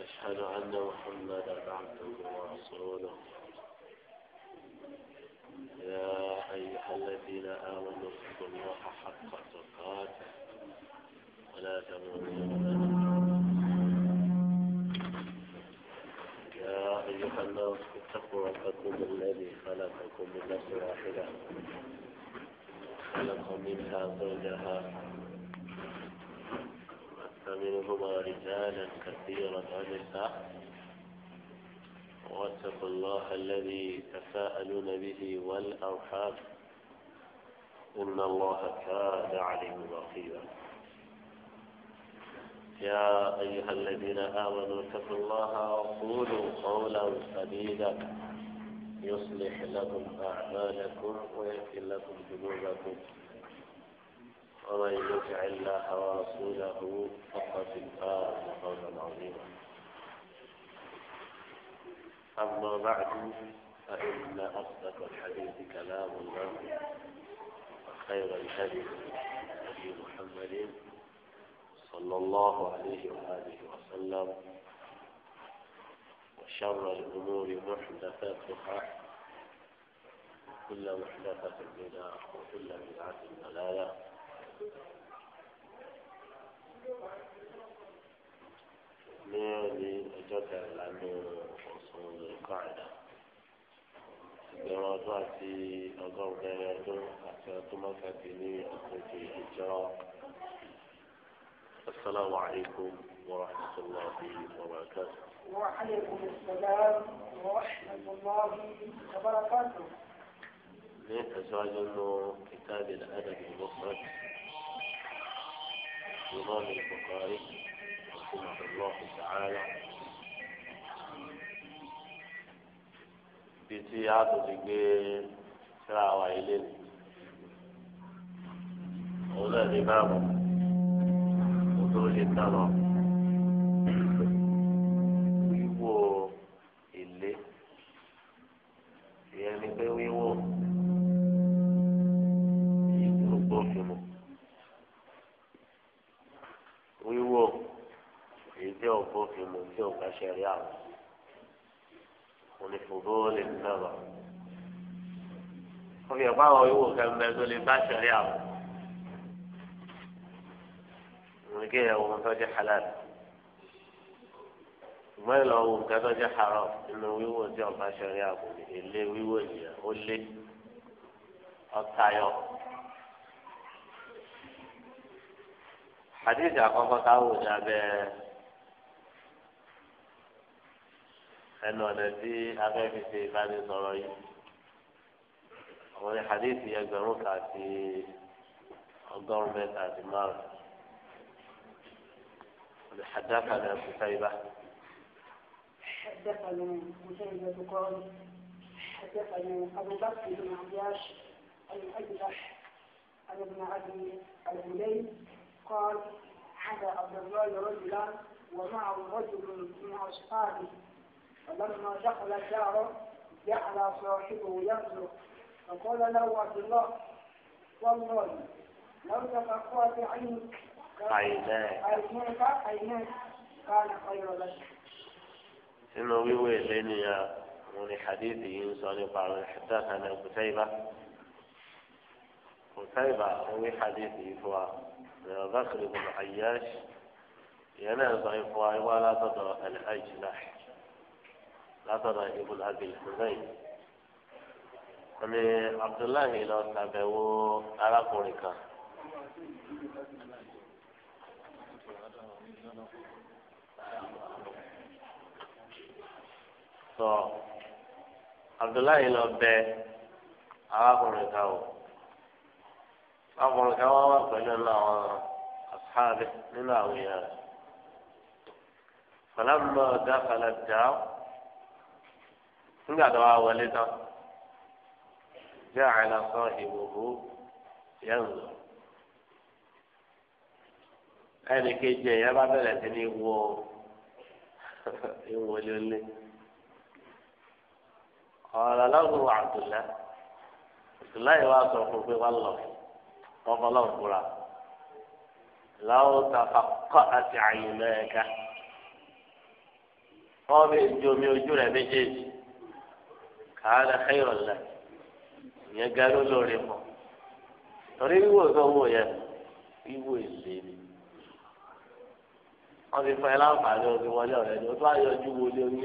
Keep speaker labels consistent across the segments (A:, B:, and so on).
A: أشهد أن محمدا عبده ورسوله يا أيها الذين آمنوا اتقوا الله حق تقاته ولا تموتن يا أيها الناس اتقوا ربكم الذي خلقكم من نفس واحدة خلق منها زوجها فمنهما رجالا كثيرا ونساء واتقوا الله الذي تساءلون به والأرحام إن الله كان عليم رقيبا يا أيها الذين آمنوا اتقوا الله وقولوا قولا سديدا يصلح لكم أعمالكم ويغفر لكم ذنوبكم ومن يطع الله ورسوله فقد فاز فوزا عظيما
B: اما بعد
A: فان اصدق الحديث كلام الله
B: وخير الهدي
A: هدي محمد صلى الله عليه واله وسلم وشر الامور محدثاتها كل محدثة بدعة وكل بدعة ضلالة
B: السلام
A: عليكم ورحمة الله وبركاته
B: وعليكم السلام ورحمة الله وبركاته
A: نحن سأجلنا كتاب الأدب
B: المفرد إمام البخاري رحمه الله تعالى
A: في سياق الجيل شرع وعيلين
B: أولى الإمام وطول الدرس
A: لو كوفي من فوق عشر يعرف ولفضول النظر خذ يا بابا يقول كان بيقول عشر يعرف ونجيها ومنتج حلال ما لو كذا جه حرام انه يوز يوم عشر يعرف اللي يوز يا اللي الطيور حديث عقبة قاوة جابه ẹnu ọ̀nà tí afẹ́fẹ́ ṣe sọ̀rọ̀ yìí àwọn ní hadith yẹn gbẹ̀rún kan àti ọgọ́rùn-ún mẹ́ta àti márùn-ún ọ̀nà hadaka ní akutaiba.
B: حدثني قتيبة قال حدثني أبو بكر بن عياش أي أجلح عن ابن أبي الهليل قال عدا عبد الله رجلا ومعه رجل من أصحابه فلما دخل الدار جعل صاحبه يصرخ فقال له عبد الله والله لو تفقعت عنك عيناك عيناك كان خير لك
A: إنه ويوي لأني من حديثه إنسان يقع عن قتيبة قتيبة هو حديثه هو بكر بن عياش ينازع فوائد ولا تدرك الأجنح látọ̀dọ̀ ibùdó abil hussein wọ́n ní abdullahi lọ ṣàbẹ̀wò arákùnrin kan. sọ abdullahi lọ bẹ arákùnrin kan o arákùnrin kan wá wà pẹ̀lú àwọn asáàbẹ̀ nínú àwọn èèyàn rẹ̀. فلما دخل الدار nígbà tó wá wọlé tán jẹ́ àìlà sọ ìwòwò yẹn lò ẹnì kejì ẹ̀yẹ bá bẹ̀rẹ̀ sí ní wọ ìwò lélẹ̀ ọ̀rọ̀ lọ́gùn yìí wá sọ fún pé wọ́n lọ kàálà xeyìrò lẹ ìyẹn gánú lórí mọ
B: torí wíwò tó
A: wò yẹ wíwò èlé ni wọn fi fún ẹ láǹfààní omi wọlé ọ̀rẹ́ ni o tó àyọjú wọlé omi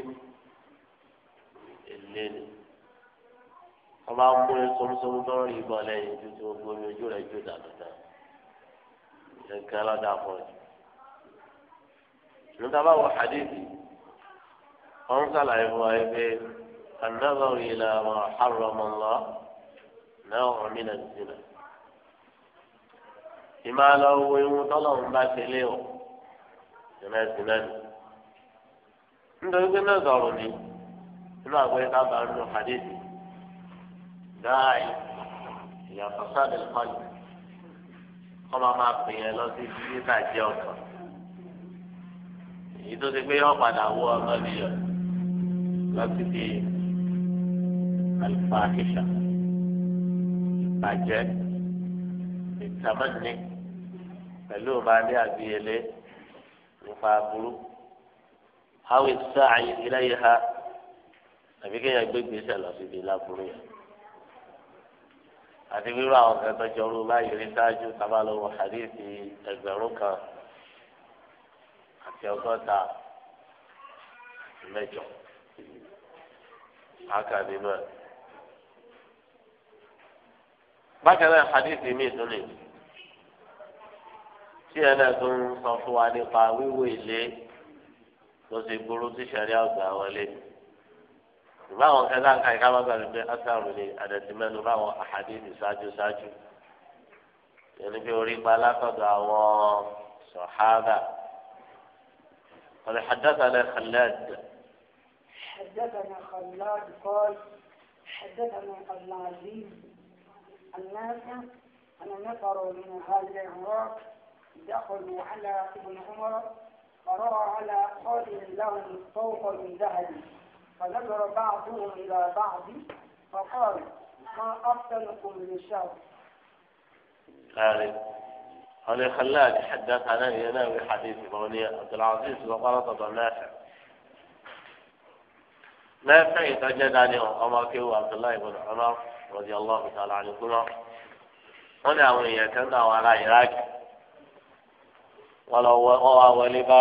A: èlé ni wọn bá mú ẹ sọmúsọmú tó rí ibọ lẹ́yìn ju tí gbogbo omi ojú rẹ jó dàdúdà ìyẹn gánú lọdà fún ẹ nígbà bá wọ wọn ń sàlàyé fún wa yẹ pé. النظر إلى ما حرم الله نوع من الزنا إما لو يمطلهم باسليو زنا زنا nítorí pé náà sọ̀rọ̀ ni nínú àgbẹ̀ tábà ń lo hadith dáì ìyàtọ̀ sáde lọ́yìn kọ́ máa máa pè yẹn lọ sí títà jẹ́ ọ̀tọ̀ èyí tó ti pé yọ padà wọ ọmọ nìyẹn lọ sí bíi alfahisha ìbàjẹ́ ìtàmánì pẹ̀lú ìbàdí àbíyẹlé nípa burú àwọn ìsáàyè iláyé ha àbí kéèyàn gbé gbèsè lọ síbi láburú yẹn àti wíwú àwọn kan tó jọrú báyìí rí sáájú tábàlówó hadithi ẹgbẹ̀rún kan àti ọgọ́ta mẹ́jọ. Akademi bákan náà hadithi mi tún ni tí ẹ náà tún sọ fún wa nípa wíwò ilé tó ti burú tí sẹ̀ríà gbà wọlé ìgbà wọn kẹta ń ka ìka bá gbàgbé pé asáàrù ni àdẹ̀tìmẹ́nu báwọn àhàdìsì ṣáájú ṣáájú yẹnni pé orí gba látọ̀dọ̀ àwọn sọ̀hábà ọ̀rẹ́ حدثنا خلاد
B: حدثنا خلاد قال حدثنا العزيز الناس أن نفر من أهل العراق دخلوا على ابن عمر فرأى على قول لهم طوق من ذهب فنظر بعضهم إلى بعض فقال ما أفتنكم من الشر قال خلاك
A: حدث عن ينوي حديث مولي عبد العزيز وغلط نافع نافع يتجد عنه عمر كيو عبد الله بن عمر rọ̀bì ọlọ́ọ̀bì tó aláàánú kúrọ̀ wọ́n ní àwọn èèyàn kan náà wà láyé ráàkì wọ́n lọ wọ́n wá wọlé bá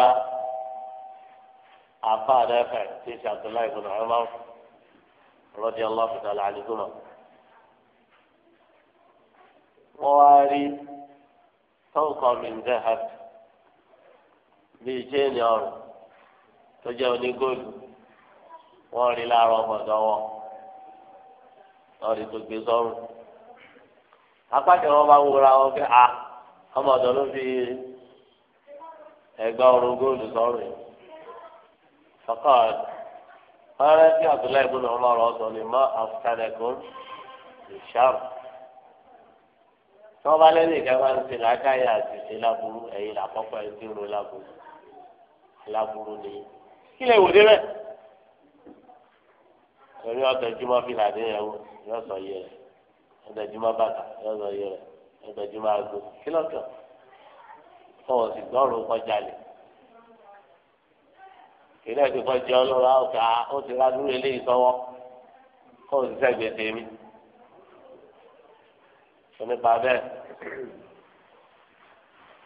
A: àfa àdáfẹ́ tí ṣe Abdullahi ibn Umar rọ̀bì ọlọ́ọ̀bì tó aláàánú kúrọ̀ wọ́n wá rí tọ́ǹkọ̀ mìíràn bíi chéènì ọrùn tó jẹ́ onígóòlù wọ́n rí láàárọ̀ ọmọdé wọn ọ̀rẹ́ tó gbé sọ́rùn apákẹ́ wọn bá wúra wọn pé a ah, ọmọ ọ̀dọ́ ló fi ẹgbẹ́ ọrùn góòlù sọ́rùn yìí sọ́kọ́ ọ̀rẹ́ tí àtúlẹ̀ ìbùnà ọlọ́rọ̀ sọ ni mọ́ àfúkàdẹ́kùn ìṣàrù tí wọ́n bá lẹ́nu ìka máa ń ṣe làákàyè àti ṣe láburú ẹ̀yìn làkọ́kọ́ ẹ̀ ń dúró láburú láburú ni kí lè wò débẹ̀ torí ọ̀dọ̀ jùmọ̀ fìlà níyẹn wò yóò sọ yẹ rẹ̀ ọ̀dọ̀ jùmọ̀ bàtà yóò sọ yẹ rẹ̀ ọ̀dọ̀ jùmọ̀ àgbo kílọ̀kọ̀ fọwọ́ sì gbọ́rọ̀ kọjá lẹ̀ ìlẹ̀ ti kọjá ọlọ́run àwòká ó ti rá dúró eléyìí sọ́wọ́ kó o sì sẹ́gbẹ̀ẹ́ tèmi onípa bẹ́ẹ̀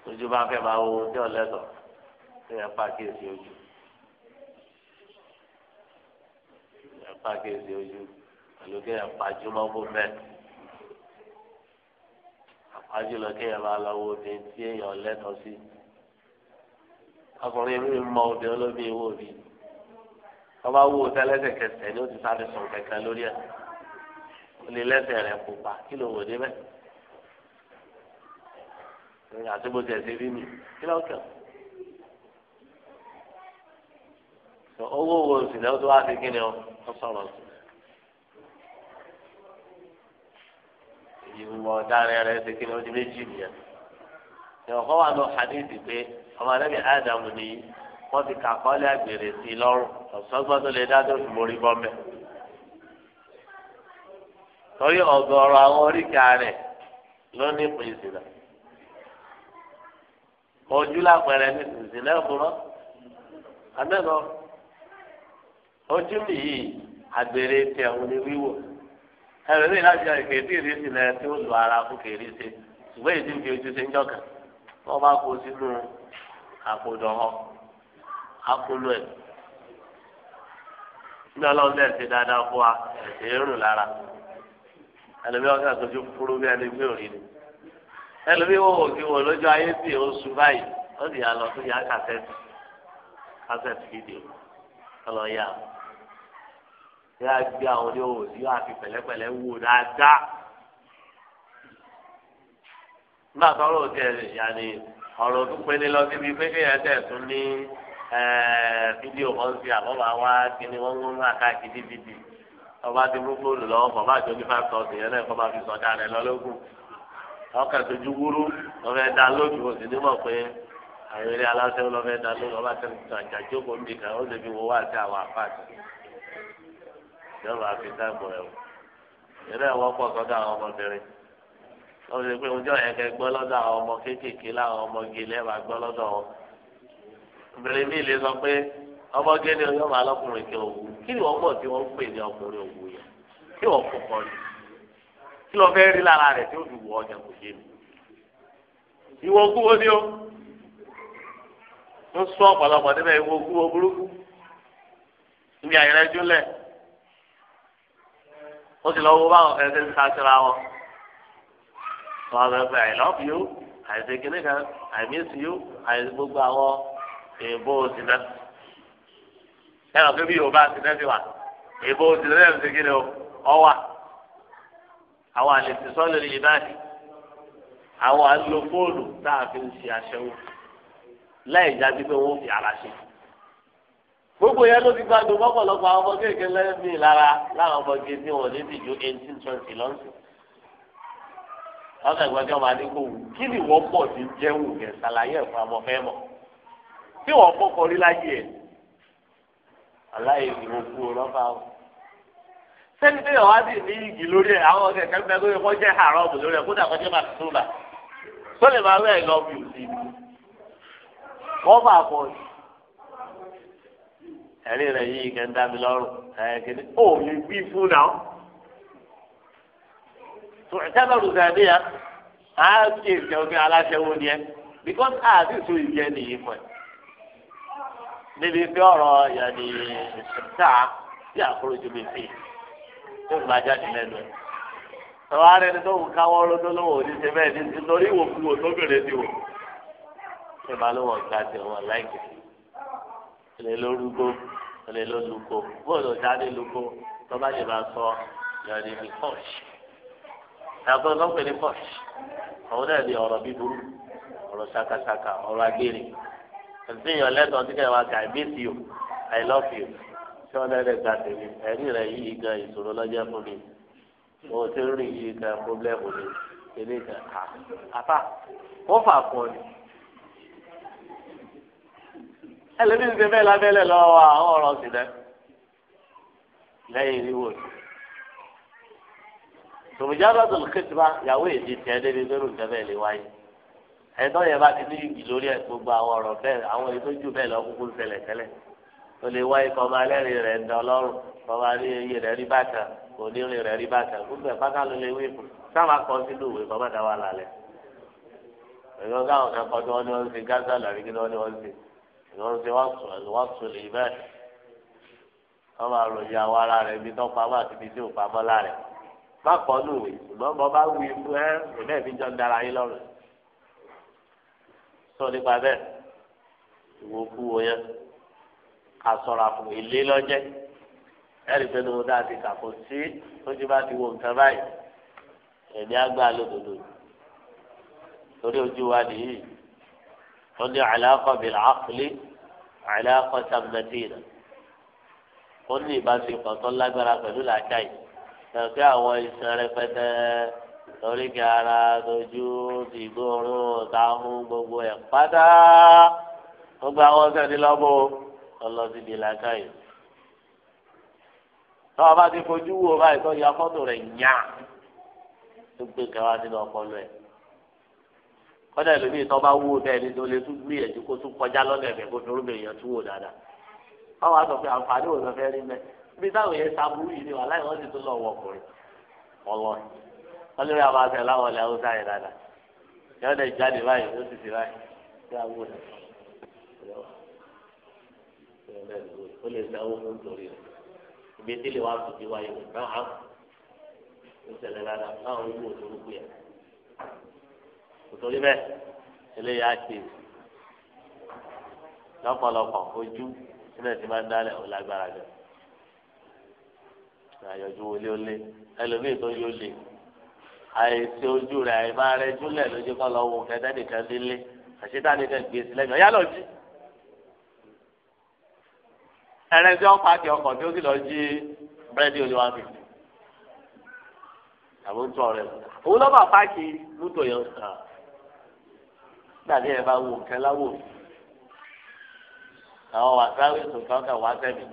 A: ojú bá fẹ́ máa wo ohun tí ọ̀lẹ́sọ̀ ní ẹ̀ pàkíyèsí ojú. pàkíyèsí ojú pẹ̀lú kéèyàn pàjú mọ́bù mẹ́. àpájú lọ kéèyàn máa lọ wo obìnrin tí èèyàn lẹ́tọ̀ọ́ sí. ọkùnrin mi mọ obìnrin olómi ìwò mi. ọba wo tẹ́lẹ́sẹ̀kẹsẹ̀ ni ó ti sáré sùn kẹ̀kẹ́ lórí ẹ̀. ó lè lẹ́sẹ̀ rẹ̀ pupa kí ló wò dé bẹ́ẹ̀. àti bó tiẹ̀ ṣe rí mi kí ló kẹ́ ọ. owó wo sì lẹ́wọ́ tó wá fi kí ni ọ sọ̀rọ̀ sí. ìwọ ọ̀daràn rẹ̀ ṣe kí ni ó di méjì nìyẹn. ìwọ̀kọ́ wà lọ hadith pé ọmọ alẹ́bí Adam ni wọ́n ti kà kọ́lé àgbèrè sí lọ́rùn ọ̀sọ́gbọ́n tó lè dá tó fi torí ọ̀gọ̀ọ̀rọ̀ àwọn oríkà rẹ̀ ló ní ìpín ìsìnà. ojú lápẹ̀rẹ̀ ní ìsìnà ojú mi yìí àgbèrè tẹ ni wíwò láti ṣe kèétí ìrísí lẹ tí ó lu ara fún kèérísí ṣùgbọ́n èyí tí ń fi ojú ṣe ń jọ̀kàn wọ́n bá kó sínú àpòdọ̀họ́ akóló ẹ̀ ní ọlọ́run náà ṣe dáadáa fún wa ẹ̀sẹ̀ èrùn lára ẹlòmíì ọ̀sẹ̀ àtọ́jú fúru bí ẹni gbé òrì ni ẹlòmíì wò kí lójú ayé yóò gbé àwọn ní òòlù yóò fi pẹ̀lẹ́pẹ̀lẹ́ wò dáadáa nígbà tó ọ̀rọ̀ tiẹ̀ yàní ọ̀rọ̀ tó pé ní lọ síbi pé kéèyàn tẹ ní fídíò kan sí àbọ̀bà wá ni wọ́n ń káàkiri ọba ti mú fóònù bàbá yẹn náà kọ́ fi ọkà tójú wúrú òsì pé àwọn ọba àjàjókòó ó lè fi wá sí àwọn yọọ máa fi dáàbò ẹ o ìrẹ wọ́pọ̀ sọ́dọ̀ àwọn ọmọbìnrin wọ́n fi pé ojú ẹkẹ gbọ́ lọ́dọ̀ àwọn ọmọ kéékèèké láwọn ọmọge lẹẹma gbọ́ lọ́dọ̀ wọn obìnrin mi lè sọ pé máa òwú kí ni wọ́n mọ̀ tí wọ́n ń pè ní ọkùnrin òwú yẹn kí wọ́n ni kí fẹ́ rí lára rẹ̀ tí ó ó sì lọ wo báwọn fẹẹ ṣe ń ta síra wọn wọn fẹẹ fẹ i love you àìsè kìnnì kan i miss you àìsè gbogbo àwọn èèbó òsìnà ẹ lọ pé yorùbá òsìnà ti wà èèbó òsìnà ẹ lọ sí kìnnì ọ wà àwọn àlèsè sọlẹ lè báyìí àwọn àlò fóònù tá a fi ń ṣe aṣẹ́wó láì jáde pé wọn fi ara ṣe gbogbo yẹn ló ti gbàgbé mọ́kànlọ́pọ̀ àwọn ọmọ kéèké lẹ́mí lára láwọn ọmọ gé ní wọn lébi ju eighteen twenty lọ́sùn. lọ́sẹ̀ ìgbọ́njọ́ máa ní kó wù kí ni wọ́n pọ̀ sí jẹ́ wù yẹn ṣàlàyé ẹ̀fọ́ àmọ́ fẹ́ mọ̀ tí wọ́n pọ̀ kọrí láyé ẹ̀ aláyé ni mo kú lọ́fà o. sẹ́ni pé ọ̀wá sì ní igi lórí ẹ̀ àwọn kẹ̀kẹ́ mẹ́ lórí jẹ́ àrọ́ọ̀bù ẹ̀rí rẹ̀ yìí kẹ́ ń dá mi lọ́rùn ẹ̀ kìíní ó lè wí fún náà. tùtẹ́lọ̀rù sàdéyà á kí èsì ọ̀gbìn aláṣẹwó ni ẹ because àti ìṣó ìjẹ nìyí fún ẹ. níbi fi ọ̀rọ̀ yàní ìṣẹ̀tà sí àkórójú mi fi tó ń gbajà ní lẹ́nu ẹ̀. sọ̀rọ̀ ara ẹni tó ń káwọ́ lọ́dọ́ lọ́wọ́ òní ṣe bẹ́ẹ̀ ní nítorí ìwòkuwò tóbìnrin ti wò. ṣé ìbálòwọ̀ ń ta ti wọn láìpẹ́ ilé lórúkọ ilé lórúkọ bóòlù jáde lóko lọ́ba lè máa sọ yọ̀ọ̀dì ní pọ́ọ̀ṣì yàtọ̀ lọ́pẹ̀ ní pọ́ọ̀ṣì àwọn náà ní ọ̀rọ̀ bíburú ọ̀rọ̀ ṣakaṣaka ọ̀rọ̀ agbèrè ẹ̀sìn yọ̀ lẹ́tọ̀ọ́ tí kẹ́wàá kà I miss you I love you tí wọ́n lẹ́rẹ̀ gba tèmi ẹ̀rí rẹ̀ yìí gan ìṣòro lọ́jọ́ fún mi mo ti ń rìn yìí gan pọ́blẹ́mù mi kìnnìkan àpá wọ́n fà fún ọ ni
B: ẹlẹ́ni ń ṣe bẹ́ẹ̀
A: lábẹ́lẹ̀ lọ́wọ́ àwọn ọ̀rọ̀ sì dẹ́ lẹ́yìn ìwò tòmùjáde tó kéjìbá yàwó èdè tẹ ẹ débi lórí ìjọba ẹ lè wáyé ẹ̀tọ́ yẹn bá ti ní ìgbì lórí ẹ gbogbo àwọn ọ̀rọ̀ bẹ́ẹ̀ àwọn èyí tó jù bẹ́ẹ̀ lọ kúkú ṣẹlẹ̀ tẹ́lẹ̀ tó lè wáyé kọ máa lẹ́rìn rẹ̀ ń dán lọ́rùn kọ máa iye rẹ̀ rí bàtà onírin rẹ̀ rí bàtà gbogbo ẹ̀ pátá ló lè wí fún kọ sínú ìwé kọ bàtà wà lálẹ́ ẹ̀yọ́ gáwọn kan kọ́ tí wọ́n ní wọ́n ń ṣe gázà làrí kí wọ́n ní wọ́n ń ṣe ìwọ́n ṣe wá sùn ẹ̀ wá sùn lè bẹ́ẹ̀ wọ́n máa ròyìn àwọn ara rẹ̀ ibi tó pamọ́ àti ibi tí ò pamọ́ lára má kọ́ nù wí ṣùgbọ́n mo bá wí fún ẹ ìbẹ́ mi jọ ń dára yín lọ́rùn sọ nípa bẹ́ẹ̀ ìwò kú wo yẹn ká sọ̀rọ̀ àpò ilé lọ́jẹ́ ẹ̀rí pé ní dáa ti kà kó sí lójú bá ti wo nǹkan báyìí ẹ̀mí àgbà lódodo torí ojú wa nìyí wọ́n ní àlàkọ̀ bìlà áfúlé àìláàkọ́ta mẹ́tìrì ó ní ìbáṣepọ̀ tó lágbára pẹ̀lú làákàyè tẹ̀sí àwọn iṣan rẹpẹtẹ lóríkì ara lójú tìgbóorùn táwọn gbogbo ẹ̀ pátá gbogbo àwọn sẹ́ni lọ́bọ̀ ọlọ́sìn di làákàyè tọ́wọ́ bá ti fojú wo báyìí tó ya fọ́tò rẹ̀ yá tó gbé kẹwàá sínú ọpọlọ ẹ̀ kọ́dà ìlòmíì tó bá wó bẹ́ẹ̀ ni tó lè tún gbìyànjú kó tún kọjá lọ́nà ẹ̀fẹ̀ kó fi orúkọ tún wò dáadáa. báwo a sọ pé àǹfààní òun fẹ́ rí mẹ́ bí táwọn yẹn sábúrú yìí ni wà láì wọ́n sì tún lọ wọ ọkùnrin ọlọ wọn lórí àwọn aṣọ ilẹ̀ haúsá yẹn dáadáa yọ ọdẹ ìjáde báyìí ó sì ti báyìí kí wò lẹ ó lè dáwó fún torí rẹ ibi nítorí bẹ́ẹ̀ eléyìí á ṣe lọ́pọ̀lọpọ̀ ojú sílẹ̀ tí máa ń dálẹ̀ ó lágbára jẹ àyọ̀jú wọlé ó lé ẹlòmíì tó yó lé àìsí ojú rẹ̀ àìmá rẹ̀ júlẹ̀ lójú kọ́ lọ́wọ́ kẹ́tẹ́nìkan nílé àṣetánìkan gbèsè lẹ́yìn ọ̀yá lọ jí ẹrẹ tí wọn paaki ọkọ tí ó sì lọ jí búrẹ́dì olúwa mi àbó ń tọ ọ̀rẹ́ òun lọ bá paaki mútò yẹn sàn gbàdé ẹ bá wo nǹkan láwò àwọn wàsáwì tó kàn kàn wá sẹ́mi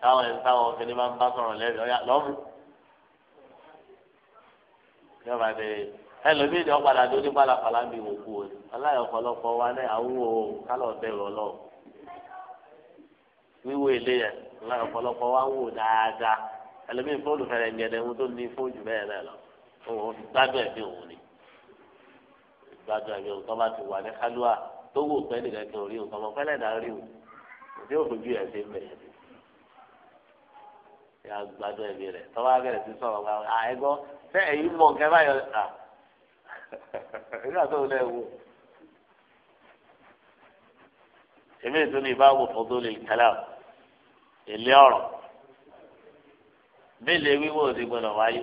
A: táwọn ẹ̀ táwọn ọ̀kẹ́ni máa ń bá sọ̀rọ̀ lẹ́bi ọ̀yà lọ́mú yọba bẹ ẹlòmíì ni ọ̀padà tó ní pàlàpàlà ń bi òkú o aláyọ̀ ọ̀pọ̀lọpọ̀ wa náà àwúwo kálọ̀ bẹ̀rù ọlọ́ wíwo ilé yẹn aláyọ̀ ọ̀pọ̀lọpọ̀ wa wò dáadáa ẹlòmíì fóònù fẹ̀rẹ̀ ń gẹ̀dẹ̀ ń tó ní fóònù bẹ́ẹ̀ náà lọ òun gbádùn ẹ̀mí òun ni gbàdúrà yóò tó bá ti wà ní kálúà tó wù pé nìkan kí n rí nǹkan ọmọ pẹ́lẹ́ dà rí o òde òfojú ẹ̀ ṣe mẹ́ ya gbàdúrà ẹ̀mí rẹ̀ tó bá bẹ̀rẹ̀ sí sọ̀rọ̀ bá a ẹ̀ gbọ́ fẹ́ ẹ̀yìn mọ̀ nǹkan báyọ̀ à nígbà tó lẹ́ wò èmi ìtúni ìbáwò fọdún lè kálá ilé ọ̀rọ̀ bí ilé wíwò ti gbọdọ̀ wáyé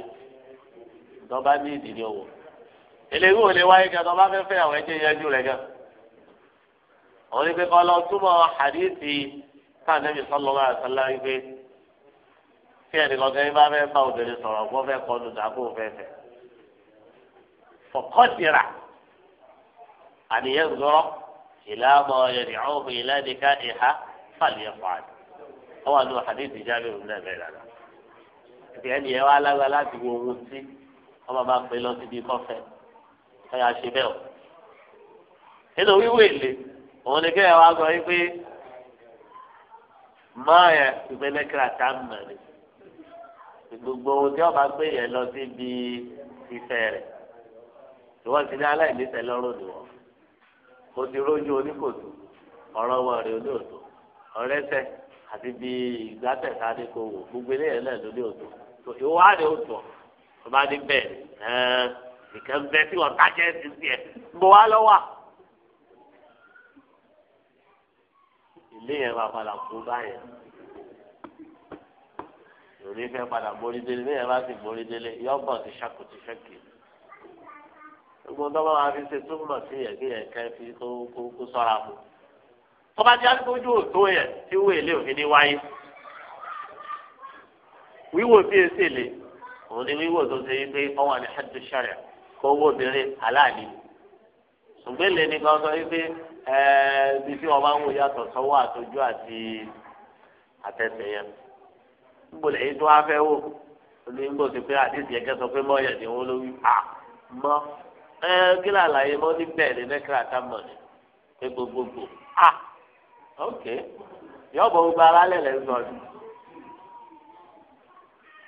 A: tó bá ní ìdí ni òwò eléyìí ò lè wáyé gan tó bá fẹ́ fẹ́ àwọn ẹ̀jẹ̀ yẹn jù rẹ̀ gan. àwọn ní pé kọ́ lọ túmọ̀ hadithi káàdébì sọlọ́lá àtàlá wípé kí ẹnìkan kan bá fẹ́ bá obìnrin sọ̀rọ̀ gbọ́ fẹ́ kọ́ lù dàbò fẹ́fẹ́. fọ̀kọ́dìrà àníyàn zọrọ ìlànà yẹ̀rì ọ̀hún ìlànìkà ìhà fàlìyàn fàlì. àwọn àlọ́ hadithi jáde òun náà bẹ̀rẹ̀ rà. ìdí ẹ̀yà ṣe bẹ́ẹ̀ o nínú wíwé ìlé òun ni kéèyàn wá sọ yìí pé máa yẹ ìgbẹ́lẹ́kìlá tá a mọ̀ ni gbogbo ohun tí wọ́n bá gbé yẹn lọ síbi ìfẹ́ rẹ̀ ìwọ́n ti ní aláìníṣẹ́ lọ́rùn ni wọ́n o ti rójú oníkòtò ọ̀rọ̀ wọn rè olóòtú ọ̀rẹ́sẹ̀ àti bí ìgbàtẹ̀ sáré kò wò gbogbo eléyẹn náà lórí òtò ìwọ́n á rè òtò ọba ní bẹ́ẹ̀ ẹ̀ẹ́ nìkan bẹ tí wọn kájẹ ti tiẹ bọ wá lọ́wọ́ ilé yẹn máa padà kú báyẹn lórí fẹ́ padà borí délé ní yẹn bá sì borí délé yọbọ ti ṣàkó ti ṣẹkì gbogbo dọ́gba máa fi ṣe túmọ̀ sí yẹn kí yẹn kẹ́ fi kó kó kó sọ́ra fún tọ́ba jẹ́ àgbójú òtó yẹn tí wọ́ọ̀lẹ́ òfin ní wáyé wíwò bí èsì lè òun ni wíwò tó ṣe é pé ọwọ́ àni hajj sharia kówó obìnrin aláàlí ṣùgbọ́n lè ní kan sọ wípé ibi tí wọ́n bá ń wò yàtọ̀ sọ́wọ́ àtọ́jú àti àtẹ̀sẹ̀ yẹn níbo lẹ́yìn tó wá fẹ́ wò ní níbo sì pé àdéhùn yẹn kẹsàn pé mọ́ọ̀yà ni wọ́n lówí à mọ́ ẹ kí làlàyé mọ́ ní bẹ́ẹ̀ ní nẹ́kírà tá mọ̀ ní gbogbogbò à ok yọ̀bọ̀ gbogbo alálẹ̀ lẹ́sọ̀rọ̀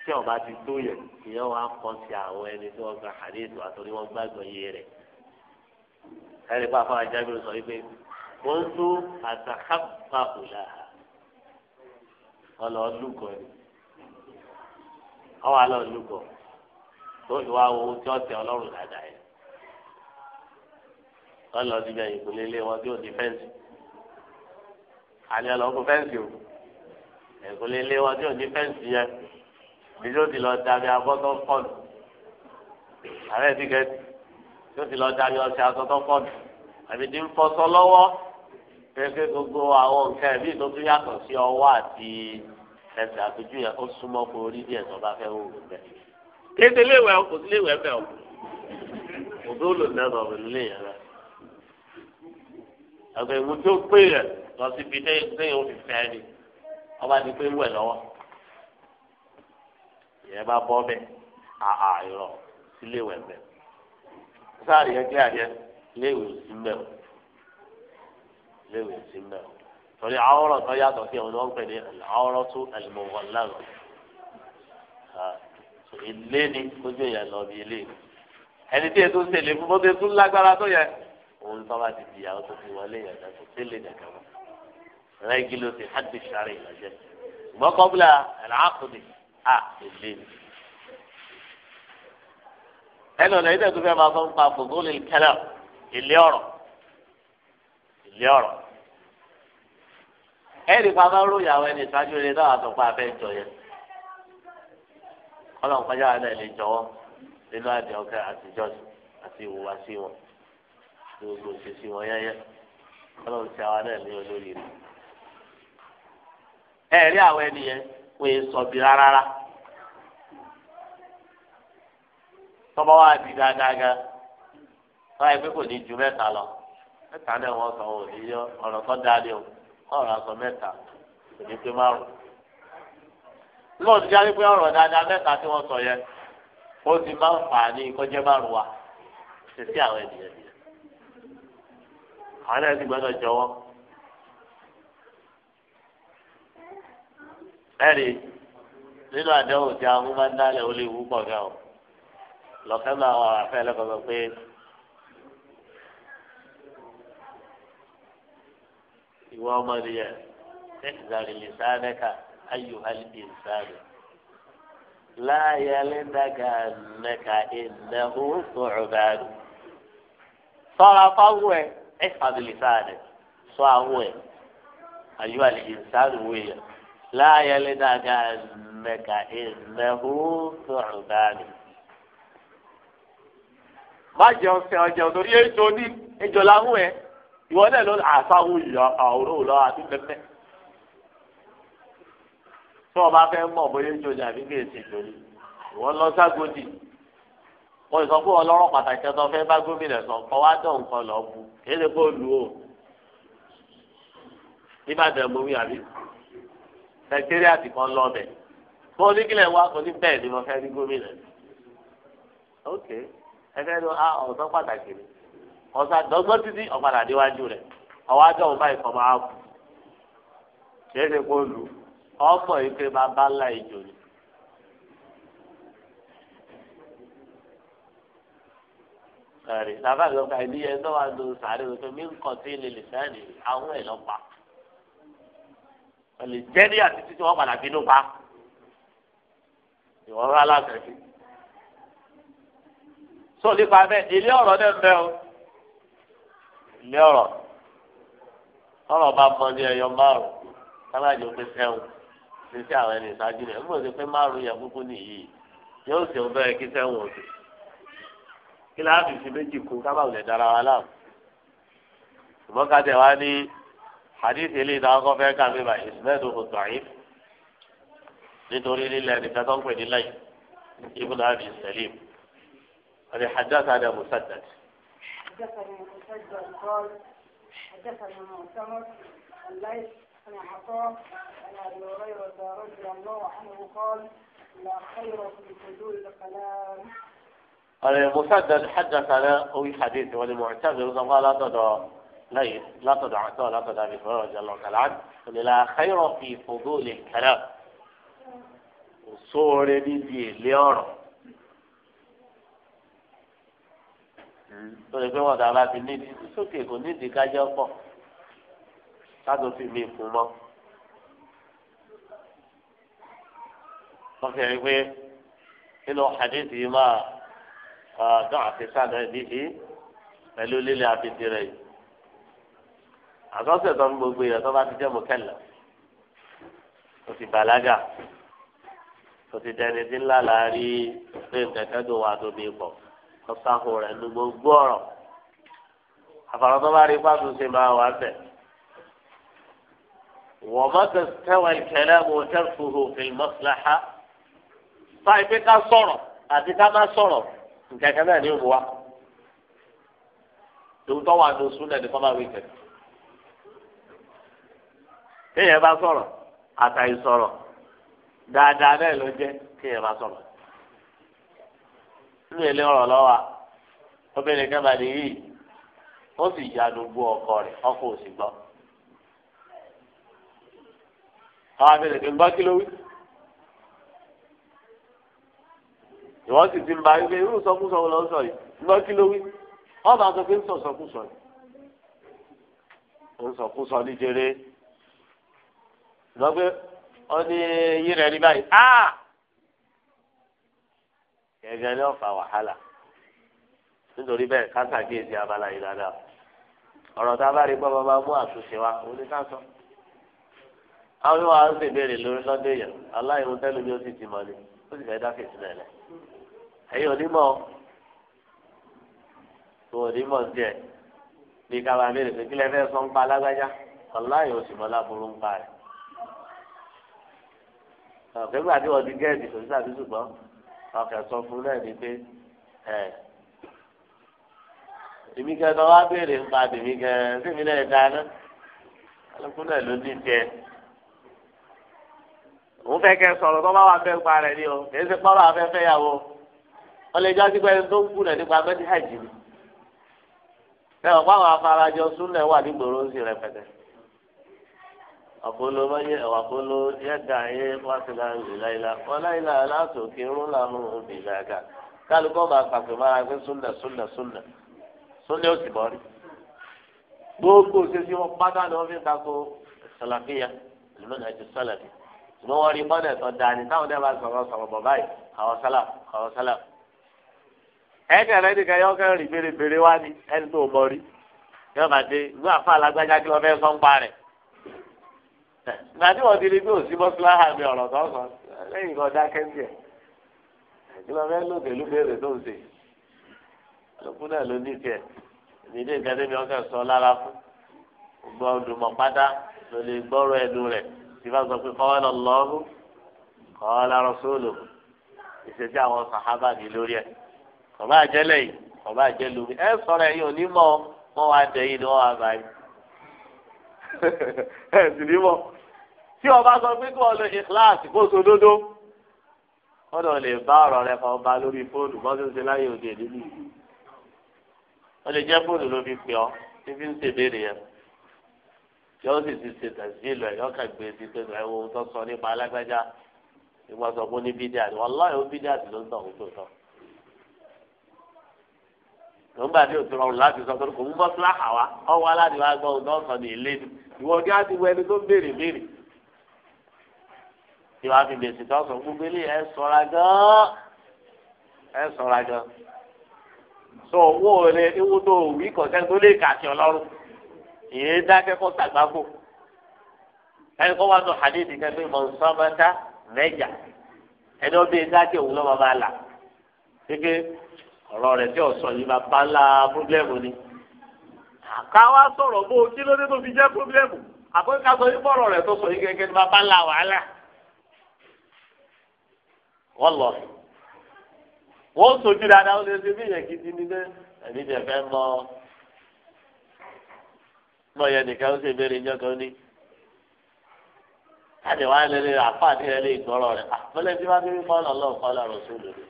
A: tí ọba ti tó yẹ ìyẹn wàá kàn sí àwọn ẹni tí wọn gba hadith àtọ́ni wọn gbàgbọ́ iye rẹ̀ ẹni pa afọ ajábìrì sọ wípé wọn ń tó àtàkàpàkù láha ọlọ́ọ̀lùkọ ni ọwọ́ alọ́ọ̀lùkọ tó ìwà owó tí ọ̀tẹ̀ ọlọ́run dáadáa yẹn ọlọ́ọ̀dún yẹn ìpínlẹ̀ ilé wọn tí ò ní fẹ́ǹsì àní ọlọ́ọ̀kú fẹ́ǹsì o ìpínlẹ̀ ilé wọn tí ò ní fẹ́ǹsì yẹn èyí tó ti lọ dàbí abọ́tọ́ pọ́ọ̀nù ààrẹ ti kẹ́ tó ti lọ dàbí ọṣẹ asọ́tọ́ pọ́ọ̀nù àbí ti ń fọṣọ lọ́wọ́ kéèké gbogbo àwọn nǹkan ẹ̀mí tó tún yàtọ̀ sí ọwọ́ àti ẹsẹ̀ àtújú yẹn ó súnmọ́ kó orí díẹ̀ tó bá fẹ́ wò ó bẹ́ẹ̀. kéde léwẹ̀ kò sí léwẹ̀ bẹ́ẹ̀ o òbí ó lò lẹ́nu ọ̀rọ̀ nílé yẹn rẹ̀. àgbẹ̀ ìwú tó pé rẹ̀ lọ síbi téyìn ó fi fẹ́ ni ọba ti pé wẹ̀ lọ́wọ́ ìyẹn bá bọ́ bẹ́ẹ̀ àà ìrọ̀ sílé ìwẹ̀ bẹ́ẹ̀ sáàrì yẹn kílẹ̀ àjẹ léèwé sí mbẹ́ o léèwé sí mbẹ́ o torí àwòrán tó yàtọ̀ sí ọ̀nà ọ̀pẹ ní àwòrán tó ẹ̀lùmọ̀wọ̀ lánà ilé ni lójú yẹn lọ bí ilé ẹni tí ètò ìṣẹ̀lẹ̀ fún bóde tún lágbára tó yẹ òun tó bá ti di àwọn tó fi wọlé yẹn lẹ́kọ̀ọ́ tẹ́lẹ̀ dẹ̀kẹ́ wọn rẹ́gí ti hàdí sáré ìlàjẹ́ ṣùgbọ́n kọ́bílà ẹ̀là à èlé ni. ẹnu ọ̀nà ìdẹ́gbẹ́ tó máa sọ nípa fògó lè kẹlẹ̀ ilé ọ̀rọ̀ ilé ọ̀rọ̀ ẹ̀rì pa máa ń ròyìn àwọn ẹni ìsájú rẹ̀ náà abẹ́ yẹn kọjá nínú àtijọ́ àti wọn gbogbo òṣèṣì wọn yẹ́yẹ́ ti rẹ̀ ẹ̀rí àwọn ẹni yẹn. wọ́n yé sọ̀bì wa di gágága báyìí pé kò ní ju mẹta lọ mẹta náà wọ́n sọ òní yọ ọ̀rọ̀ tó dáadé o sọ kò ní pé márùn-ún lọ́ọ̀dù jáde pé ọ̀rọ̀ dáadáa mẹ́ta tí wọ́n sọ yẹn ó ti máa ń fà ní kọjá márùn ẹ̀rí nínú àdéhùn tí àwọn máa ń dálẹ̀ ó lè wú pọ̀ gan o lọ́kẹ́ náà wà wá fẹ́ lọ́kọ̀ọ́ pé ìwọ ọmọ nìyẹn tẹ́kítàrí lè sáré ká ayò alìbí sáré láàyè alẹ́dàgà nẹ́ka ìnáwó sọ̀rọ̀ sọ̀rọ̀ fáwọn ẹ̀ ẹ̀ sáré sọ àwọn ẹ̀ ayò alìbí sáré wọ̀nyẹn láàyè lédàgà mẹ́ka ìnáwó sọ̀rọ̀dánì. má jẹun sẹ ọjọ́ torí ejò ní ejò làwọn ẹ ìwọ náà ló àfáwọn ìyá àwòrán òlọ àti pẹpẹ. tí wọn bá fẹ́ mọ̀ bóyá ejò ní àbí kéèsì ejò ní ìwọ lọ ságòdì wọn sọ pé ọlọ́rọ̀ pàtàkì ẹtọ fẹ́ bá gómìnà sọ kọ wá dán nǹkan lọ bu kéde kó lu o. nígbà tẹ mo wí àbí. sẹkítẹ́rìàtì kan lọ́bẹ̀ fún oníkìlẹ̀ wa kò ní bẹ́ẹ̀ ni mo gómìnà ok ẹgbẹ́ ni pàtàkì ni títí ọ̀padà déwájú rẹ̀ ọwọ́ ajọ́ òun báyìí kọ́ máa ṣé ṣe kó lù ọmọ ike ẹ̀ ń dọ́wọ́ àdó Algeria títí tí wọ́n padà bínú pa ìwọ́n rárá láti ẹ̀fí. sọ nípa bẹ́ẹ̀ ilé ọ̀rọ̀ náà ń bẹ o ilé ọ̀rọ̀ ọ̀rọ̀ bá mọ ní ẹyọ márùn káláàjì ó pé sẹ́wọ̀n títí àwọn ẹni ìsájú rẹ̀ nígbà tó pé márùn yẹ kúkú nìyí yóò sì ń bẹ́ẹ̀ kí sẹ́wọ̀n òsì kí láàbì fi méjì kú kábàlù lẹ̀ dára wa láàmú ṣùgbọ́n ká tẹ̀ ní. حديث لي داغه في كان بما اسمه ضعيف لدوري لي الذي كتب في لي ابن ابي سليم هذا حدث هذا مسدد
B: حدث حدثنا مؤتمر ليس عن عطاء عن ابي هريره رضي الله عنه قال لا خير في حدود الكلام.
A: المسدد حدثنا او حديث ولمعتذر قال هذا lẹ́yìn látọ̀dọ̀ àtọ́ látọ̀dọ̀ àbí fọlọ́ ọjà lọ kàlá òlìlà خير في فضول lè وصور òṣòre níbi èlé ọ̀rọ̀ tó lè pé wọ́n dára fi nídìí sókè kò nídìí kájọ́ pọ̀ kájọ́ fi mí fún mọ́. wọ́n fi rí pé nínú hadith yìí máa dán àfisàn ẹ̀ nídìí pẹ̀lú lílẹ̀ àfitì rẹ̀ yìí àkọsẹ̀ tó ń gbogbo yẹn tó bá ti jẹ́ mọ̀kẹ́lẹ̀ tó ti bàlágà tó ti dẹni tí ńlá la rí pé kẹ̀kẹ́ tó wà tóbi pọ̀ kó sáfù rẹ̀ nu gbogbo ọ̀rọ̀ àfàrọ̀ tó bá rí pàtó ṣe máa wà bẹ̀. وما تستوى الكلام وترفه في المصلحة طيب ká sọ̀rọ̀ àti ká má sọ̀rọ̀ nǹkan kan náà ni ó bu wa tòun tó ní oṣù náà ní kéèyàn bá sọ̀rọ̀ àtàyè sọ̀rọ̀ dáadáa bẹ́ẹ̀ ló jẹ́ kéèyàn bá sọ̀rọ̀ nínú ilé ọ̀rọ̀ lọ́wọ́ obìnrin kan bá nìyí ó sì ya gbogbo ọkọ rẹ̀ ọkọ ò sì gbọ́ àwọn abẹ́rẹ́ kì í gbọ́ kí ló wí. ìwọ́n sì ti ń ba wípé irú sọkúsọ wo lọ sọ yìí gbọ́ kí ló wí wọ́n bá sọ pé ń sọ sọkúsọ yìí ń sọkúsọ níjẹrẹ. ṣùgbọ́n ọ dị ní yí rẹ̀ rí báyìí áà ah! ẹ̀gẹ́ ni ó wàhálà nítorí bẹ́ẹ̀ ká ṣàkíyèsí abala yìí dáadáa ọ̀rọ̀ tá a bá rí gbọ́ mú àtúnṣe wa òun ní ká sọ.
B: àwọn yóò ń ṣèbéèrè lórí
A: yẹn aláìwọ ó sì ti mọ ni ó sì onímọ̀ tó bí kábàámẹ́rẹ̀ pé kílẹ̀ fẹ́ sọ ọ̀kẹ́ gbà tí wọ́n ti gẹ́ẹ̀dì kò sí tàbí ṣùgbọ́n ọ̀kẹ́ sọ fún náà ni pé ẹ̀ èmi kẹ́ lọ́wọ́ abéèrè ń pa tèmi kẹ́ sèmi náà dáná alùpùpù náà ló ní tiẹ̀. òun fẹ́ kẹ́ sọ̀rọ̀ tó bá wà fẹ́ pa rẹ̀ ni o kì í ṣe pọ́nrọ́ afẹ́fẹ́ yàwó wọ́n lè jọ́ sí pé tó ń kú rẹ̀ nípa mẹ́tíhàjì ni. bẹ́ẹ̀ wọ́n pàwọn afarajọ súnlẹ̀ wà nígboro ń sì rẹpẹtẹ àpolo lọ́yẹ àpolo yẹ́gà yẹ wáṣílá ìlàìlà ọláìlà aláàtòkè rúlàmù ìlàgà kálukọ́ bá pàṣẹ máa gbé súnà súnà súnà súnà ó sì bọ́ rí gbogbo sisi wọn pátá ni wọn fi ta ko sàlàfíà lónìí àti sàlàfí ṣùgbọ́n wọn rí mọ́nà ẹ̀tọ́ dání táwọn dẹ́ bá sọ̀rọ̀ sọ̀rọ̀ bọ̀ báyìí àwọn sálà àwọn sálà ẹ̀kẹ́ rẹ nìkan yọ kẹ́rin bèrè bèrè wá ní ẹni tó mọ rí yọ bàtẹ ìlú àfa alágbájá kí wọn fẹ́ sọ́ńpa rẹ̀ gbàdí wọn ti rí pé òsì mọ́síláhà mi ọ̀rọ̀ tó sọ lẹ́yìn kan dákẹ́ díẹ̀ kí ló fẹ́ lò pẹ̀lú béèrè tó ń ṣe lókun náà ló ní tiẹ̀ ìdílé ìgbàdébí ọkẹ́ sọ lára fún gbọ́ ọdùnmọ̀ pátá ló lè gbọ́rọ̀ ẹnu rẹ̀ tí bá sọ pé kọ́wọ́ lọ lọ́ọ́rù kọ́wọ́ lárọ́ sóòlù ìṣèjì àwọn sàhábà ní lórí ẹ̀ kọ̀ọ̀bá ẹ sì tí ọba sọ pé kí wọ́n lo ìkíláàsì kó so dódó kọ́dọ̀ lè bá ọ̀rọ̀ rẹ fa ọba lórí fóònù bọ́sẹ̀ ṣe láyé òde nínú ó lè jẹ́ fóònù ló fi pè ọ́ tí fi ń ṣe béèrè yẹn yọ sì ti ṣe tẹ̀sí ìlú ẹ̀ yọkàn gbé ti e pé ẹ wo ohun sọ nípa alágbájá ìgbà sọ fún ní bídíà wọ́n láyé ó bídíà sì ló ń tọ̀ òun tó ń gbà tí òtún ọrùn láti sọ torí kò mú mọ́sílá àwa ọwọ́ aláàdì wa gbọ́ ọ̀dọ́ ọ̀sán ní ilé ni ìwọ kí á ti wọ ẹni tó ń béèrè béèrè. ìwà fi gbèsè tó sọ gbogbo ilé ẹ ṣọ́ra gan ẹ ṣọ́ra gan. sọ owó rẹ ewu tó wí kọ̀ọ̀tẹ́ tó lè kà sí ọlọ́run ìyẹn dákẹ́ kó sàgbákò. ẹni kó wá sọ hadithi kẹfẹ́ mọ̀ nsọ́mọ́ta mẹ́jà ẹni ó bí dákẹ́ òun lọ́ ọ̀rọ̀ rẹ̀ tí ọ̀sọ̀ yìí máa bá ńlá pírọ́blẹ́mù ni. àká wá sọ̀rọ̀ bó o kí ló dé tó fi jẹ́ pírọ́blẹ́mù àbọ̀ká sọ yìí bọ̀rọ̀ rẹ̀ tó sọ yìí gẹ́gẹ́ ni máa bá ńlá wàhálà. wọ́n lọ wọ́n sojú dáadáa ó lè ṣe bí ìyẹn gidi ni bẹ́ẹ̀ ẹ̀mí tẹ̀ fẹ́ mọ́ mọ́ yẹn nìkan ó ṣe béèrè ìjọ kan ní. láti wá lé lé àfáà ní ẹ lè gbọ́rọ̀ rẹ̀ àpẹẹrẹ ah, tí wọ́n ti rí fọ́ọ̀lọ́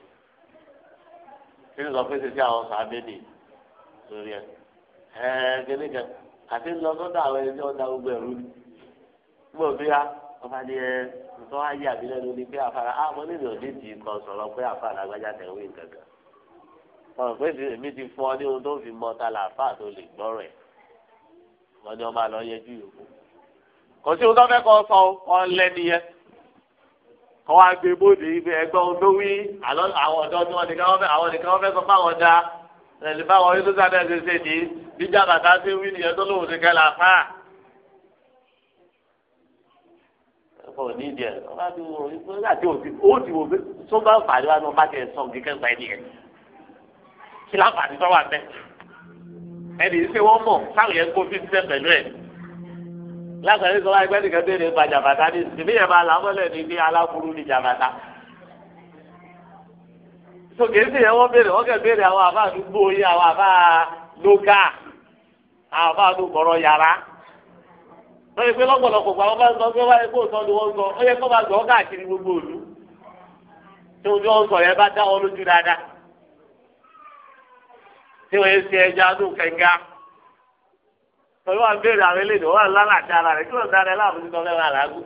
A: tí lọ pé sísí àwọn sàbẹ̀dì lórí ẹ ẹ gẹ́gẹ́ àti lọ sọ́dọ̀ àwọn ẹni tí wọ́n da gbogbo ẹ̀rú ni gbọ́ bí a ọba ni ẹ nǹkan wá yé àbí lẹ́nu ni pé àfàrà á ah, mọ nílò nídìí nǹkan sọ̀rọ̀ pé àfàrà agbájá tẹ̀wé nǹkankan ọ̀rọ̀ pé èmi ti fún ọ ní ohun tó fi mọ ta làáfà tó lè gbọ́rọ̀ ẹ̀ wọ́n ní ọba lọ yẹjú yòókù kò sí ohun tó fẹ́ kọ́ sọ ọ lẹ́ni yẹn kọ́ wá gbé bóde ibi ẹgbẹ́ olówí àlọ́ àwọn ọ̀dọ́ tí wọ́n nìkan wọ́n fẹ́ àwọn nìkan wọ́n fẹ́ sọ fáwọn dá ẹ̀lẹ́ báwọn yóò tó sábẹ́ ẹ̀sẹ̀ ṣe ní bíjà bàtà sí wí nìyẹn tó lòun nìkan là fà. ẹ̀fọ́ ní ẹ̀ ọba ti wò ó láti òsì ó ti tó bá fà ní wàá bá tiẹ̀ sọ kíkẹ́ gba ẹni yẹn kí lásán yìí sọ wáyé pẹ́ẹ́nì kan béèrè ba jàbàtà ní ìsinmi yẹn máa làmọ́lẹ̀ ní bí aláburú ní jàbàtà. so kèésì yẹn wọ́n béèrè wọ́n kẹ́ béèrè àwọn àbá àdúgbò yìí àwọn àbá lóga àwọn àbá àdúgbòrò yàrá. wọ́n yẹ pé lọ́pọ̀lọpọ̀ pàwọn bá ń sọ pé wáyé sọ ó yẹ kó máa gbọ́ káàkiri gbogbo òlu. tí wọ́n sọ yẹn bá lójú dáadáa. olúwa ń béèrè àwọn eléyìí wọn lálàjà ara rẹ kí wọn dára ẹ láàbùsí náà fẹẹ máa làágùn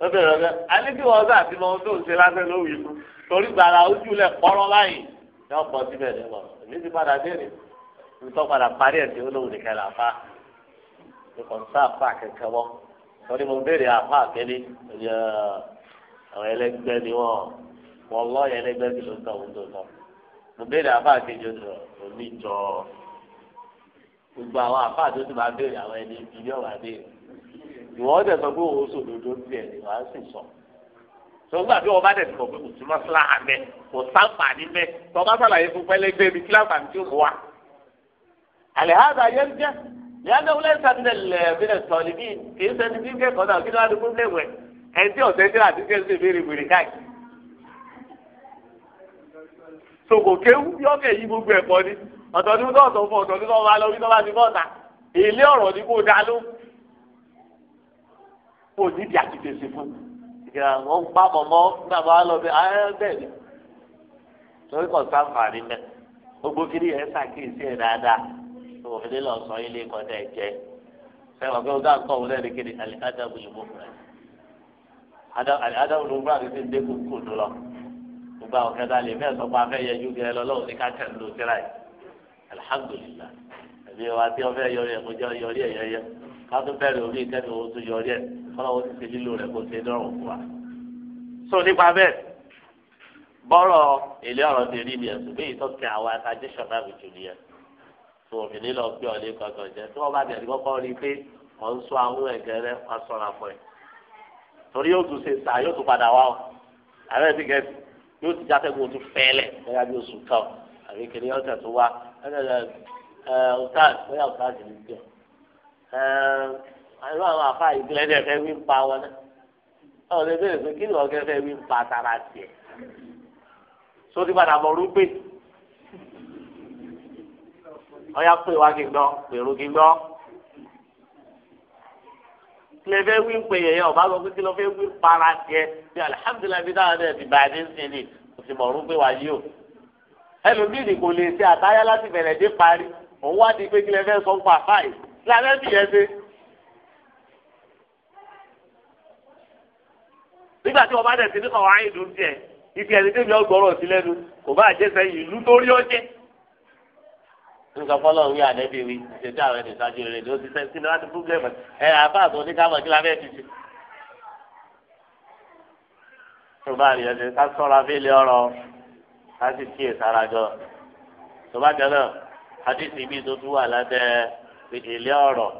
A: ó bẹ̀rẹ̀ ọgbẹ alẹ kí wọn sáà ti mọ ohun tó ń ṣe lásán lówùú ikú torí gbàrà ojú lẹ kpọrọ báyìí ní ọkọ síbẹ̀ ní wọn èmi ti padà béèrè nítorí padà parí ẹ̀ tí olóhùn nìkan là fa nìkan sáà fa kẹkẹ wọn torí mo béèrè àfa àkẹlẹ ẹ àwọn ẹlẹgbẹ́ ni wọn wọn lọ ẹlẹgbẹ́ ti ló ń tọ ohun tó tọ mo béèrè àfa àkẹjọ òní jọ gbogbo àwọn àfáà tó ti máa béèrè àwọn ẹni ìbílẹ̀ ọ̀rọ̀ àbẹ́rẹ́ ìwọ ọ̀dẹ̀ sọ pé òun sòdodo ti ẹ̀ wá sì sọ sọgbà bí wọn bá dẹ̀ sọ pé kò túmọ̀ sílá àmẹ́ kò sáǹpà níbẹ̀ tó bá sàlàyé fún pẹ́lẹ́gbẹ́ mi kí láǹfààní tí ó mú wa. àlẹ́hàdà yẹn jẹ́ ìyáná wọlé sàmìlẹ̀ lẹ́ẹ̀mílẹ̀ sọ̀lì bíi kì í sẹ́ni bí kẹ́kọ̀ọ́ náà kí ló wá ní pọ́blẹ́mù ẹ̀ ẹ̀ tí ọ̀sẹ̀ tí àti ọ̀tọ̀ ní tó ọ̀tọ̀ fún ọ̀tọ̀ ní tó bá lọ bí tó bá ti bọ́ ta èlé ọ̀rọ̀ ni kò dá ló kò ní ìdí àtìtèsí fún ìgbà wọn ń pa mọ́ nígbà bá lọ bí ayé ah, bẹ́ẹ̀ ni torí kò sáǹfààní mẹ́ gbogbo kiri yẹn ṣàkíyèsí ẹ̀ dáadáa tó òfin lọ sọ ilé kọjá ẹ̀jẹ̀ sẹ́wọ̀n pé ó dá nǹkan òun lẹ́ni kiri ẹ̀ alihamdulilayi ẹbí wa tí wọn fẹ́ yọrí ẹ kó jẹ yọrí ẹ yẹyẹ kátó bẹ̀rẹ̀ orí kẹfì owó tó ti ṣe lílo rẹ kó ṣe dọrùn wa. so nípa bẹ́ẹ̀ bọrọ èlé ọ̀rọ̀ ti rí ni ẹsùn bí ìtọ́kẹ àwọn àtàjẹ ṣọlá àbùjù nìyẹn tó obìnrin lọ gbé ọlé kankan jẹ tí wọn bá bẹ̀rẹ̀ kọ́kọ́ rí pé wọn ń sọ àwọn ẹgẹ rẹ wọn sọra yóò tún ṣe sá yóò tún padà wá ọ àbẹ ti gẹ yóò ti jáfẹ́ kó o tún fẹ́ lẹ̀ gẹ́gẹ́ bí oṣù kan àbí kìnìún ọ̀sẹ̀ tó wá ọ̀tàd bóyá ọ̀tàd ní tiẹ̀ irú àwọn afa ìgbìlẹ̀ dẹ̀ fẹ́ wí ń pa wọn náà ọ̀ lè bẹ̀rẹ̀ pé kí ni ọ̀gẹ́ fẹ́ wí ń pa tara tiẹ̀ sódì padà mọ̀ ọ́rú pé ọ̀yà wá kí n gbọ́ pèrò kí n gbọ́ tilẹ̀ fẹ́ wí ń pè yẹ̀yẹ́ ọ̀bá gbọ́ pé kí fẹ́ wí ń para tiẹ̀ bí alihamudulilayi bí dáhùn ẹ̀ ti bàdé ń sìn kò sì mọ̀ ọ́rú wá yí o ẹlòmíì ni kò lè ṣe àtayá láti bẹ̀rẹ̀ dé parí òun wá di pé kí lè fẹ́ sọ ń pa fáì kí lè fi yẹn ṣe. nígbà tí wọ́n bá tẹ̀sí nípa wàá ìlú tiẹ̀ ibi ẹni tẹ́bi ọgbọ́rọ̀ sí lẹ́nu kò bá jẹ́ sẹ́yìn ìlú tó rí ọjẹ́. nǹkan fọlọ́ ń rí àdẹ́bí wí ṣètò àwọn ẹni ìṣáájú rẹ̀ ló ti sẹ́ sí láti púpọ̀ ẹ̀ àbá àtọ̀ oníkàmọ̀ kí lábẹ́ ti ṣe. tó bá rí ẹ̀ a sì fi ìsara jọ tó bá jẹ náà hadithi mi tó tún wà lábẹ́ ilé ọ̀rọ̀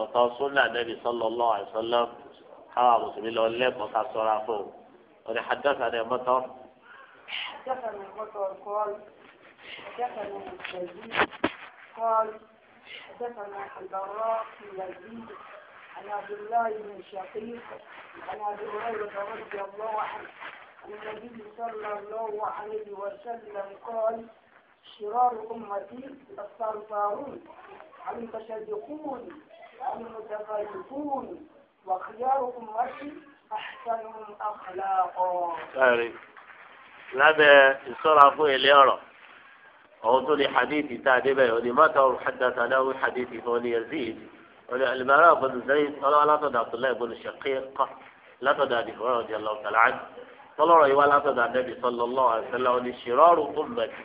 A: ọ̀tọ̀ sunna nabi sallallahu alaihi wasallam káwa mùsùlùmí lọ lẹ́kọ̀ọ́ ká sọ́ra fún un wọ́n hadathana ní mọ́tọ́.
B: hadathana ní mọ́tọ́ kọ́ọ̀lù عن عبد الله بن شقيق عن ابي هريره رضي الله عنه النبي صلى الله عليه وسلم قال شرار أمتي الصرفارون المتشدقون المتفرقون وخيار أمتي أحسن أخلاقا سوري
A: لابا يصير عفو اليارا أو تولي حديثي تعديبا يقولي ما تقول حدث أنا وحديثي فولي يزيد ولي المرأة بن زيد قالوا لا تدع عبد الله الشقيق لا تدع دي رضي الله تعالى عنه tọ́lọ́rọ̀ yìí wá látọ̀dọ̀ ànábì sallallahu alaihi wasallam ní ṣìrọ́rù ummati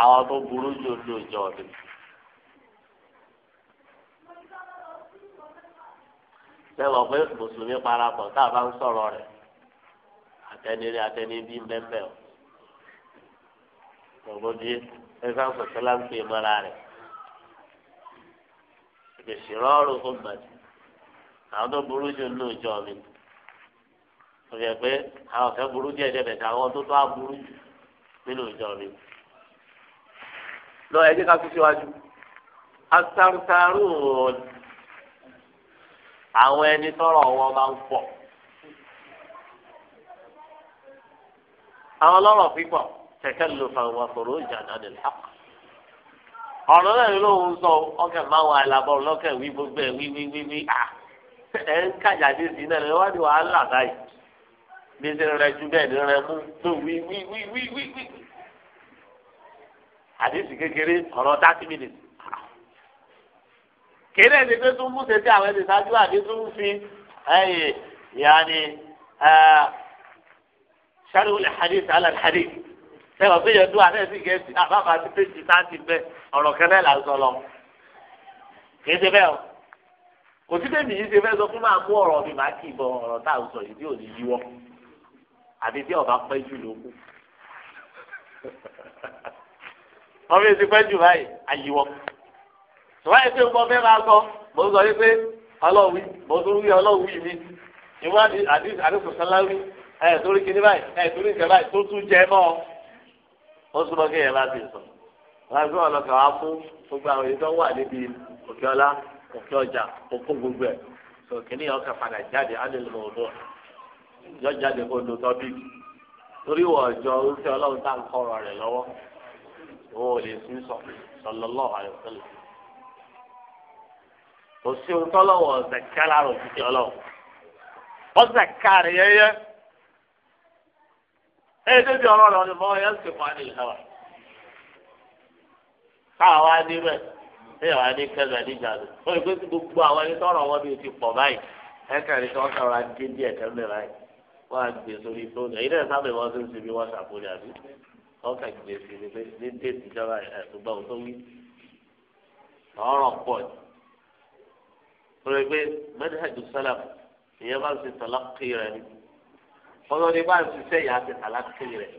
A: àwọn tó burú jù ní ìjọ ọdún. sẹ́wọ̀n pé mùsùlùmí parapọ̀ tá a bá ń sọ̀rọ̀ rẹ̀ àtẹnirí àtẹnibí ń bẹ́ẹ̀ bẹ́ẹ̀ o. ọ̀gbọ́dé ẹ̀ka sọ̀tẹ́ láǹpẹ̀ mọ́ra rẹ̀. ìṣìrọ́rù ummati àwọn tó burú jù ní ìjọ mi ọ̀sẹ̀ pé àwọn ọ̀sẹ̀ burú díẹ̀ díẹ̀ bẹ̀tẹ̀ àwọn tó tó aburú nínú ìjọ mi. lọ ẹ jẹ́ ká tún síwájú asárúsárú àwọn ẹni tọrọ wọn máa ń pọ̀ àwọn ọlọ́rọ̀ pípọ̀ kẹ̀kẹ́ ló fa wọn sọ̀rọ̀ ìjàdá nílẹ̀ ọ̀rọ̀ náà ni lóun sọ ọkẹ́ máa wà lábọ̀ lọ́kẹ́ wí gbogbo ẹ̀ wí wí wí wí à ẹ̀ ń kàjà dé sí náà lẹ́wọ́n ni wàhálà báyìí bí ṣe rẹ ju bẹ́ẹ̀ ni rẹ mú tó wí wí wí wí wí wí. àdéhùn kékeré ọ̀rọ̀ thirty minutes. kéde ẹni pé tó ń mú tètè àwọn ẹni ṣáájú àdéhùn fi ẹyìn yaani ṣáàlù lè hadith ala hadith sẹ́wọ̀n tó yẹ dúwà náà sì gẹ̀ẹ́sì àbáfà sí péjì táàtì bẹ́ẹ̀ ọ̀rọ̀ kẹ́lẹ́ là ń sọ lọ. kì í ṣe bẹ́ẹ̀ o kò sí bẹ́ẹ̀ mi yìí ṣe fẹ́ sọ fún máa mú ọ̀rọ̀ mi máa kì í bọ ọ̀rọ̀ tá àti tí ọba pẹ́ jù ló kú ọba èsì pẹ́ jù báyìí àyíwọ́ ṣùgbọ́n èsì ń fẹ́ máa sọ mo sọ wípé ọlọ́wí mo tún wí ọlọ́wí mi ìwádìí àdìsọ sáláwí ẹ̀ torí kíní báyìí ẹ̀ torí ìkẹ́ báyìí tó tún jẹ mọ́ ọ ó súnmọ́ kéèyàn láti sọ wọ́n á gbé wá fún gbogbo àwọn èyí tó wà níbi òkè ọlá òkè ọjà òkú gbogbo ẹ̀ sọ kíní ọkà padà jáde á lè lọ òdò yọ jáde kó do tọ́pìkì torí wọ́n ọjọ́ orúkẹ ọlọ́run tá à ń kọ́ra rẹ̀ lọ́wọ́ ò lè sún sọ sọlọ́lọ́ àyọ̀sọ́lẹ̀ kò sí ohun tọ́lọ́wọ́ ọ̀sẹ̀ kẹ́lá rò títí ọlọ́run ọ̀sẹ̀ káàrí yẹ́yẹ́ ẹ̀ débi ọ̀rọ̀ rẹ̀ ọ̀nìfọ́ yẹn sì fún àdìyẹ náà káwa níbẹ̀ ẹ̀yà wa ní kẹ́lẹ́ níjà lọ. wọ́n rí pé gbogbo àwọn ẹni tọ́rọ̀ wọn bí o ti pọ̀ báyìí wọ́n á gbé sórí fóònù ẹ̀yin náà sábẹ̀ wọ́n tó ń sinmi wọ́n ṣàpòlì àbí wọ́n kà gbé sí ni pé ní déètì ìjọba ẹ̀ẹ́dùgbọ́n tó wí ọ̀rọ̀ pọ̀ ni. sọ̀rọ̀ pé mẹ́tẹ́hàjù sálàm ìyẹn bá ń ṣe tàlákì rẹ̀ ni ọlọ́ni bá ń ṣiṣẹ́ ìyá ṣe tàlákì rẹ̀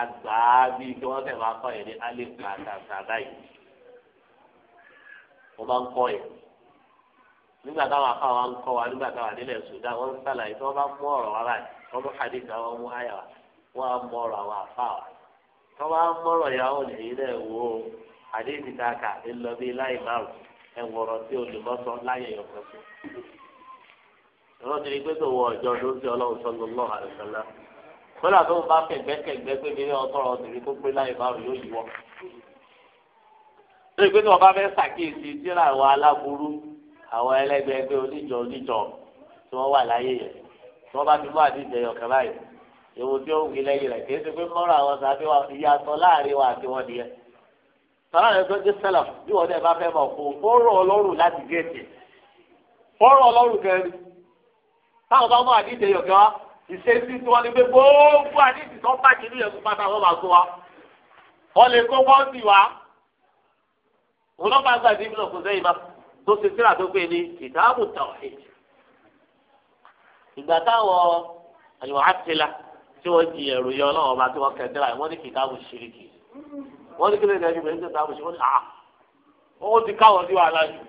A: àgbà bíi kí wọ́n fẹ́ máa kọ́ ẹ̀ ní alẹ́ kàtàkà báyìí wọ́n máa ń kọ́ ẹ̀ nígbà táwọn afáwa ń kọ́ wa nígbà táwọn àdílẹ̀ Sudan wọ́n ń sàlàyé tí wọ́n bá mú ọ̀rọ̀ wa báyìí wọ́n mú hadith àwọn mú àyà wa wọ́n á mú ọ̀rọ̀ àwọn afáwa tí wọ́n bá mú ọ̀rọ̀ yà wọ́n lè wò ó hadith ta kà ń lọ bí láì márùn ẹ̀ wọ̀rọ̀ tí olùmọ́sọ láyé yọkọ̀ sí. ìrọ́jì pé kò wọ ọjọ́ ló ń fi ọlọ́run sọ lọ́wọ́ àlùfẹ́lá kọ́lá tó bá kẹ̀gbẹ́kẹ̀gbẹ́ pé mi ní ọtọ́rọ̀ tó gbé láì márùn yóò yíwọ́. lórí pé tí bá fẹ́ ṣàkíyèsí tíra àwọn aláburú àwọn ẹlẹgbẹgbẹ oníjọ oníjọ tí wọn wà láyé yẹn tí wọn bá ti mú àdìjẹ yọkẹ báyìí ewu tí ó wí lẹ́yìn rẹ kìí ṣe pé mọrọ àwọn sàbí wa ìyàtọ̀ láàrin wa àti wọn nìyẹn sọlá rẹ tó dé sẹlẹ bí wọn dẹ bá fẹ́ mọ̀ kó ó rọ Ọlọ́run láti géètì ó rọ Ọlọ́run kẹrin táwọn bá mú àdìjẹ yọkẹ wa ìṣesí tí wọn ní pé gbogbo àdìjẹ tó bá kiri yẹn kó pátá wọn bá tó wa wọn lè kó wọn lọ́ bá gbàdí ìbílẹ̀ tó ṣe síra tó pé ní kìtàbù tawhid ìgbà táwọn àyùwá àtìlá tí wọ́n di ẹ̀rù yọ náà ọba tí wọ́n kẹ̀dẹ́ láì wọ́n ní kìtàbù ṣìríkì wọ́n ní kí lè dẹ́ ẹni bẹ̀rẹ̀ kìtàbù ṣìríkì wọ́n ní àá ah, wọ́n ti káwọn sí wàhálà jù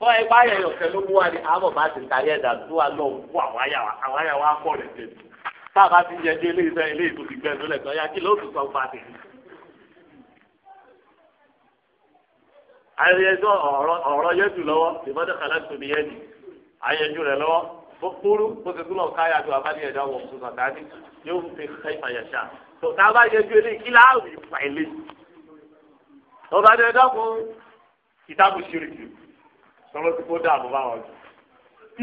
A: fọ́ ẹ bá yẹn ọ̀kẹ́ ló mú wa ní àmọ̀ bá ti kárí ẹ̀dá tó wà lọ wọ àwọn àyà wa pọ̀ lẹ́sẹ̀ tá a bá ti yẹ dé ilé iṣẹ́ ilé ìtòsí gbẹ ayẹyẹjọ ọ̀rọ̀ yẹdu lọ́wọ́ ìbọdẹ kàlàtù ni yẹdi ayẹyẹjọ rẹ lọ́wọ́ fúru kótótólọ káyà tó abáni ẹdá wọ fún sàtáni yóò fi xe àyàṣà tó tábà yẹjú ẹlẹ kílá àwì pàìlẹ ọba ni ẹdá kún ìtàkùn ṣìrìkì sọlọ tí kò dáàbò bá wọn.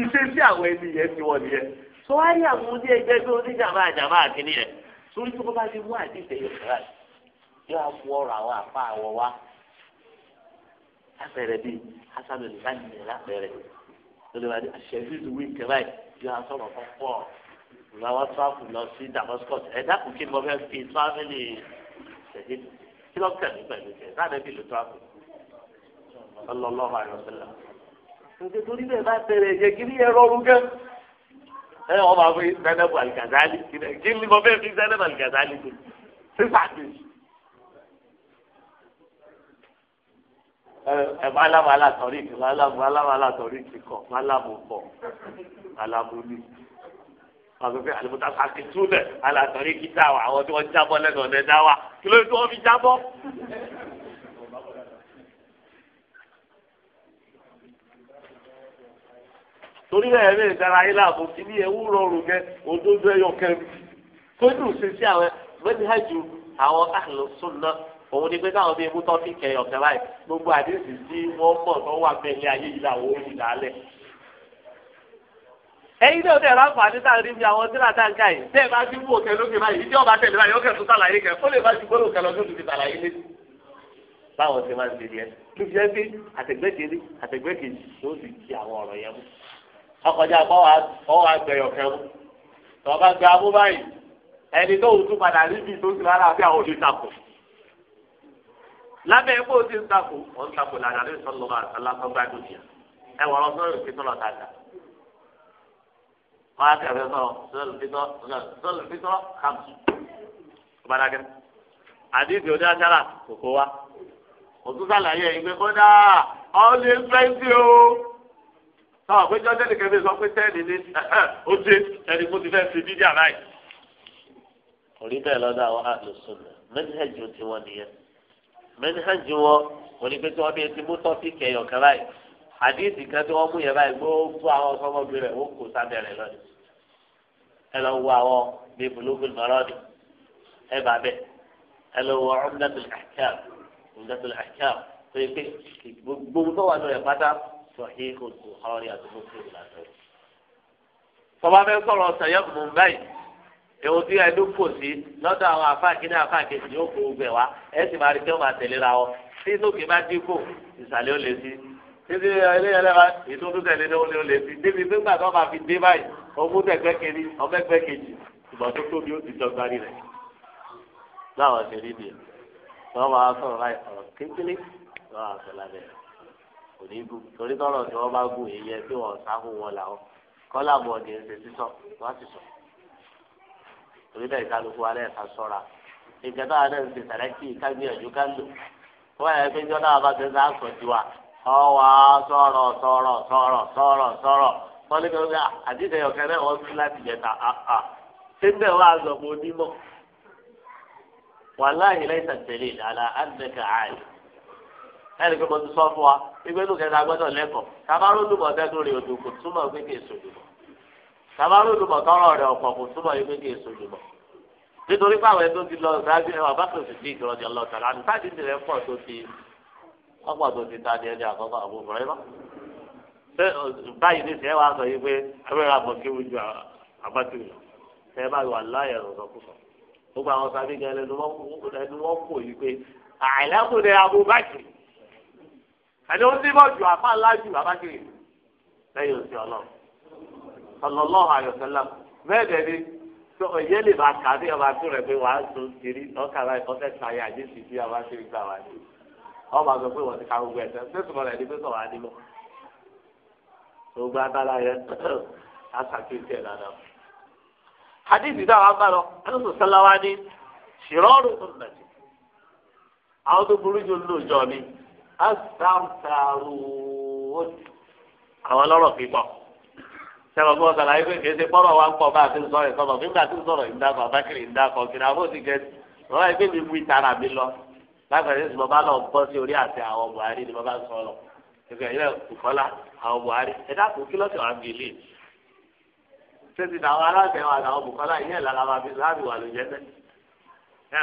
A: ìṣesí àwọn ẹni yẹn ti wọ nìyẹn
B: tó wáyé àwọn oní ẹgbẹ́ tó
A: ní jàmbá àjàmbá àkíní yẹn sórí tó bá ti mú àdìsẹ yóò lápẹẹrẹ bíi asanu nìkan nìyẹn lápẹẹrẹ olùwádìí àṣẹfíìlú wíńkẹ báyìí yóò sọ̀rọ̀ fọ́pọ̀ lọ́wọ́ tíwáfù lọ sí damascus ẹ̀dá kò kí n bọ́ fẹ́ fi tíwáfìlì ṣẹ̀dí kí ló kẹ̀ mí pẹ̀lú kẹ̀ sáàdé bíi ló tíwáfù ọlọ́lọ́wọ́ àyọ̀sẹ́lá. ǹjẹ́ torí bẹ́ẹ̀ bá bẹ̀rẹ̀ ẹ̀jẹ̀ kí ni ẹ̀rọ ọ̀run gẹ́ ẹ wọ́n máa fi sẹ́nẹ́bù àlìkàzálì kí ni mo fẹ́ fi sẹ́nẹ́bù àlìkàzálì ẹ malamu alatọri ti malamu malamu alatọri ti kọ malamu bọ malamu ni pàṣẹ pé àlùbọ́tà sàkìtú lẹ̀ alatọri kìtà wà àwọn tí wọ́n jábọ́ lẹ́nu ọ̀nà ẹ̀dá wa kí ló dé tí wọ́n fi jábọ́. torí ẹ̀ ẹ̀ dára ayé láàbò tí ní ewu rọrùn gẹ òdodo ẹ̀yọ̀ kẹrin tó dùn sí sí àwọn mẹ́tíhájú àwọn ahlùsùn náà òun ni pé káwọn bíi mútọ́ fi kẹ ọ̀sẹ̀ láì gbogbo àdéhùn tí wọ́n mọ̀ tó wà mẹ́lẹ̀ ayé yìí làwọn ò yìí lálẹ́. ẹyin náà tẹ̀ bá fà ní sáré bí àwọn tíra táǹkà yìí tẹ̀ bá ti wò kẹlókè báyìí ìjọba tẹ̀lé báyìí ó kẹ̀ tún sàlàyé kẹ ó lè bá ti gbọ́dọ̀ kẹlọ́ tó ti sàlàyé lé. báwọn ṣe máa ń ṣe yẹn ló fi ẹ́ pé àtẹ̀gbẹ́kẹ̀lé àtẹ̀gbẹ́kẹ̀lé ló sì ti àwọn ọ̀rọ̀ yẹn mú. ọkọjá ọwọ́ àgbẹ̀yọ̀ kẹ́ mú. tọ́ bá gba lábẹ́ ẹgbẹ́ òsì ń takò wọ́n ń takò lànà lórí sọ́lọ́ bá àtàlà tó gbádùn yà ẹ wọ́n lọ sọ́lọ́ ìfitọ́ lọ tàjà. wọ́n á kẹ́fẹ́ sọ̀rọ̀ sọ́lọ́ ìfitọ́ sọ́lọ́ ìfitọ́ kàmù. ọba dàgẹ́ àdìsí òde àjàrà kòkó wa òtún sàlàyé ìgbẹ́ kódà ọ̀lẹ́ fẹ́ǹsì o. sọ pé jọ́jọ́ nìkan fi sọ pé tẹ́ẹ̀nì ni ó dé ẹni mo ti fẹ́ fi bídíà báyìí. orí bẹ́ẹ̀ lọ́dọ̀ àwọn àlùsùn mẹ́tẹ́ẹ̀jì ó ti nìyẹn mẹnihanji wọn onígbé tí wọn bí etí mú tọ́sí kẹyọ kan báyìí àdéhìsì kan tí wọn mú yẹn báyìí gbogbo àwọn ọsọmọbìnrin rẹ ó kó sábẹ́rẹ́ lọ́dún ẹ lọ wo àwọn bíi bulugul maradi ẹ bá bẹ ẹ lọ wo umdatul ahkam umdatul ahkam tó yẹ pé gbogbo tó wà lórí pátá sahihul bukhari àti muslim làtọ̀ tọ́ba fẹ́ sọ̀rọ̀ sẹ́yẹ́ èwo tí ẹni kò sí lọ́dọ̀ àwọn afáàkínní afáàkínní yóò kó gbẹ wá ẹ sì máa rí kí wọ́n máa tẹ̀lé ra wọn tí sókè bá dín kù ìsàlẹ̀ ó lè sí títí eléyà lẹ́wà ètò tó tẹ̀lé ní olè olè sí débi pé gbàgbọ́ máa fi dé báyìí ọmú tẹ̀gbẹ́ kiri ọmẹgbẹ́ kejì ìgbà tó tóbi ó ti dọ́gba rí rẹ̀ láwọn ṣe rí ni wọ́n máa sọ̀rọ̀ láì sọ̀rọ̀ kékeré wọ́n á sọ lábẹ́ rẹ̀ torí bẹ́ẹ̀ kálukú alẹ́ ẹ̀ka sọ́ra ìjọba náà ń ti sẹ̀lẹ́kì kágbìyànjú kálù wọ́n yẹ kí jọ́dá àbá ti sá sọ ju wa ọwọ́ sọ̀rọ̀ sọ̀rọ̀ sọ̀rọ̀ sọ̀rọ̀ sọ̀rọ̀ wọ́n ní kí ah, àdìsẹ́ ọ̀kẹ́ náà wọ́n tún láti jẹta àà ah, ah. ṣé ń bẹ̀ wá sọ mo nímọ̀ wàláhì lẹ́yìn sàtẹ̀lẹ̀ àlà àdìsẹ́kẹ̀ àì ẹnì pé mo ti sọ fún wa ìgbésùn kẹta gbọ́dọ̀ lẹ́kọ̀ọ́ sàbárò dùbọ̀ tọrọ rẹ̀ ọ̀pọ̀ kò túbọ̀ yìí méjì èso dùbọ̀ nítorí pé àwọn ẹgbẹ́ ti lọ ṣáájú ẹ̀wà bákan sì ti ìkìlọ̀ jẹ lọ́ọ̀tà láti sáàdì ti rẹ̀ pọ̀ tó ti ọ̀pọ̀ tó ti ta ni ẹni àkọ́kọ́ àwọn obìnrin náà ṣé báyìí ní sẹ́ẹ̀ wá sọ yìí pé abẹ́rẹ́ àbọ̀ kéwu ju àbátì lọ ṣẹ́ẹ́ báyìí wà láyẹ̀ rọ̀sọ̀kùsọ̀ gbogbo àwọn sábẹ́ gan ẹni wọ́n kò yìí pé àìlẹ́kùnrin Abubakar ẹni ó ń dín sallallahu alaihi sallam. bẹ́ẹ̀ dẹ̀ ni tó ọ̀yẹ́ lè máa kà á ní ọba tó rẹ̀ pé wàá tó kiri ọkà láì ọ̀fẹ́ tayé àjẹsí bí a bá ṣe gbà wá ní ọba sọ pé wọ́n ti ka gbogbo ẹ̀sẹ̀ ṣé sùmọ́ rẹ̀ ni pé sọ̀rọ̀ adé mọ́ gbogbo abala yẹn aṣàkíyèsí ẹ̀ dáadáa. hadithi táwọn abá lọ ẹnu sọlá wa ní ṣìrọ́ọ̀rù ọ̀nàdì àwọn tó burú jù lóòjọ́ mi àwọn ọlọ́rọ̀ pípọ̀ sẹ́wọ̀n fún ọ̀sán láyé pé kìí ṣe bọ́rọ̀ wa ń pọ̀ bá a ti ń sọ̀rọ̀ ìsọ̀rọ̀ fún ìgbà tí ń sọ̀rọ̀ ìdákọ̀ abákiri ìdákọ̀ kìnìún àbó ti gẹ̀ lọ́wọ́ ẹgbẹ́ mi wí tara mi lọ lágbàdo tí mo bá lọ bọ́ sí orí àti àwọn Buhari ni mo bá ń sọ lọ ìgbà yẹn kùkọ́lá àwọn Buhari ẹ dákun kí lọ́sẹ̀ wà ń gbélé títí àwọn aláṣẹ wa àtàwọn Bùkọ́lá ìyẹn ìlànà máa fi láàbì wà ló jẹ́ ni ẹ̀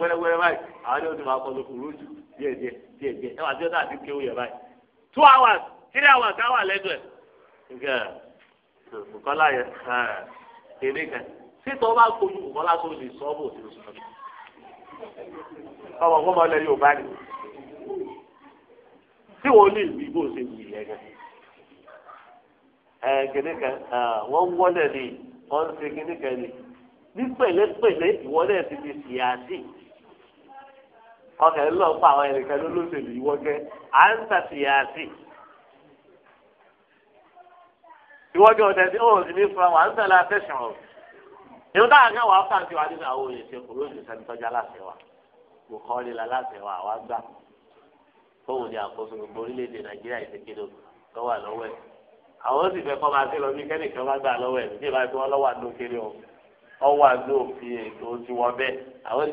A: wẹ́rẹ́wẹ́rẹ́ báyìí àwọn yóò ti máa kọ́ lóko rújù díẹ̀ díẹ̀ díẹ̀ díẹ̀ ẹ̀ wà tí ó dà sí kéwù yẹn nígbà Bùkọ́lá yẹn kéré kan títọ́ bá kojú Bùkọ́lá tó lè sọ bó ti sọ ọmọ fọmọ lẹ yóò bá ní tí wọn lè wí bó ṣe wù yẹn kan ẹ kéré kan wọn wọlé ni wọn ṣe kéré kan ni ní pẹ̀lẹ́pẹ̀lẹ́ ìwọlé ti di síyáàsì ọkàn ló ń pa àwọn ẹnìkan lólóṣèlú ìwọ́gẹ́ à ń ta síyáàsì. ìwọ́jọ́ ọ̀dẹ tí ó sì ní fún wa ń sẹ́lẹ̀ afẹ́sẹ̀ ọ̀ ìwọ́n táwọn akẹ́ wàá fà sí wa nínú àwọn òye ṣe kò lóṣù sẹ́ni tọ́jà láṣẹ wa kò kọ́ ọ́ nílá láṣẹ wa àwa gbà fóun ní àkóso gbogbo orílẹ̀-èdè nàìjíríà ìṣèkéde tó wà lọ́wọ́ ẹ̀ àwọn sì fẹ́ kọ́ máa sí lọ bí kẹ́nìkan bá gbà lọ́wọ́ ẹ̀ bí ìbá tí wọ́n lọ́wọ́ àdó kéré o ọwọ́ àdó òfin ètò ti wọ́n bẹ́ẹ̀ àwọn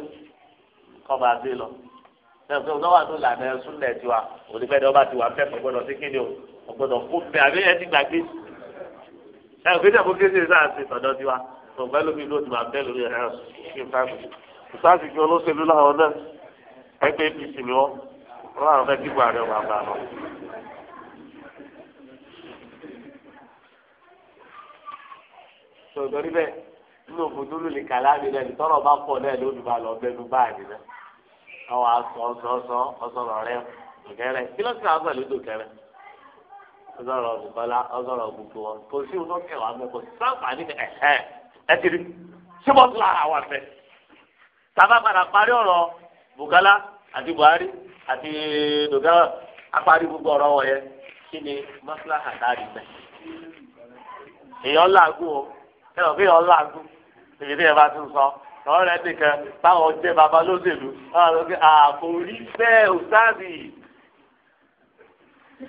A: kọ́ máa sí lọ ẹ̀sọ́ lọ́wọ́ àdó làná ẹ̀sùn lẹ̀ tiwa òdìpẹ́ẹ́dẹ́ ọba tiwa fẹ́ fọ́ gbọ́dọ̀ sí kéde o ọ̀gbọ́dọ̀ kó bẹ́ẹ̀ àbí ẹ ti gbàgbé ẹ ò kéde àbókè ṣe sáà ṣe tọ̀dọ̀ tiwa ọ̀gbẹ́ lómi ló ti máa bẹ́ lórí ẹ̀ ṣe fáwọn ìsáàsì kí olóṣèlú làwọn náà ẹgbẹ́ apc ni wọ́n wọ́n làwọn fẹ́ dìbò ààrẹ wà bá wọn. tòótọ́ níbẹ̀ nínú òfòdúró lè kàlá mi náà tọ́rọ bá pọ̀ náà ló ti máa lọ bẹ́nu báàdì náà àwọn asọ̀ ọ̀sọ̀ ọ̀sọ̀ ọ̀sọ̀ rẹ̀ dòkẹ́rẹ́ kí ló àwọn pẹ̀lú ọsọrọ bùkọlá ọsọrọ gbogbo wọn kò sí ọdún kẹwàá mọ kò sáǹfààní ẹ ẹ ẹ ti rí síbọ̀tù lára wà fẹ́. sábà padà parí ọ̀rọ̀ bùkọlá àti buhari àti dogara apari gbogbo ọ̀rọ̀ wọn yẹn kí ni mọ́sálà àtàrí mẹ́. èèyàn làágùn o ẹ lọ bí èèyàn làágùn èyí tí ẹ bá tún sọ ọ̀rọ̀ rẹ nìkan báwọn jẹ́ babalóṣèlú báwọn lọ sí àkòrí bẹ́ẹ̀ òsáàbì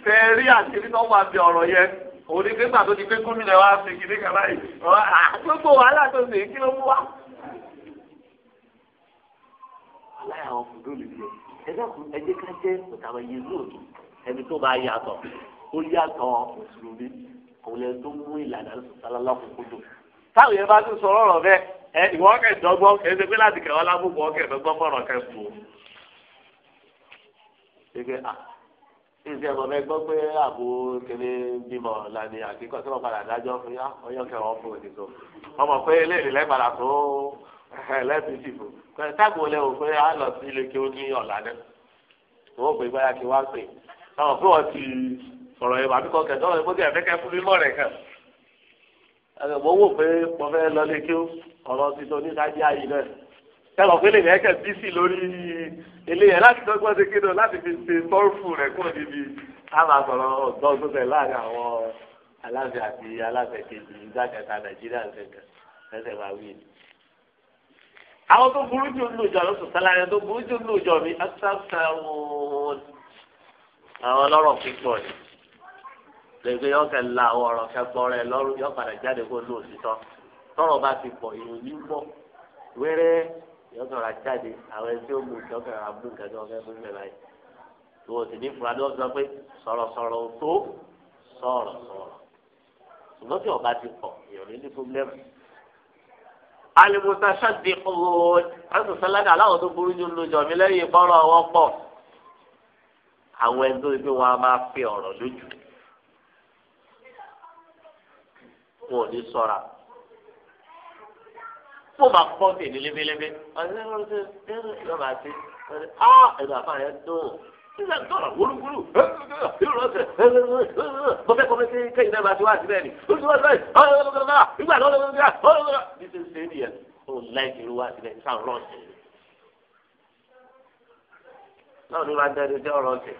A: fẹ́ rí àṣírí tó wà bí ọ̀rọ̀ yẹn òun pépà tó ti pé gómìnà wa fi kìdí kan báyìí ah, gbogbo wàhálà tó sì kí ló mú wa. aláya àwọn fúdó lè jẹ ẹjẹ kù ẹjẹ ká jẹ òtàwọn yìí lóòótọ́ ẹni tó bá yàtọ̀ ó yàtọ̀ mùsùlùmí òun lẹ tó mú ìlànà sàlálà kókódò táwọn yẹn bá tún sọ ọ̀rọ̀ bẹ́ẹ̀ ẹ ìwọ ọkẹ dọ́gbọ́n kẹ ẹsẹ pé láti kẹwàá lábùkù ọkẹ dọ́gbọ́n bọrọ kẹ fún un ṣíṣe ẹ̀mọ́ bẹ́ẹ̀ pé àbò kele bímọ lani àkíkọ́ tí wọ́n padà dájọ́ fún yá ọyọ́ kẹwọ́n fún òní tó ọmọ pé eléyìí lẹ́ padà tó lẹ́sìn ìdìbò táàgbò lẹ́wọ̀ pé a lọ sí ilé kí ó ní ọ̀la náà wọ́n pè gbáyà kí wá pè táwọn fún wọn ti sọ̀rọ̀ yẹn wàbí kọ́ kẹ̀tọ́ ẹ̀ bókè ẹ̀fẹ́ fún mímọ́ rẹ̀ kàn mo wò pé mo lọ lé kí ọ̀rọ̀ ti tó ní sáájú ayé náà sẹ́wọ̀n pé lè lẹ́kẹ̀ bísí lórí ilé yẹn láti dọ́gbọ́n ṣe kéde láti fi ṣe tọ́rùfù rẹ̀ kúrò níbi àwọn àgbọ̀rọ̀ ọ̀dọ́ tó tẹ̀ láàrin àwọn aláṣẹ àti aláṣẹ kejì ìdákẹta nàìjíríà ṣẹ̀ṣẹ̀ ṣẹ̀ṣẹ̀ máa wí. àwọn tó burú jù ń lùjọ lóṣù sálárẹ̀ tó burú jù ń lùjọ mi ọ́sàkàwọ̀n àwọn ọlọ́rọ̀ pípọ̀ ni lẹ́gbẹ́ yọ̀kẹ́ la àwọn ọ̀rọ̀ kẹgbọ́rẹ́ lọ́rùn yọ̀padà jáde kó lóòtítọ́ tọ́rọ̀ bá ti pọ̀ ìròyìn pọ̀ wẹ́rẹ́ yọkàn ra jáde àwọn ẹni tí ó mú yọkàn ra mú nǹkan tí wọn fẹ́ mú mẹ́ra yìí tó o sì ní fura ni wọn sọ pé sọ̀rọ̀sọ̀rọ̀ ò tó sọ̀rọ̀ sọ̀rọ̀ ṣùgbọ́n tí ọba ti pọ̀ èèyàn ní ní fúnlẹ́mù. alimusa ṣáàdì ọ̀hún ẹ̀sùn sẹ́lẹ̀dà aláwọ̀ tó burú jù lójọ mi lẹ́yìn bọ́rọ̀ wọn pọ̀ àwọn ẹni tó ti pé wọn máa fi ọ̀rọ̀ lójú wọn ò ní sọ̀rọ̀ tó bá kọ́ tèmi lébelébe ọ̀sẹ̀ ọ̀sẹ̀ ẹ̀rọ ìjọba àti ọ̀sẹ̀ á ẹ̀rọ àfààní dùn sísè dọ̀rọ̀ wúlúwúlú yóò lọ sẹ̀ bọ́fẹ́ kọ́fẹ́ sí kẹ́yìn náà bá ti wá sí bẹ́ẹ̀ ni ó ti wá sí bẹ́ẹ̀ ọ̀lọ́lọ́lọ́lọ́lọ́ ìgbà lọ́lọ́lọ́lọ́lọ́ ọ̀lọ́lọ́lọ́ ní ti ṣe nìyẹn ó láìpẹ́ ló wá sí bẹ́ẹ̀ sáà rọ̀ sí. náà ló máa ń dájú jẹ́ ọ̀rọ̀ ọ̀sẹ̀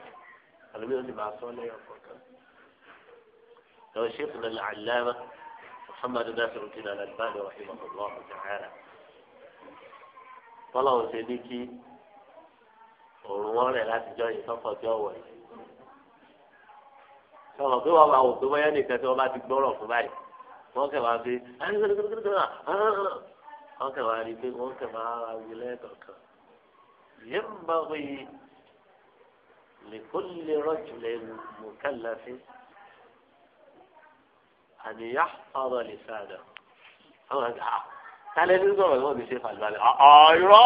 A: àlùmí ó sì máa sọ lẹ́yìn ọ̀kọ̀ọ̀kan. lọ ṣe fún محمد ناصر الدين الألباني رحمه الله تعالى fọlọ́run ṣe ní kí òòrùn wọn rẹ̀ láti jọ yìí sọ́kọ̀ tí ó wọ̀ yìí sọ̀rọ̀ pé wọ́n máa wò pé wọ́n nìkan tí wọ́n bá ti gbọ́rọ̀ fún báyìí wọ́n kẹ̀ wá pé wọ́n kẹ̀ wá rí pé wọ́n kẹ̀ máa wá wí lẹ́ẹ̀kọ̀ọ̀kan yẹ́n bá wí lè kó lè rọ́jùlẹ̀ mùkàlàfin àníyá ọ̀rọ̀ lè sáadà àwọn àgbà tálẹ́ ní sọ̀rọ̀ ni wọ́n ti ṣe fàlùbálẹ̀ ọ̀ irọ́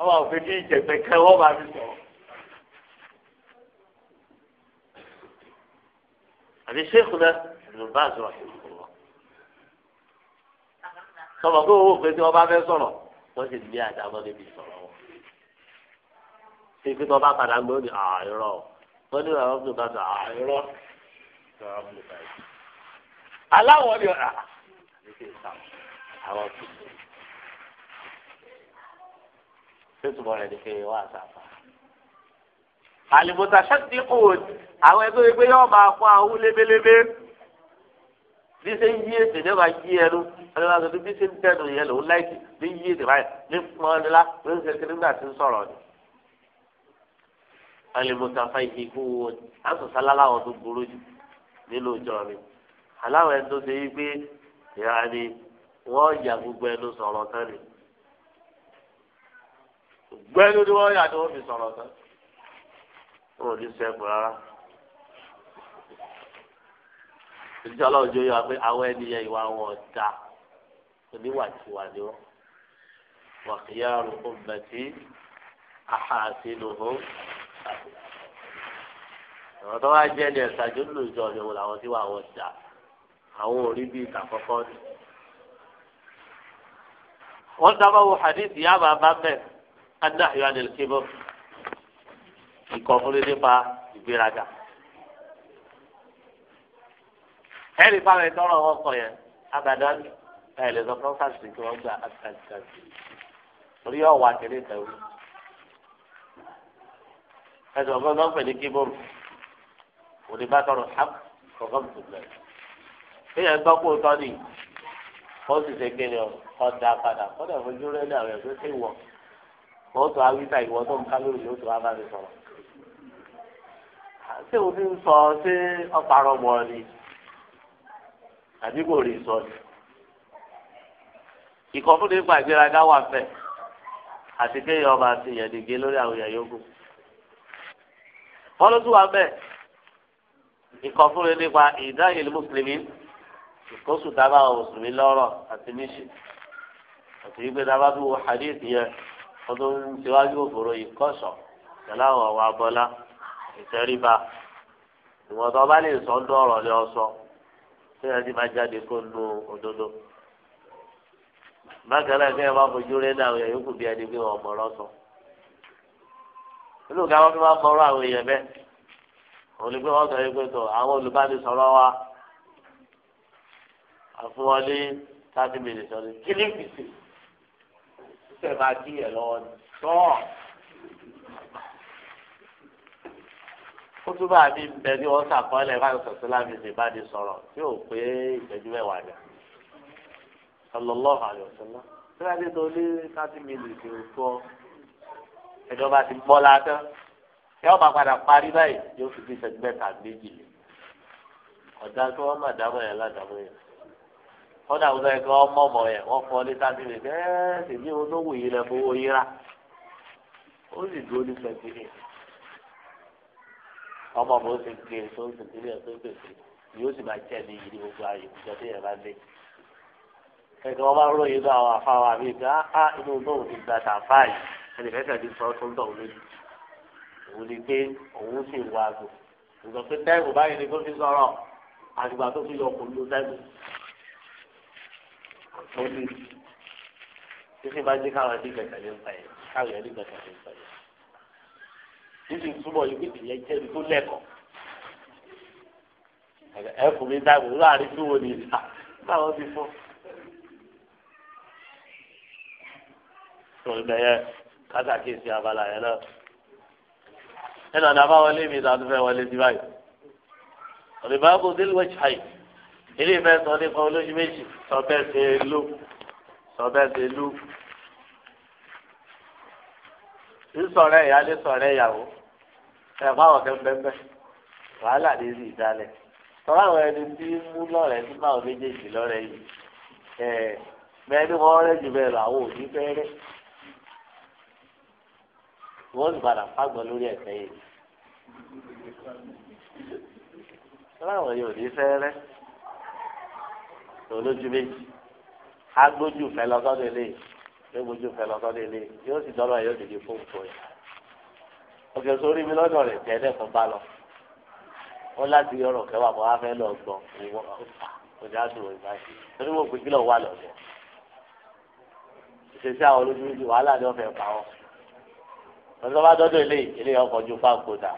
A: àwọn òfin kí ìjẹ̀gbẹ́ kẹ́ wọ́n bá mi sọ̀rọ̀. àbí sèkúnà ló bá zọ ìfowó sọmọ pé owó pé tí wọ́n bá fẹ́ sọ̀rọ̀ wọ́n sì ní àdámọ́ níbi sọ̀rọ̀ wọn ṣé pé tí wọ́n bá padà ń lónìí àìrọ̀ wọ́n ní àwọn ọmọ ìbátan àìrọ̀ ní àwọn ọmọ ìbátan
B: aláwọ̀ ni ọ̀rà
A: àwọn tó sètùmọ̀ rẹ̀ ni pé wà á sàfà. àlìmọ̀tà ṣáàtì kò àwọn ẹgbẹ́ wípé yóò máa kó àwọn lébélébé bí ṣe ń yí ètè ní ọba yí ẹnu ẹni máa sọdún bí ṣe ń tẹnu yẹn lòún láìkì bí yí ètè báyìí ní fún ọ nílá ló ń ṣe kí nígbà tí ń sọ̀rọ̀ ni. àlìmọ̀tà fàyè kò wọ́n á sọ tó burú jù nínú ìjọ mi aláwọ̀ ẹni tó ṣe yí pé ìyá ni wọ́n yà gbogbo ẹnu sọ̀rọ̀ tán ni gbẹ́nu ni wọ́n yà ni wọ́n fi sọ̀rọ̀ tán wọn ò ní sẹ́kù rárá ìjọ ọlọ́run jẹ́ yọ pé àwọn ènìyàn ìwà wọn da oníwàtiwà ni wọn wàkìyà ummati ahasinuhum àwọn tó wá jẹ́ ní ẹ̀sàjò ńlò ìjọ ni wọn làwọn tí wà wọn da àwọn òrí bíi tàkọ́kọ́ ni. wọ́n dábàá wo hadith yá bàbá bẹ́ẹ̀ adáhùn adìl kébọ̀ ìkọ̀fúnni nípa ìgbéraga. ẹ̀rí fáwọn ìtọ́rọ̀ wọn kọ̀ yẹn abadan ẹ̀ lè sọ fún fásitì kí wọ́n gba àtàkàtì torí ọ̀wà kéré tẹ̀wé ẹ̀sọ̀ fún ọgbọ́n pẹ̀lú kébọ̀ òní bá tọrọ hàp kọ̀ọ̀kan tó bẹ̀rẹ̀ èèyàn gbọ́ kó tọ́ ni ó sì ṣe kéde ọ̀dà padà kọ́dà fojú rẹ̀ ní àwọn ẹ̀fẹ́ ìwọ wọ́n tó awíta ìwọ tó ń ká ló tó wá bá sọ̀rọ̀ ṣé o ti ń sọ ṣé ọ̀parọ̀ mọ́ ni àbí kò rí sọ ni ìkọ́fúnni gbàgbéraga wà fẹ́ àti kéèyàn ọba àti ìyàdìgé lórí àwọn èèyàn yòókù wọ́n ló tún wà bẹ́ẹ̀ ìkọ́fúnni nípa ìdáyẹ̀lì mùsùlùmí. ìkóṣù dábà mùsùlùmí lọ́rọ̀ àti níṣì àti wípé dábà tó wo hadith yẹn wọ́n tó ń tiwájú òfòrò ìkọ́ṣọ̀ pẹ̀lú àwọn ọ̀wọ́ abọ́lá ìtẹríba ìwọ̀n bá lè sọ ń dọ̀rọ̀ lé ọsọ tó ti máa jáde kó nu òdodo fojú rẹ náà yẹ yókù bí ẹni pé wọ́n sọ nínú ká wọ́n fi máa pé àfọwọlé thirty minutes ọdún kílí pèsè ṣe máa kí yẹn lọ́wọ́ tọ́ ó túbọ̀ àbí bẹ tí wọ́n ṣàkọọ́lẹ̀ bá sọ̀tún láti ṣe bá di sọ̀rọ̀ tí ò pé ìtẹ́jú mẹ́wàá dà sallallahu alayhi wa sallam tí wọ́n ti tó lé thirty minutes òkú ọ ẹjọ́ bá ti bọ́ látọ́ ẹ ọba padà parí báyìí yóò fi bí ìṣẹ́jú mẹ́ta méjì ọ̀dà tí wọ́n má dábọ̀ yẹn ládàbọ̀ yẹn kọ́dà wọ́n sọ ẹ̀kọ́ mọ̀mọ́ yẹn wọ́n fọ́ lé sábì rẹ̀ bẹ́ẹ̀ sì ní olówó yìí lẹ fowó yín rà ó sì dúró ní sẹ́ńtínì ọmọ mi ó sì gbé e tó sẹ́ńtínì ẹ̀ tó gbèsè yóò sì máa jẹ́ ní gbogbo ayé ìjọ tó yẹ bá dé kẹ̀kẹ́ wọn bá ròyìn náà àwọn afáwọn àmì ìgbà á inú lóhùn ti gba tàfà yìí ẹnì kẹ́kẹ́ ti sọ tó ń dọ̀ lójú òun ni pé òun sì wá àgò ìgbà pé táìmù báyìí ni kó fi sọ̀rọ̀ àgbà tó fi yọ ó ní fífi bá jẹ́ káwọn ẹbí gbẹ̀gbẹ̀ lè ń pa yẹn káwọn ẹbí gbẹ̀gbẹ̀ lè ń pa yẹn. títí túbọ̀ yìí pèsè yẹn jẹ́ tó lẹ́kọ̀ọ́ ẹ kò mí dáàbò láàrin tí wo ni ìta báwọn ti fún. sọ ibẹ̀ yẹn kátàkìsì abala yẹn náà ẹnà àdàbà wọlé mi ìta fẹ́ wọlé sí báyìí. ọ̀rẹ́ kò délé wẹ́ẹ̀ṣáì ilé ìfẹ́ sọ nípa olójú méjì sọbẹ́ ṣe lú sọbẹ́ ṣe lú sísọ̀rẹ́ ìyálé sọ̀rẹ́ ìyàwó ẹ̀fọ́ àwọn kan bẹ́ẹ̀ wàhálà ní ìlú ìdálẹ̀ tọ́lá àwọn ẹni tí ń mú lọ́rẹ̀ tí máa méjèèjì lọ́rẹ̀ yìí ẹ̀ bẹ́ẹ̀ ni wọ́n rẹ́ jù bẹ́ẹ̀ lọ àwọn òbí fẹ́rẹ́ wọ́n sì padà fagbọ́n lórí ẹ̀fẹ́ yìí tọ́lá àwọn yìí olójú méjì agbójú fẹ lọsọdọ ilé yóò gbójú fẹ lọsọdọ ilé yóò sì dọrọ yóò dìde fóònù tó yẹ òkè sórí mi lọ́dọ̀ rẹ̀ tẹ ẹdẹkùn bá lọ wọn láti yọrọ kẹwàá bọ wá fẹ lọ gbọ́ ìwọ ọfà ọjà àdúrà ìbáṣe torí wọn pè kí lọ wà lọdọ ìṣesí àwọn olójú méjì wàhálà ni wọn fẹẹ pa wọn wọn bá dọdọ ilé ilé ọkọ ju fáwọn kódà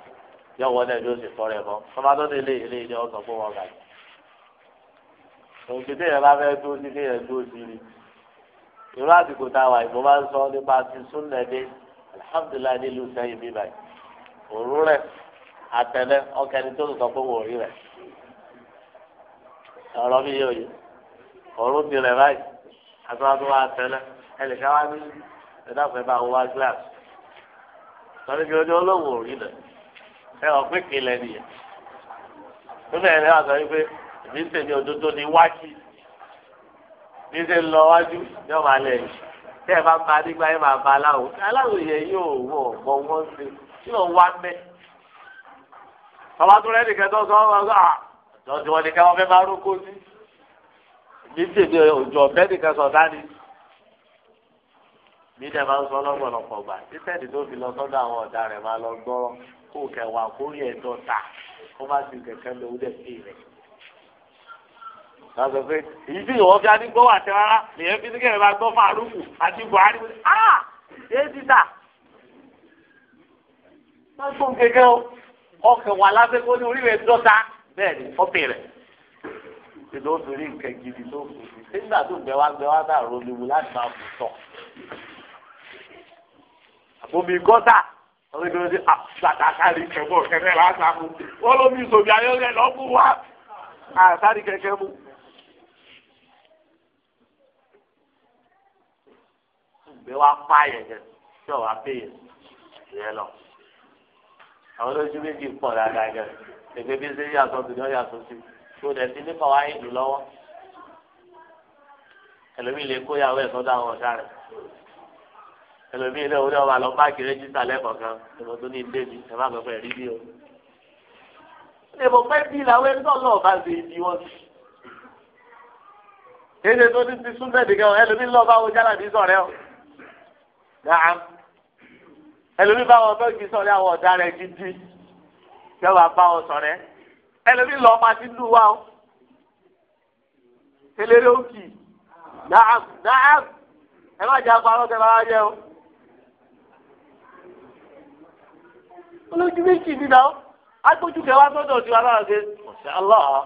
A: yọwọ náà yóò sì tọrẹ mọ tó bá dọdọ ilé ilé ilé fún wọn gàdí òǹkè téèyàn bá fẹ́ dúró sí téèyàn dúró sí rí irú àsìkò tá a wà ìbò máa ń sọ nípa ti súnnẹdé alihamudulilayi nílùú sẹ́yìn bí báyìí òru rẹ àtẹlẹ ọkẹni tó sọ pé wò rí rẹ ọ̀rọ̀ mi yóò yí òru ti rẹ báyìí àtúwàtú wa àtẹlẹ ẹnìkan wá ní ẹdáfẹ bá wọ wá gíláàsì sọdí kí ojú olóhùn òrí rẹ ẹ ọ̀pẹ́ nìyẹn èmi ń tẹ̀lé òdodo ní wájú ní ṣe ń lọ wájú ní ọmọ alẹ́ yìí tẹ́ ẹ bá ń ba nígbà yẹn máa ba aláwo aláwo yẹ yóò wọ ọmọ wọn ṣe tí ò ń wá mẹ́. bàbá tó rẹ́ nìkan tó sọ ah! wọn sọ àjọjọ wọn nìkan wọn fẹ́ máa rókó sí. mi ń òjò ọ̀bẹ nìkan sọ dání. mi dẹ̀ máa ń sọ lọ́pọ̀lọpọ̀ gbà títẹ̀dì tó fi lọ sọ́dọ̀ àwọn ọ̀dà rẹ̀ máa lọ gbọ́ kó kẹwàá kórìí ẹ̀dọ́ta kó má ti kẹ̀kẹ́ lówó dẹ̀ sí rẹ̀ wọ́n sọ pé èyí tí ìwọ́n fi adigbó wà tẹ rárá lèyẹn fi nígbà ìbá gbọ́ fàrúkù àti buhari wọlé ah èyí ti tà má gbọ́n kékeré o ọkàn wà lásìkò ní orí rẹ̀ dọ́ta bẹ́ẹ̀ ni fọ́pì rẹ̀ ìlú obìnrin nǹkan gidi tó kù nígbà tó gbẹ wá gbẹ wá bá roliwu láti máa bù tọ̀ omi gọ́tà ọdún kí ah, ló dé àgbàdá kárí kẹ̀kọ́ kẹ̀kẹ́ láti máa bù
B: wọ́n lómi ìsòmí ayọ́kẹ́
A: lọ́kùn wá àtàrí ah, kẹ̀kẹ́ mú. pé wàá pààyàn jẹ tí ò wàá péye ìyẹn lọ. àwọn olójú méjì pọ̀ dáadáa jẹ ẹgbẹ́ bí ṣe yàtọ̀ bí wọ́n yàtọ̀ sí tó dẹ̀ nípa wàá yìí lọ́wọ́ ẹlòmíì lè kóyàwó ẹ̀ sọ́dọ̀ àwọn ọ̀sá rẹ̀ ẹlòmíì náà wọlé ọba lọ báàkì rẹ́jísítà lẹ́kọ̀ọ̀kan ẹ̀mọ́ tó ní ilé mi ẹ̀ má gbọ́dọ̀ rí bí o. ẹ̀bùn pẹ́ bí làwọn ẹni náà lọ́ọ̀ bá ṣe ibi wọn sí. kéde tó ti ti súnbẹ̀ nìkan ẹlòmíì lọ́ọ̀ bá wo jálàbí sọ̀rẹ́ o. naam, ẹlòmí bá wọn bẹ́ẹ̀ àwọn gidi kẹwàá bá wọn ẹ ẹlòmí lọ́ọ́ ti lù wá o eléré òkì dáa dáa ẹ má jẹ́ àpárọ̀ tẹ bá yẹ o. olójú méjì ni náà agbójú kẹwàá sọ́dọ̀ tiwa náà ṣe ọ̀sẹ̀ aláà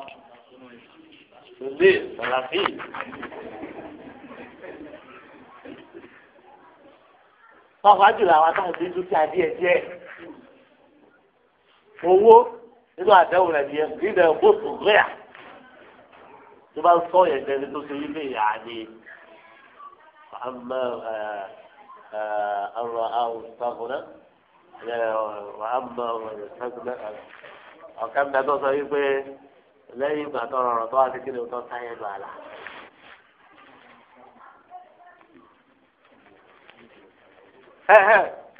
A: ṣe lè pàápàá jùlọ àwọn táwọn ti dúkìá díẹ̀ díẹ̀ owó nínú àdéhùn rẹ̀ nìyẹn nílẹ̀ bóso rẹ̀ tó bá ń sọ yẹn lẹ́ni tó ṣe ilé ìyá ni ọ̀rọ̀ àwọn ìtàkùnrin wàhámà ọ̀kàndàtọ̀ sọ wípé lẹ́yìn ìgbà tó rọrọ̀ tó wà sí kí ni o tó sáyẹn lọ àlà.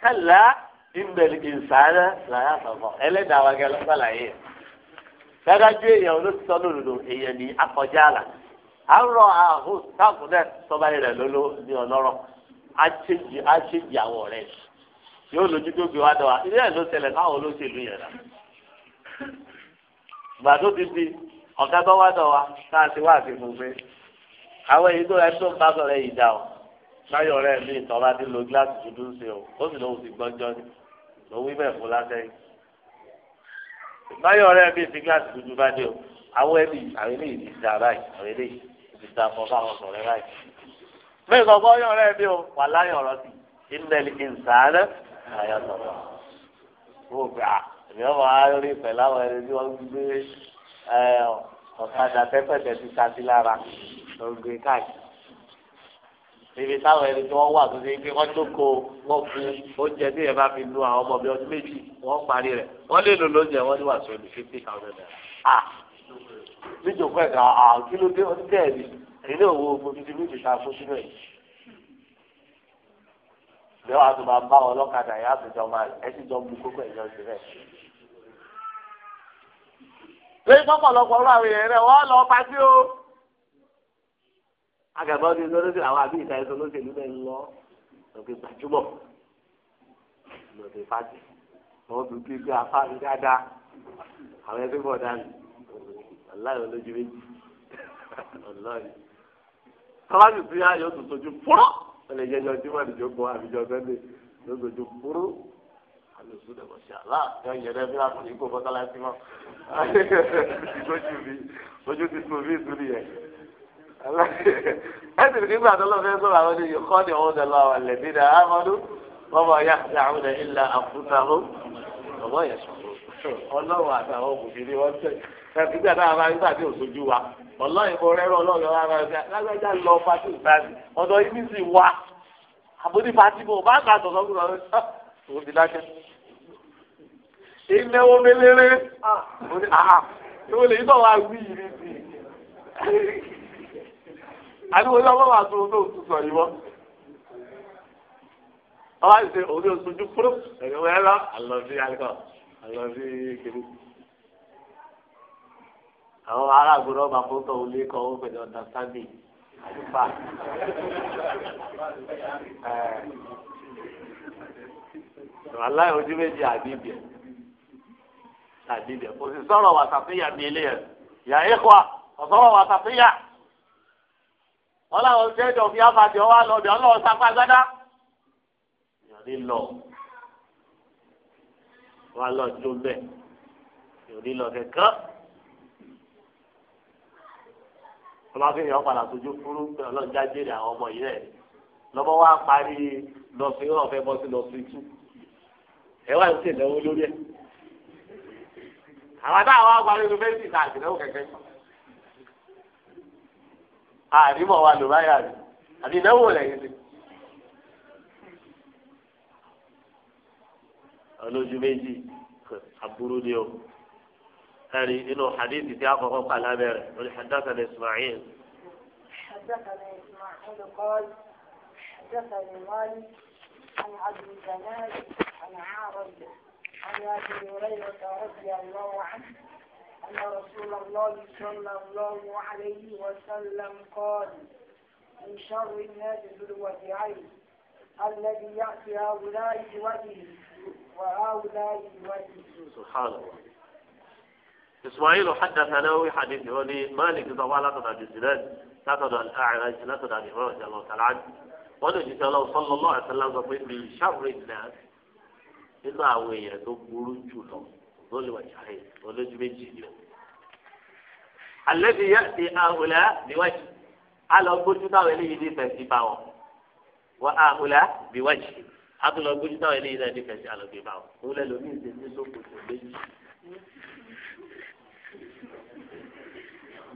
A: kálá ìmbẹ̀lì ìsàlẹ̀ làyà sọ̀kọ̀ ẹlẹ́dàá wa gẹ́lẹ́ sàlàyé dájú èèyàn olóòtítọ́ lòdòdò èèyàn ní akọjá àlà à ń rọ àhùn táàkùnlẹ̀ tọ́ba rẹ̀ lóló ní ọlọ́rọ̀ á ṣèjì á ṣèjì àwọ̀ rẹ̀ yóò lójú tó gbé wá dọ̀ wá ilé ẹ̀ ló ṣẹlẹ̀ káwọn olóṣèlú láyọ̀ rẹ̀ mi ìtọ́lá ti lo gíláàsì dúdú ń ṣe o ó sì lóun ti gbọ́njọ́ ni lòun wí bẹ́ẹ̀ fún lásẹ̀yìn. láyọ̀ rẹ̀ mi ti gíláàsì dúdú bá dé o àwọn ẹbí àwọn eléyìí ti da báyìí àwọn eléyìí ti da fọ fáwọn sọ̀rọ̀ báyìí. mi sọ fọ́ yọ̀ rẹ̀ mi o wà láyọ̀ ọ̀rọ̀ sí ìnẹ̀lì ìsàánẹ́ àyọ̀ sọ̀rọ̀. mo gbà èmi ọmọ ibi táwọn ẹni tí wọ́n wà tó ṣe pé wọ́n jókòó wọ́n fi oúnjẹ tí yẹn bá fi lu àwọn ọmọ bíi ọdún méjì wọ́n parí rẹ̀ wọ́n lè lò lóúnjẹ wọ́n ní wà sọ ní fifty thousand naira. níjòkó ẹ̀ka àkílódé ọdún bẹ́ẹ̀ ni ilé òwò ogun ti di méjì ta fún sínú ẹ̀. bí wàá tó máa bá ọlọ́kadà yẹn àtijọ́ máa ẹ sì jọ mú kókó ẹ̀jọ́ sí rẹ̀. lórí pọ́pọ̀lọpọ̀ ọ̀rọ̀ lọ agàbọ̀ ọdún ìṣòro sí àwọn àbí ìta ìṣòro sí ìlú bẹ́ẹ̀ lọ lọ́kẹ́ gbajúmọ̀ lọ́kẹ́ fàájì wọ́n tún kí pé afá mi dáadáa àwọn ẹgbẹ́ bọ̀ dání aláìwọ̀ lójú méjì ọlọ́ọ̀ni. sábàbí tí a yóò tún sojú fúrọ́ ẹnlẹ́ yẹn ní ọdún mọ́ni jókòó àbíjọ sẹ́ndẹ̀ yóò sojú fúrú alùsù dẹ̀bọ̀ sí àlá yóò yẹ dẹ́ fíra kò ní kó fọ́tálá sí mọ́ ojú ti sùn bí ìsúlì yẹn. ẹsì nígbà tó lọ́fẹ́ sọ̀rọ̀ àwọn ènìyàn kọ́ ni ọ̀hún dẹ̀lọ́ àwọn ẹlẹ́bí náà amadu bọ́bọ̀ ya àwọn ẹ̀ ilà àfúnnáhó ọ̀bọ̀ yẹn sọ̀rọ̀ ọlọ́run àtàwọn òkùnrin wọn tẹ̀ ẹ̀fígbà náà máa ń gbà tí òṣojú wa ọlọ́run kò rẹ́rọ̀ ọlọ́run wa máa ń gbà lágbájá lọ pátí ìgbàdì ọ̀dọ̀ ibi sì wá ìwọlé yìí náà wá wí yìí àti wọ́n lọ́wọ́ wà tó tó tó sọ yìí wọ́n. wọ́n á ṣe òde òṣojú fúrú ẹ̀yọ́ wẹ́ẹ́ lọ àlọ́bí alikọ́ àlọ́bí kiri. àwọn ará àgbọ̀dọ̀ ọba fótó olè kọ́ ó pẹ̀lú ọ̀dà sábì àlùfà. aláì ojú méjì àbíbẹ̀ àbíbẹ̀ kò sì sọ̀rọ̀ wàtàfíyà mi ilé yẹn yà é kọ́ ọ̀sọ̀rọ̀ wàtàfíyà wọn ṣe é dọ̀fí afàdé ọwọ́ àlọ́dẹ ọlọ́wọ́ sapá gbádá yọrí lọ wọn lọ jó bẹ yọrí lọ kẹkẹ ọlọ́wọ́ fi yàn padà sójú fúrú pé ọlọ́jà jèrè àwọn ọmọ yìí rẹ̀ lọ́bọ̀ wá parí lọ́sí ọ̀fẹ́ bọ́ sí lọ́sí tú ẹ wá ìṣèlú lórí ẹ̀ àwọn táwọn wá parí lọ́sí kàkiri ó kẹ̀kẹ́ sọ àrímọ̀ wa ló báyà rí àbí ìnáwó lẹ́yìn sí. olójú méjì aburú ni o ẹni inú hadith tí a kọ́kọ́ kà lábẹ́rẹ̀ olè hadassana ismail.
B: حدثنا اسماعيل قال حدثني مالك عن عبد الجناد عن عارض عن ابي هريره رضي الله عنه أن رسول الله صلى الله عليه وسلم قال من شر الناس ذروة عين الذي يأتي هؤلاء بوجهه وهؤلاء بوجهه سبحان
A: الله إسماعيل حدثنا في حديث يقول مالك طبعا لا تدع بالزلال لا تدع الأعرج لا تدع الإمام رضي الله تعالى عنه ونجد صلى الله عليه وسلم من شر الناس إذا وهي تبور جلوه olùwàjà rẹ̀ olójú méjì ni o. alẹ́ fi yá ti àwòlá níwájú alọ́gbójú táwọn eléyìí ní fẹ̀sí bá wọn wọ́n àwòlá níwájú atulọgbójú táwọn eléyìí náà ní fẹ̀sí alọ́gbé bá wọn. òun lẹ́nu mi ń ṣe ní sókòtò méjì.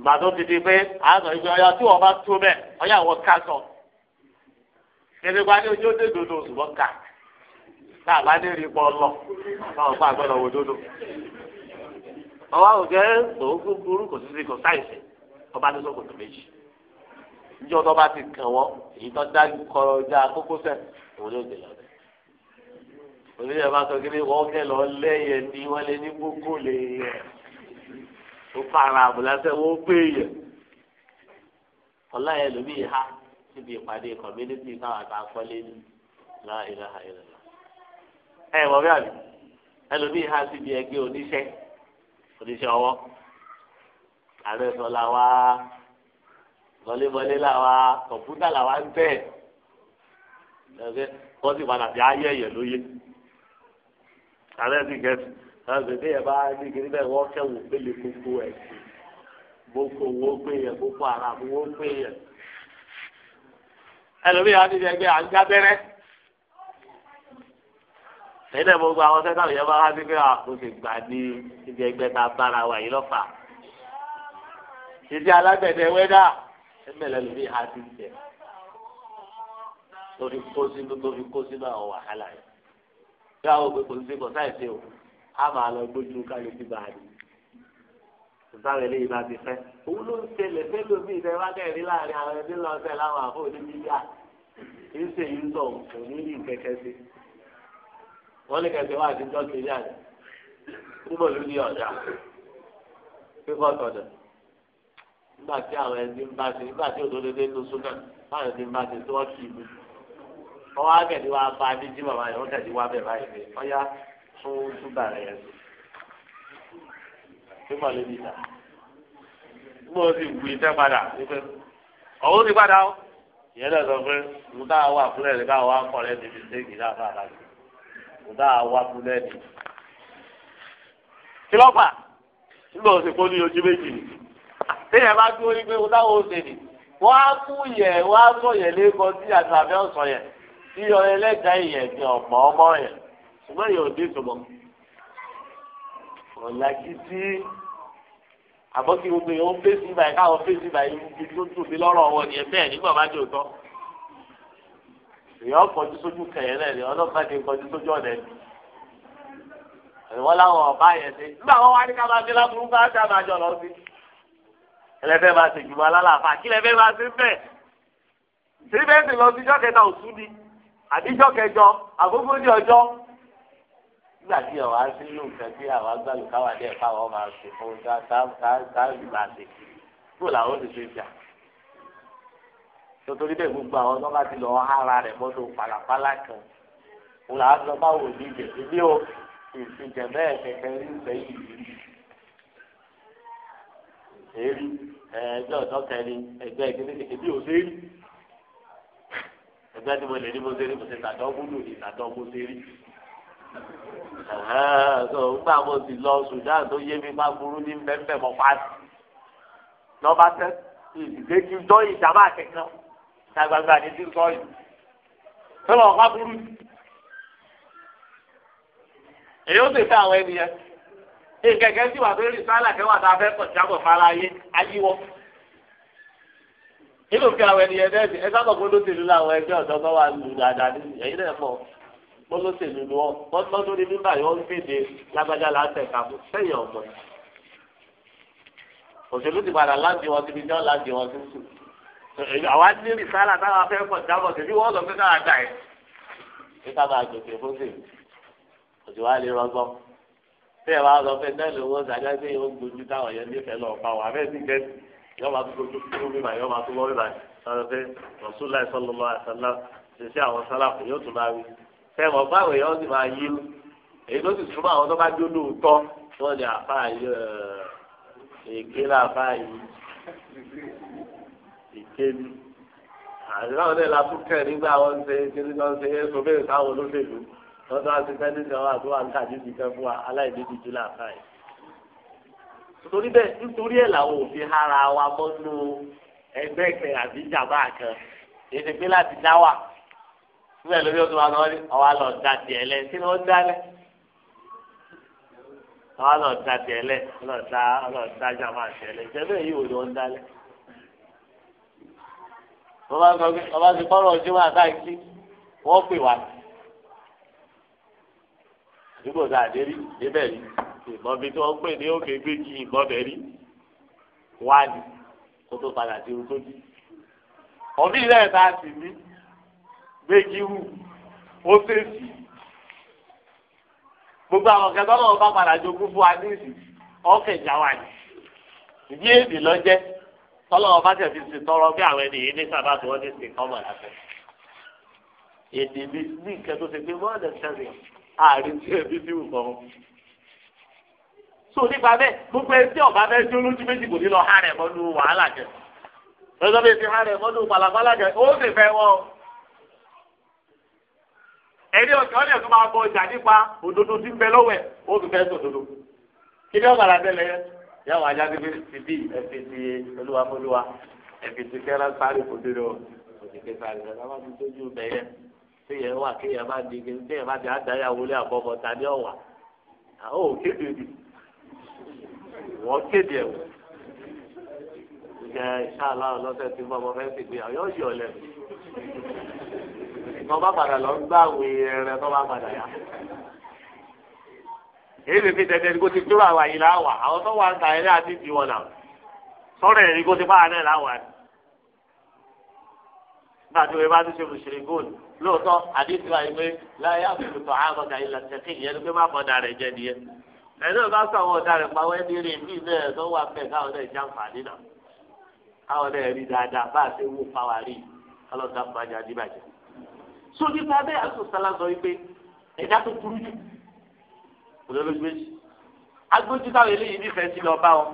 B: gbàdó ti di pé
A: àtọ̀ ìgbé ọyọ tí wọ́n bá tó bẹ́ẹ̀ ọyọ àwọn ká sọ. kẹ́sìkọ́ adé ojú ó dé dòdò ṣùgbọ́n ká tá a bá ní rí pọ lọ báwọn fún àgbẹ̀lọ̀ wò dodo. ọwọ́ àwòkẹ́ òògùn burú kò kò sáìsì ọba ní sọ́kòtò méjì níjọ́ tó bá ti kàn wọ́n èyí tó dá kọjá kókósẹ̀ òun ló dé lọ́dẹ. onílẹ̀ bá sọ kíni wọ́n kẹ́ lọ lẹ́yẹ ní wọ́n lé ní gbogbo lè yẹ ó fara àbùlásẹ̀ wọ́n pé yẹ. ọ̀la lómi ìhá níbi ìpàdé kọ̀mínítì káwọn àtàkọ́lé ní láìláìláì ẹ mọ̀ bí àbí ẹlòmíì há síbi ẹgbẹ́ oníṣẹ́ oníṣẹ́ ọwọ́ ààrẹ sọ la wá mọ̀lẹ́mọ̀lẹ́ la wá kọ̀mpútà la wá ń tẹ̀ ẹgbẹ́ wọ́n sì padà bí ayé ẹ̀yẹ̀ lóye ààrẹ sì gẹ̀ẹ́sì ààrẹ sì bá ní kiri bẹ́ẹ̀ wọ́n kẹ́wò pélé kókó ẹ̀ gbogbo wo pé yẹ gbogbo ara wo pé yẹ ẹlòmíì há síbi ẹgbẹ́ àńgábẹ́rẹ́ ẹ̀yin gbogbo àwọn sẹ́tà òyìnbó bá wá sí pé àkóso ìgbà ní ibi ẹgbẹ́ ta bára wa yìí lọ́fà. ìdí alágbẹ̀dẹ wẹ́dà ẹ̀mẹ̀lẹ̀ lórí àti ìjẹ tó kó sínú tó kó sínú àwọn wàhálà yìí. bí àwọn ògbé kò sáìsì o a máa lọ gbójú kálukú bá a ní. ìsáré lè bá ti fẹ́. òun ló ń ṣẹlẹ̀ fẹ́ lómi ìfẹ́ wákẹ́rì láàrin àwọn ẹbí lọ́sẹ̀ láwọn àfọ̀ wọ́n ní kẹsì wá àtijọ́ ti rí àná túbọ̀ ló ní ọ̀dà kíkọ́ tọ̀dọ̀ nígbà tí àwọn ẹni ń bá ti nígbà tí òdodo dé nínú súnà báwọn ẹni ń bá ti tí wọ́n kì í bu wá bá a díjí bàbá yẹn wọ́n kẹ̀dí wá bẹ̀ báyìí pé wọ́n fún túbà rẹ̀ yẹn túbọ̀ ló ní ìta mo sì wù ìtẹ́ padà wípé ọ̀hún ti padà ìyẹn náà sọ pé mo táwa wà fúnlẹ̀ ní káwa kọ̀ lẹ́nu ibi kò bá wa kú lẹ́nu. nígbà òsè kó ní ojú méjì ni téèyàn bá dúró ní pé wọn táwọn ò sèlè wọn á kú yẹ wọn á sọ yẹ lẹkọ tí àtàbẹ ọsàn yẹ tí yọ ẹlẹgàá yẹ ní ọmọ ọmọ yẹ ṣùgbọ́n yóò dé sọmọ ọ̀làkìtì àbọ̀kí gbogbo yẹn ó fèsì báyìí káwọn fèsì báyìí ibi tó tóbi lọ́rọ̀ wọn ni ẹ bẹ́ẹ̀ nígbà má jò tán èèyàn kọjú sójú kẹyẹ náà ni ọlọ́pàá ti kọjú sójú ọ̀nà ẹni wọn làwọn ọba yẹn ṣe nígbà wọn wá ní ká máa fi lábúrú bá ṣe àbájọ lọ sí ẹlẹfẹ máa ṣe jùmọ alálàáfà kí lẹfẹ máa ṣe bẹ́ẹ̀ síbẹ̀ sì lọ sí jọ́kẹta òtú ni àdíjọ́ kẹjọ àgbógbó ní ọjọ́ nígbà tí ọ̀wá sí ló nǹkan tí àwọn agbálùkáwà dẹ̀ fáwọn máa ṣe fún ká ká ká ká ìgbà ṣe kúrò làwọn ò sotori bẹ́ẹ̀ gbogbo àwọn tó bá ti lọ ara rẹ̀ mọ́tò pàlàpàlà kan wò láà lọ bá wò ní ìjẹ ìdí o ìfìjẹ bẹ́ẹ̀ kẹ̀kẹ́ rí sẹ́yìn yìí èrí ẹgbẹ́ ọ̀dọ́ kẹrin ẹgbẹ́ ìgbẹ́ni ìdí o ṣe rí ẹgbẹ́ tí mo lè rí mo ṣe rí mo ṣe tàdọ́ gbúdù ní tàdọ́ mo ṣe rí nígbà mo sì lọ Sudan tó yé mi má burú ní bẹ́ẹ̀ bẹ́ẹ̀ mọ́ pàṣẹ lọ́ba tẹ́ ìdílé kí n dọ́ ìjàmbá kẹ̀kẹ́ náà tagbagba ni ti sọ yìí tọ́lọ̀ ọ̀ká burú èyí ó sì fẹ́ àwọn ènìyàn ìkẹ̀kẹ́ sì wà tó rí sálà kẹwàá tá a fẹ́ pọ̀ fara ayé ayíwọ́ inú fi àwọn ènìyàn dẹ́sì ẹ sábà gbólóṣèlú làwọn ẹgbẹ́ ọ̀dọ́ bá wà lù dáadáa ní ẹ̀yìn náà pọ̀ gbólóṣèlú ni wọ́n lọ́dún ní bíbá ń fèdè lágbájá láǹtẹ̀ kàbọ̀ sẹ́yìn ọ̀gbọ̀n òṣèlú ti padà láǹdí wọn síbi tí wọ́n wọn sí àwa ní rìsálà táwa fẹ́ pọ̀ dábọ̀ tẹ̀sí wọ́n lọ fẹ́ káwa dà ẹ́ kí ká máa fún sí òjò wa lè rọgbọ́n bẹ́ẹ̀ wá lọ fẹ́ náà lówó sàgá pé ó ń gbójú táwọn yẹn nífẹ̀ẹ́ lọ pa wà bẹ́ẹ̀ sì yọ máa tó gbójú kúrú bíbà yọ máa tó wọ́ bíbà sọ̀rọ̀ pé rọ̀ṣúlá ìsọlọ́lọ́ àṣàlá ṣèṣe àwọn sálàkù yóò tún máa wí fẹ́ mọ̀ báwo yẹn sì máa yí èyí ló sì túmọ̀ àwọn tó bá jó lóòótọ́ wọ́n ní àfáà yìí kébi àti láwọn náà látún kẹ nígbà wọn ṣe kíní kan ṣe é sọfẹ ìsáwọn olóṣèlú lọ́dọ̀ àti sẹńtítì ọwọ́ àti wàǹkà níbi kan fún wa aláìdíjì láàfáà yìí torí bẹ́ẹ̀ nítorí ẹ̀ làwọn ò fi hara wa mọ́nú ẹgbẹ́ ìpẹ́ àbí ìjàmbá kan èdè pé láti dá wà síbẹ̀ lórí ọdún wa náà ọwọ́ àlọ́ da tiẹ̀ lẹ kí ni wọ́n dá lẹ ọwọ́ àlọ́ da tiẹ̀ lẹ ọlọ́ da jàmbá tiẹ̀ lẹ ìjẹ́bẹ̀ yìí wò ni wọ́n dá bàbá sọ pé ti kọ́rọ̀ ọjọ́ wà táàkì wọ́n pè wá. àdúgbò tá a dé rí débẹ̀ rí ìbọn tí wọ́n pè ní òkè gbégi ìbọn bẹ̀ rí wá tó padà sí ohun tó ọbí tá a sì ní kí wù ó fèsì. gbogbo àwọn kẹtọ́ náà bá padà jogún fún wa ní ìsìn ọ̀kẹ́ ìjà tọ́lọ́wọ́ bá tẹ̀ fi sì tọrọ bí àwọn ẹni yìí ní sábà tí wọ́n ti sì kọ́ mọ̀ láti. mi ní nǹkan tó ṣe pé wọ́n lè ṣẹlẹ̀ àárín tí ẹbí ti wù kàn. so nípa bẹ́ẹ̀ gbogbo ẹtí ọ̀bá bẹ́ẹ̀ tí olójú méjì kò ní lọ há rẹ̀ mọ́nú wàhálà jẹ. lọ́sọ̀ bíi ti há rẹ̀ mọ́nú pàlàpàlà jẹ ó sì fẹ́ wọ́n. ẹni ọ̀sẹ̀ ọ̀lẹ̀ tó máa bọ ọjà nípa òdodo yà wà jáde bí ti bí ẹfi ti olúwafọlúwa ẹfi ti kẹrẹ sáré kò dúró òtítẹ sáré lọ́dọ̀ bá ti tójú bẹ́ẹ̀ yẹn téèyàn wà kéèyàn bá di téèyàn bá di àdáyàwó lé àbọ̀bọ̀ tàbí ọ̀wà àwọn ò kéde bì wọ́n kéde ẹ̀wọ̀ ìjà ìṣáàlá ọlọ́sẹ̀ tí mo fẹ́ sì gbé àwọn yóò yọ lẹ́nu ìmọ̀ bá padà lọ gbá àwọn tó bá padà yá èyí lè fi tẹ̀tẹ̀ ní kó ti kúrò àwa yìí láwà àwọn tó wà ń ta ẹ̀rẹ́ àti ìdí wọn náà sọ̀rọ̀ ẹ̀rí kó ti bá àná láwà ni. nígbà tí wọ́n bá ti ṣe òṣèré góòlù lóòótọ́ àdìsí wa yìí pé láyé àbùkùtọ̀ àgọ́gà ilà tẹ̀kì yẹn ló pé má bọ̀dà rẹ̀ jẹ nìyẹn. ẹ̀rí ò bá sọ àwọn ọ̀dà rẹ̀ pawọ́ ẹni rí bí náà tó wà bẹ́ẹ̀ káwọn náà já nfààní náà káwọn náà rí dáadáa bá a ṣe wú fáwa rí olólùgbé agbójú táwọn eléyìí nífẹ̀ẹ́ sí lọ wọn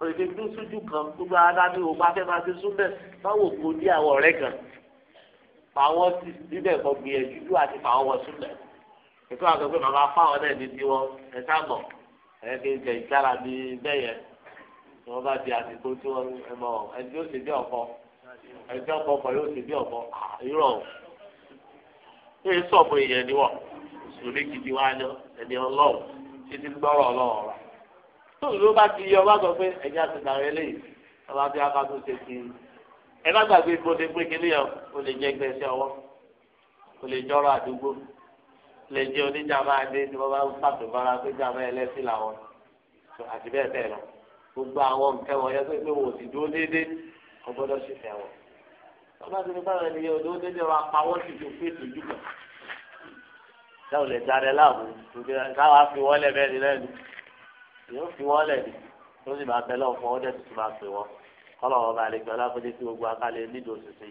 A: òrèké tó sójú kan gbogbo adáni òkú afẹ́fẹ́ àti súnbẹ̀ báwo kò ní àwọn ọ̀rẹ́ kan fàwọn sì síbẹ̀ kọ gbìyànjú tó àti fàwọn wọ súnbẹ̀ ètò àgbẹ̀ pé màmá fáwọn náà ní tiwọn ẹ̀ sábọ̀ ẹ̀ kì í jẹ ìjára bí bẹ́ẹ̀ yẹn tí wọ́n bá di àsìkò tí wọ́n ẹ mọ̀ ẹni yóò ṣe bí ọ̀pọ̀ ẹni tí ọ̀pọ̀ ọ̀pọ̀ yóò ṣe bí ọ̀pọ̀ irọ́ ẹ̀ sọ̀bù èèyàn ni wọ́n sùn ní gidi wá ẹni ọlọ́run títí gbọ́rọ̀ ọlọ́run ọ̀rọ̀ tó ló bá ti yọ ọba sọ pé ẹ̀jẹ̀ àti ìdàrẹ́ lẹ́yìn ọba tí a bá tó ṣe kí ẹ bá gbàgbé gbòde pé kí nìyẹn o lè jẹ ẹgbẹ́ iṣẹ́ ọwọ́ o lè jọrọ àdúgbò lè jẹ oníjàmbá adé tí wọ́n bá ń pàtó bára pé jàmbá ẹlẹ́sìn làwọn àti bẹ́ẹ̀ bẹ́ẹ̀ lọ gbogbo àwọn nǹkan wọn yẹ pé pé wò sí dúró déédéé ọgbọ́dọ̀ ṣèfẹ́ wọn ọba tí mo bá rẹ̀ nìyẹn dúró déédéé wọn apá wọn sì tó fún ètò ìjùmọ̀. táwọn lè darẹ láàbù káwa fi wọlé bẹ́ẹ̀ ni lẹ́nu yóò fi wọlé ni tó sì máa bẹ lọ́wọ́ fún ọdẹ tuntun máa pè wọ́n kọ́lọ̀ wọn bá lè gbọ́ lápẹ́jẹ́ kí gbogbo akálẹ̀ nídòó sísè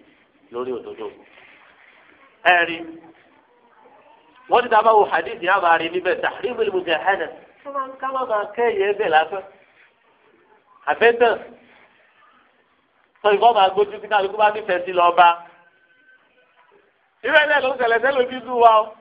A: lórí òdodo. ẹ̀rí wọ́n ti dábàá wo hadith yà máa rí níbẹ̀ tahrimul mujahada káwọn máa kẹ́yẹ ẹ̀bẹ̀ lásán. àbẹ́tàn sọ ìfọ́ máa gbójú sí kálukú bá nífẹ̀ẹ́ sí lọ́ba. ìrẹ́lẹ̀ ló ń ṣẹlẹ̀ sẹ́lẹ̀ ojú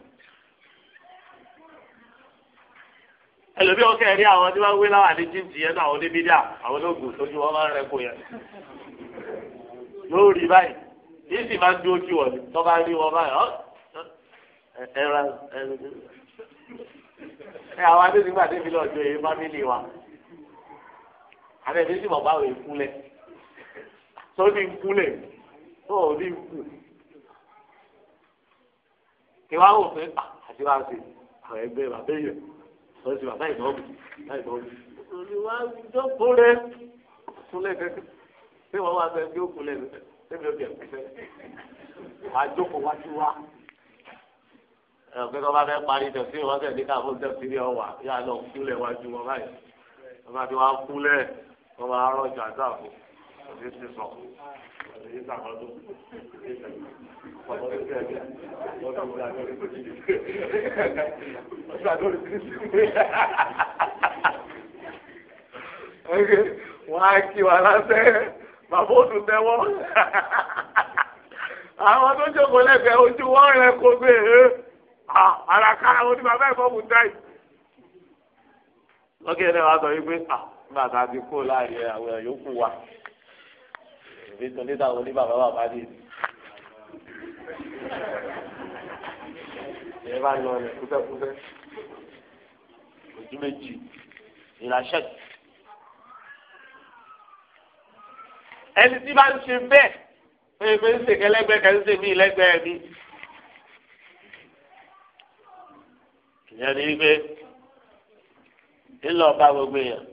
A: ẹlòmíì ọkẹ rí àwọn tí wọn wé láwọn àdéjìǹtì yẹn náà àwọn oníbídà àwọn ológun tójú wọn máa ń rẹ kó yẹn lórí báyìí yìí sì máa ń dúró kí wọn tó bá rí wọn báyìí ẹ ra ẹ àwọn adéjìgbà débi lọ jọ èyí fámìlì wa àbẹ̀bí sì mọ̀ báwo ìkúlẹ̀ tó ní ìkúlẹ̀ tó ò ní ìkú ìwà òfin àti wàásù àwọn ẹgbẹ́ bàbá yẹn wọ́n ti bàbá ìbọ̀mù bàbá ìbọ̀mù. olùwà àwùjọ kúnlẹ̀ kúnlẹ̀ kẹ́kẹ́ ṣé wọ́n wá fẹ́ bí kúnlẹ̀ lẹ́mi ó bẹ̀ kúnlẹ̀. àjòkò wá sí wa. ẹ̀rọ pé bá fẹ́ parí tẹ̀sí wọn fẹ́ ní káfọ́n tẹ̀sí ní ọwà yá lọ kúnlẹ̀ wájú wọn báyìí. wọ́n bá ti wá kúnlẹ̀ wọ́n bá rọ̀ jàdá fún un òní ti sọ òní sàkọ́ tó
B: ọ̀dọ́ tó tẹ̀ ẹ́ lọ́dún ìgbà tó ti tẹ̀ ẹ́ ìgbà tó ti tẹ̀ ẹ́ wọ́n á kí wa lásẹ̀ bàbá òtù tẹ́wọ́ àwọn
A: tó jókòó lẹ́gbẹ̀ẹ́ ojú wọn rẹ̀ kó gbé e àràká àwọn onímọ̀ abẹ́ ìfọ́mù táyì lọ́kẹ́ ẹ̀rẹ́ wa sọ wípé nígbà tá ti kó láàyè àwọn yòókù wa nítorí táwọn oníbàbá wà bá dì ẹ bá lọ rẹ kúfẹ́kúfẹ́ ojú méjì ìránṣẹ́. ẹni tí bá ń ṣe bẹ́ẹ̀ pé pé ń ṣèké lẹ́gbẹ̀ẹ́ kan ń ṣe mí lẹ́gbẹ̀ẹ́ mi. ìyẹn ni wípé ńlọ bá gbogbo èèyàn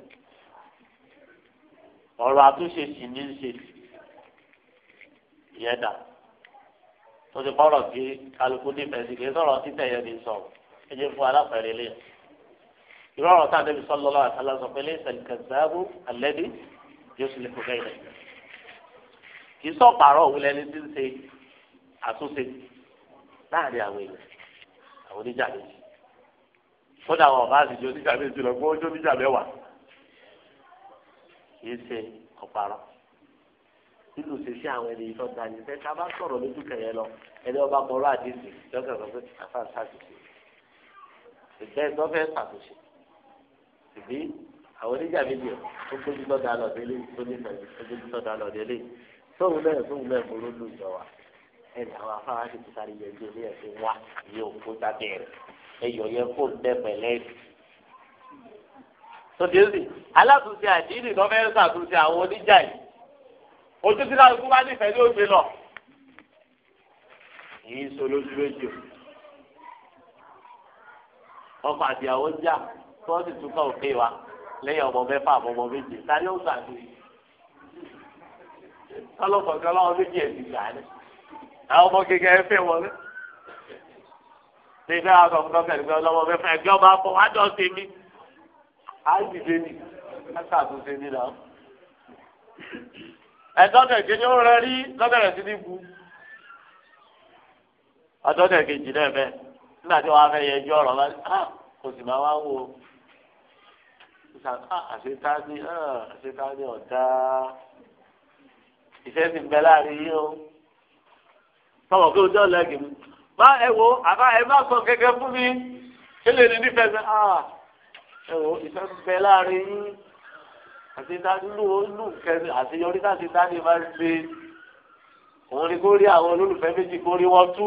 A: ọ̀rọ̀ àtúnṣe sì ní í ṣe sí ìyẹn dà tó ti bọ́rọ̀ sí kálukú nífẹ̀ẹ́ sí kìí sọ̀rọ̀ títẹ̀ yẹn ní sọ ẹ jẹ́ fún alápẹ̀rẹ̀ lé irú ọ̀rọ̀ táà débi sọ́lọ́ lọ́wọ́ àtàlà sọ pé lẹ́sẹ̀ kẹsàbù alẹ́bí yóò sì lè fún bẹ́ẹ̀ rẹ̀ kìí sọ pààrọ̀ òun lẹni tí ń ṣe àtúnṣe láàrin àwọn èèyàn àwọn oníjà méjì kódà àwọn ọba àti ìjọ oníjà méjì lọ gbọ́ oníjà mẹ́wàá kìí ṣe ọ̀pààrọ̀ nínú ṣíṣe àwọn ẹni ìtọ́ da ní sẹ́ka bá sọ̀rọ̀ lójú kẹyẹ lọ ẹni ọba mọ̀rọ̀ àdéhùn lọ́kàn lọ pé àfa ṣàtúnṣe ìgbẹ́ ẹ̀dọ́ fẹ́ ṣàtúnṣe ìbí àwọn oníjà méjì ó gbójú tó da lọ délé tó nífẹ̀ẹ́ ó gbójú tó da lọ délé tóun náà tóun náà mọ̀rọ̀ lù jọ wa ẹni àwọn afárá ti ti sáré yẹn délé ẹ̀ fi wá ìyẹ́ òkú tábẹ́ẹ̀rẹ̀ ẹ̀yọ̀ yẹn kó bẹ́ẹ̀ tó dé sí alátúnṣe àdínì tó fẹ́ ṣàtúnṣe àwọn oníjà yìí ojú tí láti kú bá nífẹ̀ẹ́ ní ògbé lọ. èyí ń sọ lójú méjì o àtìyàwó ń jà tí wọ́n sì tún kọ́ òkè wa lẹ́yìn ọmọ mẹ́fà ọmọ méje sáré ó sàdé kọ́lọ́fọ̀ kọ́lọ́wọ́ méjì ẹ̀sìn gbà ní. àwọn ọmọ kékeré fẹ́ wọlé. ṣé ìfẹ́ àwọn ọmọ kọ́kẹ́ ẹ̀gbẹ́ ọlọ́mọ mẹ́fà ẹ̀gbẹ́ ọmọ afọ wájọ́ sí mi. á dìde nì ẹ̀dọ́dẹ̀ kejì ó rẹ rí lọ́bẹ̀rẹ̀ sí ní bu kejì náà bẹ́ẹ̀ nígbà tí wọ́n á fẹ́ yẹjú ọ̀rọ̀ bá ah, kò sì máa wá wò ó àṣetáni ah, àṣetáni ah, ọ̀dá ìfẹ́ sì ń bẹ láàrin yìí mi ẹ wo àbá ẹ má sọ fún mi kí lè ní nífẹ̀ẹ́ sẹ́ ẹ àtidánilú olú kẹrin àṣeyọrí láti dání máa ń gbé òun ni kó rí àwọn olólùfẹ́ méjì kó rí wọn tú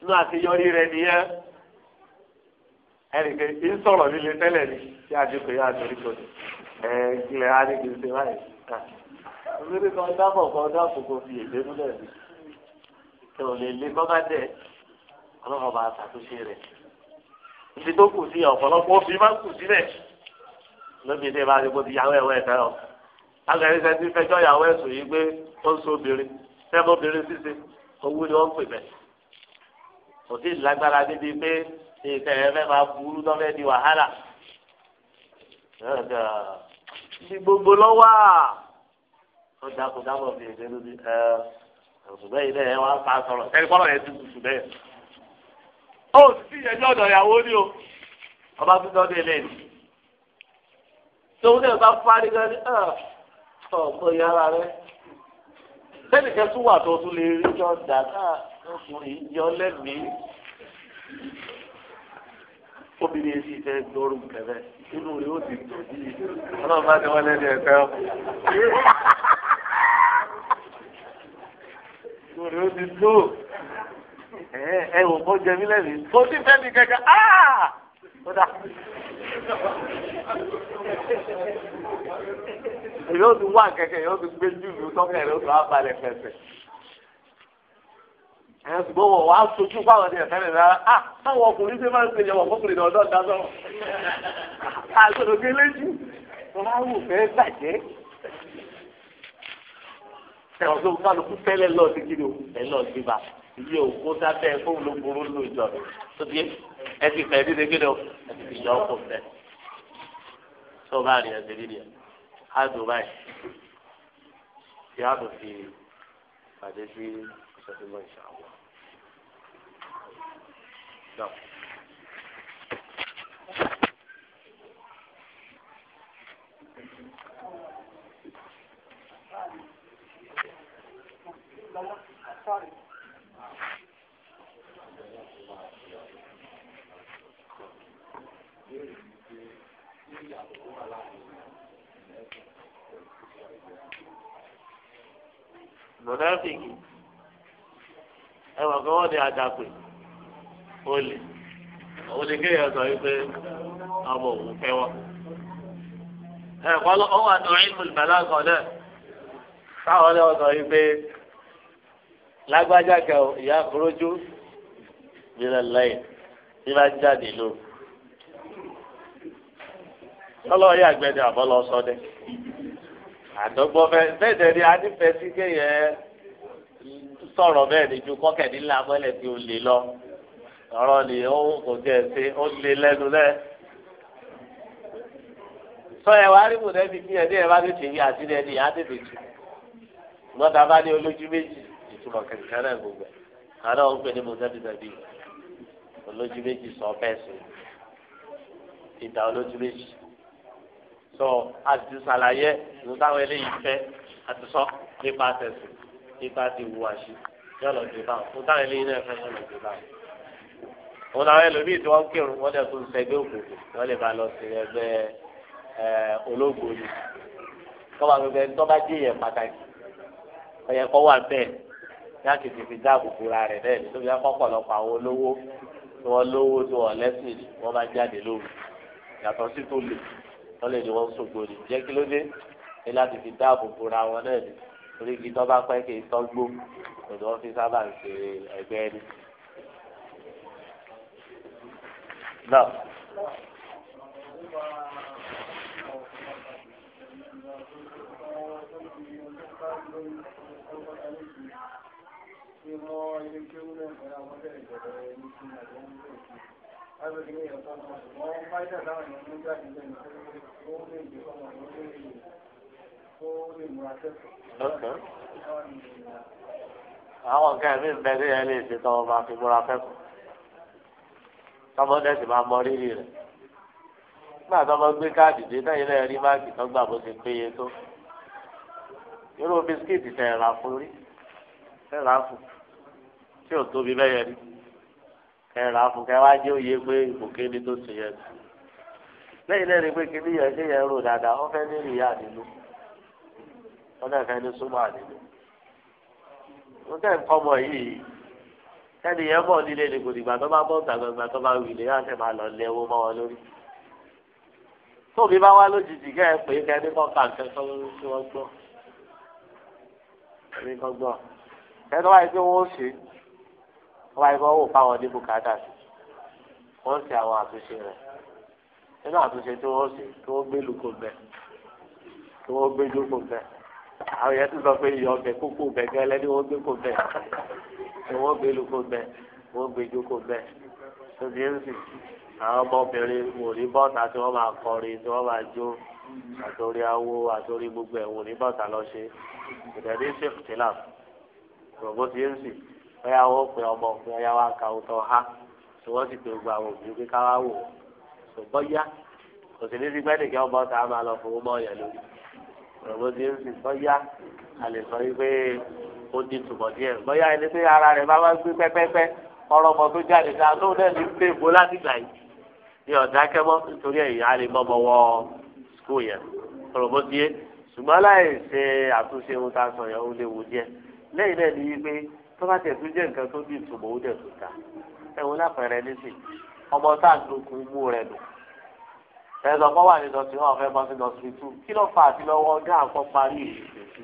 A: nínú àṣeyọrí rẹ nìyẹn ẹnì kejì ń sọ̀rọ̀ líle tẹ́lẹ̀ ni tí a ti pè é àtòrí kò ní ẹ ilẹ̀ á ní kì í ṣe báyìí ká olórí kan dábọ̀ kan dábọ̀ kò fi èdè múlẹ̀ ni kí o lè lé bọ́gá dẹ̀ ọlọ́run bá a ṣàtúnṣe rẹ̀ ibi tó kù sí ọ̀pọ̀lọpọ̀ fi máa kù sílẹ̀ lóbi tí ìbá ti kó ti yàwó ẹ̀wọ̀ ẹ̀fẹ́ o agbẹ̀rẹ̀ sẹ́ ti fẹjọ́ yàwó yìí pé ó ń so obìnrin sẹ́mu obìnrin ṣíṣe owó ni wọ́n pè bẹ̀ kò sí ìlágbára níbi pé ìtẹ̀ fẹ́ máa burú tọ́fẹ́ di wàhálà ní gbogbo lọ́wọ́ ó dáko dáko fi èdè lóbi ẹ òṣùbẹ́ yìí lẹ́yìn wá pa sọ̀rọ̀ ẹni kọ́lọ̀ yẹn ti kùsù bẹ́ẹ̀ ó sì sí ìyẹn ọ̀dọ̀ ìyàwó ni o ọba tó dọ́dọ̀ eléyìí tòun náà bá parí gan ni ah, ọ̀pọ̀ yàrá rẹ sẹ́nìkan tún wà tó tún lè rí jọ dàgbà ah, ọkùnrin yọ lẹ́mìí obìnrin sì fẹ́ gbọ́rù kẹfẹ́ inú rẹ̀ ó ti dùn bí ọlọ́run bá ní wọ́n lẹ́nu ẹ̀fẹ́ ọ.
B: inú rẹ̀ ó ti dùn
A: ẹ ẹ wò ó jẹ mí lẹ́mìí tó ti fẹ́ mi kẹ̀kẹ́ ah! ó dà yóò tún wá kẹ̀kẹ́ yóò tún gbé júlù sọ́kẹ́ rẹ̀ ó tún á balẹ̀ pẹ̀sẹ̀. ẹ̀yìn wá sojú fáwọn ọdẹ ẹ̀fẹ́ rẹ̀ rárá à táwọn ọkùnrin ṣe máa ń ṣe yẹ̀wọ̀ fọkùnrin náà ọ̀dọ́
B: ìdásọ́ àgbẹ̀dọ̀gẹ́ lẹ́jú ráwù fẹ́ bàjẹ́.
A: ẹ̀wọ̀n tó kálukú fẹ́lẹ́ lọ́ọ̀ ìyí òkú sábẹ́ fóun ló burú lù jọ tó di ẹ ti fẹ́ dídé kí ló ẹ ti fi yọ ọkọ fẹ́ tó bá rí ẹsẹ̀ lílì ẹ̀ á dùn báyìí tí a dùn fi pàdé sí ìṣàfihàn
B: ìṣàwọ̀. Sorry.
A: mọ̀nàfíkì ẹ mọ̀ kí wọ́n ní àdàpè olè
B: olè kéèyàn sọ wípé
A: ọmọ òun fẹ́ wọ́n. ẹ kọ́ ló wà ní ìlú ìbàlágọ̀ náà táwọn náà sọ wípé lágbájá kẹ ìyá àkúrójú nílẹ̀ lẹ́yìn bí jáde àdọ́gbọ́n fẹ́ bẹ́ẹ̀ dẹ̀ ni anífẹ́ sí kéèyàn sọ̀rọ̀ bẹ́ẹ̀ ni ju kọ́kẹ́dínlá mọ́lẹ̀ tí ó lè lọ ọ̀rọ̀ ni ó kò jẹ́ ṣe ó lè lẹ́nu lẹ́. sọ ẹ wá rí mùdẹ́bí bí ẹni ẹ bá tètè yí àti ẹni ìyá tètè jù mọ́ta bá ní olójú méjì ìtumọ̀ kẹ̀kẹ́ náà gbogbo ẹ̀ kàdá ó ń pè ní mùdẹ́bí dàbí olójú méjì sọ bẹ́ẹ̀ sí ìdá olójú méjì sọ àdùsàlàyé ìdùsáwọn eléyìí fẹ́ àdùsọ nípa tẹ̀sí nípa ti wù àṣì yọ̀lọ̀ dé báwọn fún táwọn eléyìí náà fẹ́ yọ̀lọ̀ dé báwọn. òun làwọn ẹlòmíì tí wọ́n kírun wọ́n dẹ̀ tún sẹ́gbẹ́ òkùnkùn wọ́n lè bá lọ sí ẹgbẹ́ ológun ni tọ́ba gbẹgbẹ́ tọ́ba jẹ́ yẹn pàtàkì ọ̀yẹ́ kọ́ wà bẹ́ẹ̀ yá kìtì fi dáàbò bora rẹ̀ bẹ́ẹ̀ ni tóbi akọ́pọ̀lọpọ̀ àwọn olówó tí wọ́n lówó tí wọ́n lẹ́sìn ni wọ́n bá jáde lóru yàtọ̀ sí tó lè wọ́n lè ní wọ́n sògbò ní jẹ́ kí ló dé ní láti fi dáàbò bora wọn náà ní orí igi tó bá pẹ́ kí tọ́ gbó òdò wọn fi sábà ń ṣe ẹgbẹ́ ẹni. náà.
B: Thank you àwọn nǹkan
A: mi bẹ tí yẹn lè ṣe tọ́ ọ máa fi múra fẹ́kọ̀ọ́ tọmọdé sì máa mọ rírì rẹ̀ nígbà tọmọ gbé káàdì dé náà yẹn rí máàkì tó gbà bó ṣe péye tó irú bisikíìtì tẹ̀ ra fún rí tẹ̀ ra tí ò tóbi bẹ́yẹ rí kẹrìnà afúnkẹ wá jẹ òye pé òkè ni tó ti yẹ lẹ́yìn náà ni pé kìnìún yẹn ṣe yẹn rò dáadáa wọn fẹẹ ní ìyá nínú wọn náà fẹẹ ní súnmọ́ àdínú wọn tẹ ń kọmọ yìí kẹ́ni yẹn bọ̀ nílé ni kò dìgbà tó bá bọ̀ gbàgbàgbà tó bá wìlé yá ṣe máa lọ lé owó mọ́ wọn lórí tóbi bá wá lójijì kẹ́ ẹ pé kẹ́ni kọ́ kà ń kẹ́kọ́ lórí tí wọ́n gbọ́ kẹ́ni kọ́ gbọ́ kẹ́ni wáyé pé wọ́n ó ṣe wọ́n wáyé kọ́ wò fáwọn ní bùkátà sí wọ́n ṣe àwọn àtúnṣe rẹ̀ nínú àtúnṣe tí wọ́n ṣe tí wọ́n gbé lukó bẹ́ẹ̀ tí wọ́n gbé lukó bẹ́ẹ̀ àwọn yẹn ti sọ pé iyọ̀ bẹ́ẹ̀ kókó bẹ́ẹ̀ gẹ́lẹ́ ni wọ́n gbé kó bẹ́ẹ̀ ni wọ́n gbé lukó bẹ́ẹ̀ wọ́n gbé jókòó bẹ́ẹ̀ tóbi ń sì àwọn ọmọbìnrin wò ní bọ́ta tí wọ́n máa kọrin tí wọ́n máa jó àtòrí awo àtòrí gbogbo ẹ̀ wò ní bọ́ta lọ ṣe ìdẹ̀bí ṣèkìtìlà rògbò ń sì bóyá wọ́n ọmọ òfin ọ̀yá wa ka ha tí wọ́n sì pe òbí pé ká wá wò ó bóyá kò sì ní sí pé nìkan ọmọ ọ̀tá máa lọ fowó mọ́ ọ̀yàn lórí òròbó ti ń sìn bóyá a lè sọ wípé ó di tùbọ̀ díẹ̀ bóyá ẹni pé ara rẹ̀ bá wá gbé pẹ́pẹ́pẹ́ ọ̀rọ̀ ọmọ tó jáde ká lóun náà ní pé èbó láti gbà yìí ní ọ̀dà kẹ́mọ́ nítorí ẹ̀yìn á lè mọ́ ọmọ wọ skul yẹn òròbó ti yé ṣùgbọ́n láì ṣe àtúnṣe ohun tá a sọ yẹn ó léwu díẹ̀ lẹ́yìn náà ní wípé tó bá tẹ̀ jẹ́ nǹkan tó bí ìtumọ̀ ó dẹ̀ tún ta ẹ lápẹ̀rẹ̀ nísì ọmọ tá à ń dokun mú rẹ nù ẹ sọ wà ní lọ wọn fẹ́ bọ́ sí lọ sí kí ló fà àti lọ́wọ́ ọgá àkọ́ parí ìrìnsèsí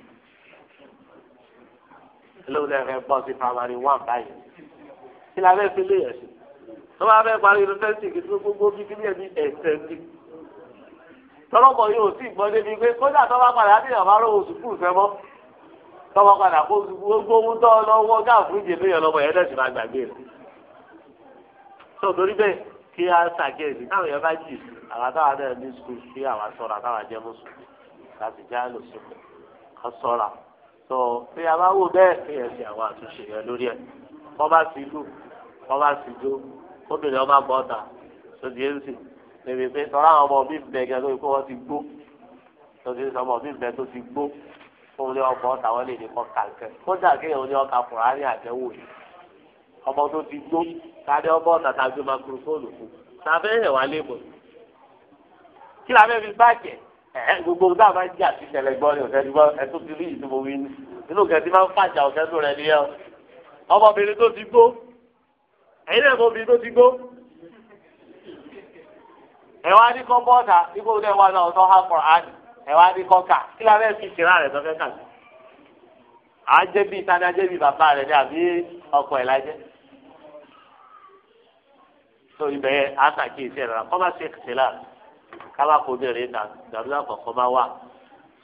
A: lóun náà fẹ́ bọ́ sí primary one báyìí kí la fẹ́ fi lé yẹn sí tó bá fẹ́ parí yunifásitì kí tó gbogbo bí kíní ẹbí ẹ̀sẹ̀ ní tọ́lọ́kọ̀ yóò sì gbọ́ débi pé kódà tọ́wọ́ padà kó gbogbo ohun tó lọ́wọ́ káàkiri jẹ lóye ọlọ́mọ yẹn lẹ́sìn máa gbàgbé rẹ̀. sọ torí bẹ́ẹ̀ kí a ṣàkíyèsí táwọn yẹn bá jì àwọn táwọn náà ní sukùl sí àwọn sọ̀rọ̀ àtàwọn jẹ́ mùsùlùmí láti já lò sípò ká sọ̀rọ̀ tó bí a bá wò bẹ́ẹ̀ kí ẹ ṣe àwọn àtúnṣe yẹn lórí ẹ̀ wọ́n bá sì lù wọ́n bá sì jó obìnrin ọba bọ́ ọ̀tà sódì ẹ̀ńsì lè òun ni ọmọ táwọn lè ní kọ́ka nǹkan kódà kéèyàn òun ọkà fúnra ní yìí ọmọ tó ti gbó tàbí ọmọ tàtà gbé makurofóònù fún tàbí ẹ̀hẹ̀ wà kí la fẹ́ fi gbogbo a máa ń jà sí nígbà ti rí ìdúgbò wí ní inú kẹ̀sí máa ń fàjà ọ̀sẹ̀ tó rẹ̀ nìyẹn ọmọbìnrin tó ti gbó náà tó ti gbó ẹ wá ní kọ́kà kí la fẹ́ fi ìṣẹ̀rá rẹ̀ tọ́kẹ́ kà sí. à ń jẹ́ bíi tani ajẹ́ bíi bàbá rẹ̀ ní àbí ọkọ ẹ̀ lájẹ́. tó ibẹ̀ yẹn á sàkíyèsí ẹ̀rọ kọ́ bá ṣe ìṣẹ̀lá káwá kò bèrè dàbílà kọ̀ọ̀kan bá wà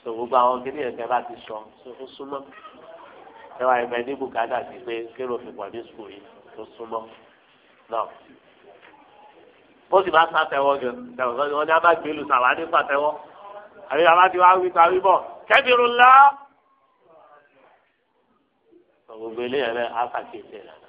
A: tó gbogbo àwọn kí ni ẹ̀kẹ́ bá ti sọ tó súnmọ́ ẹ wá ẹ̀mẹ́ ní bùkátà sí pé kí ló fi pọ̀ ní sùkúù yìí tó súnmọ́ náà ó sì bá sàtẹ́wọ́ gan-an wọ́n ní a bá gbé lù sàwárí pàtẹ́wọ́ àbí bàbá ti wá wí pa wíbọ̀ kẹ́bìrún ńlá. gbogbo eléyà rẹ àkàkíyèsí ẹ̀ lánàá.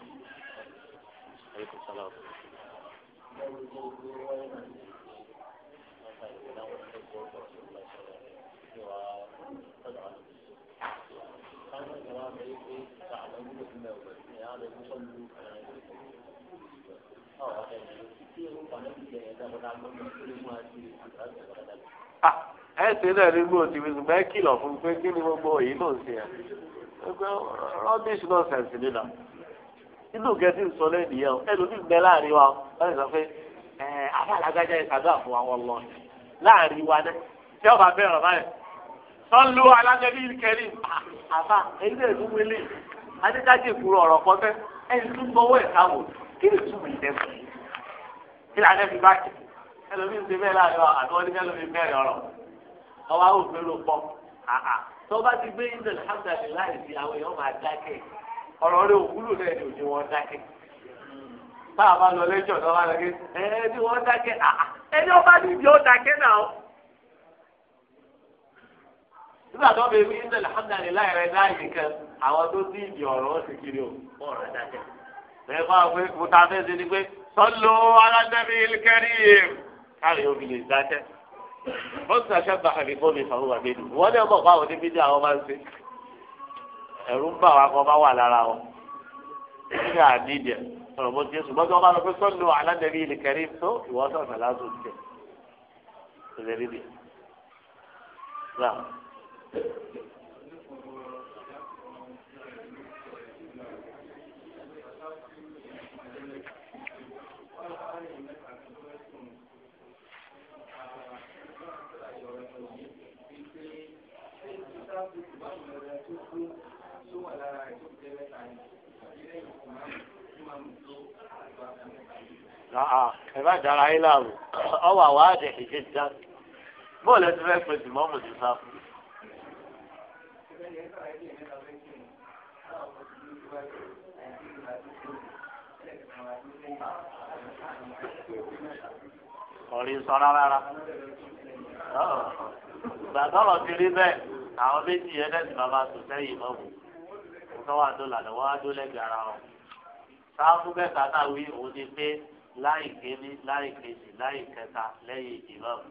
A: Ah ẹsẹ náà ní gbòò tí wíṣọ bẹ́ẹ̀ kìlọ̀ fún pé kí ni gbogbo èyí ló ń ṣe ẹ ẹgbẹ rọbìṣì náà sẹǹsì nínà inú gẹ̀ẹ́sì ń sọ lẹ́yìn nìyẹn o ẹlòmíì ń bẹ láàrin wa wọ́n ti sọ pé ẹ afáàlágájá yẹn ṣàdúrà fún àwọn lọ láàrin wa náà tí ọba bẹ̀rẹ̀ báyìí sọ́nlú alágẹ́bí kẹrin àfà ẹni náà tún wílé adékájì kúrò ọ̀rọ̀ kọ́fẹ́ ẹni tún gbọ́wọ́ ẹ̀ káwò kí ni túmọ̀ ìdẹ́kùn kí ni adẹ́bí bá kí ẹlòmíì ń ọ̀rọ̀ ọwọ́ àwọn òfin ló pọ̀ àhà tó bá ti gbé indel alhamdulilayi sí àwọn èèyàn máa dákẹ́ ọ̀rọ̀ rẹ̀ òwúlò náà ni òjò wọn dákẹ́ bá a bá lọ lẹ́jọ́ náà wọ́n dákẹ́ ẹni wọ́n dákẹ́ àhà ẹni ọba níbi ó dákẹ́ náà nígbà tó bẹ wí indel alhamdulilayi rẹ láàyè kan àwọn tó dín ìdí ọ̀rọ̀ ó sì kiri o wọ́n rẹ̀ dákẹ́ bẹ́ẹ̀ fún àwọn pé mo ta fẹ́ ṣe ni pé sọ́lọ́ alájẹ́bí ilé kẹ́rì yìí káàrí obìnrin dákẹ́ wọ́n ti sàṣàgbà àbíkó mi fàwọn wà nínú wọ́n ní ọmọ fáwọn níbi tí àwọn máa ń ṣe ẹ̀rù ń bà wá kọ́ bá wà lára wọn níbi àdídìẹ ọ̀rọ̀ bó ti ṣùgbọ́n tí wọ́n bá lọ pé sọ́nù aládẹ́bí ilé kẹrin tó ìwọ́n sọ̀tàn lásán tiẹ̀ ìlérí bíi. ẹ má dára yín láàrú ọwọ àwọn àdè ìṣe já bọ́ọ̀lù ẹtí fẹ́ pèsè mọ́mù ti sá fún.
B: ọ̀rìn sọ rárá gbàtọ́rọ̀ ti rí
A: bẹ́ẹ̀ àwọn méjì yẹn lẹ́sì bàbá tó sẹ́yìn mọ́mù tó wà tó lànà wọ́n á lẹ́gbẹ̀ẹ́ ara wọn sáà bẹ́ẹ̀ kátà wí òun ti pé láì kéde láì kejì láì kẹta lẹ́yìn ìmáàmù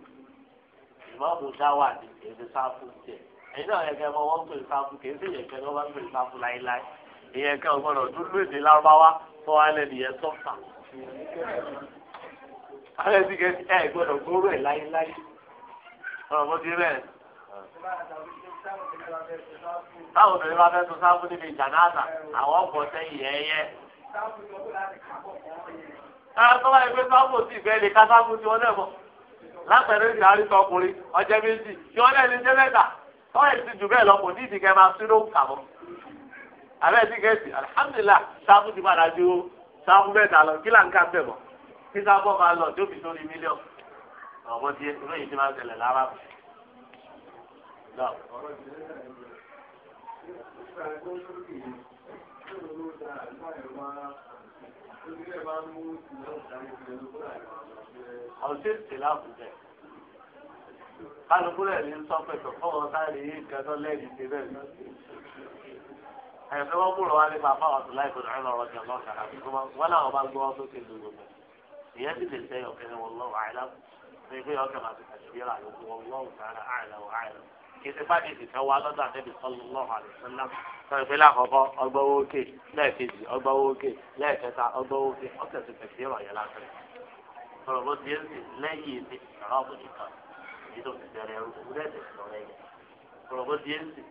A: ìmáàmù dá wà ní èdè sáfù tiẹ̀ ẹ̀yin náà yẹ kẹ́ mọ wọ́n pè sáfù kì í sì yẹ kẹ́ mọ wọ́n pè sáfù láíláí ìyẹn kẹ́ ọgbọ́dọ̀ dúdú èdè lárúbáwá fọ́ alẹ́ nìyẹn sọ́fà
B: alẹ́ ti kẹ́ ẹ gbọ́dọ̀ gbóró
A: ẹ̀ láíláí ọ̀rọ̀ mo ti rẹ̀
B: táwọn obìnrin bá fẹ́
A: tó sáfù níbi ìjànáàtà àwọn ọkọ̀ sẹ́yìn ẹ̀yẹ
B: káàtọ́lá ìwé
A: sábò sí ìfẹ́ lè kásáfù tí wọ́n lẹ̀ mọ́ lápẹ̀rẹ̀ ìdí àríṣọ ọkùnrin ọjọ́ méjì tí wọ́n lẹ̀ lè jẹ́ mẹ́ta tọ́lẹ̀ ti jù bẹ́ẹ̀ lọ kò ní ìdíkẹ́ máa sínú òǹkà mọ́. àbẹ́ ti gẹ̀ẹ́sì alihamudulila sáfù ti padà ju sáfù mẹ́ta lọ kí láǹkà bẹ̀ mọ́ kí sáfù ọba lọ jóbi sórí mílíọ̀n ọmọ tí inú yìí ti máa tẹ̀lẹ̀ lára mi.
B: Thank you ọ̀sẹ̀
A: ìṣẹ̀lẹ̀ àbùjẹ kálukú rẹ̀ ní sọ pẹ̀tọ̀ fọwọ́ sáré yìí gẹ́gọ́ lẹ́yìn ti rẹ̀ ní. ẹ̀fẹ́ wọn múlò wá nípa fáwọn tó láì gbọdọ̀ ẹ̀rọ ọ̀rọ̀ jẹ̀mọ́ kàrà bí wọ́n náà wọ́n bá gbọ́ wọn sókè lóru mọ́. ìyẹn ti lè sẹ́yìn ọ̀kẹ́ ni wọ́n lọ́wọ́ àìlá fún ìgbé ọ̀kẹ́ máa ti kàṣí yẹ́ra lóko lọ́wọ́ sáré àìlá sọ ìpínlẹ̀ àkọ́kọ́ ọgbọ́wọ́ òkè lẹ́ẹ̀kejì ọgbọ́wọ́ òkè lẹ́ẹ̀kẹta ọgbọ́wọ́ òkè ọ̀kẹ́sì pẹ̀sì ìrọ̀yẹ́ lásán sọ̀rọ̀ bó ti ń sìn lẹ́yìn ìsìn ìrọ̀ ọ̀bùn nìkan èyí tó ti bẹ̀rẹ̀ ẹrú òwúrẹ́ ẹ̀sẹ̀ sọ̀rọ̀ ẹ̀yẹ sọ̀rọ̀ bó ti ń sìn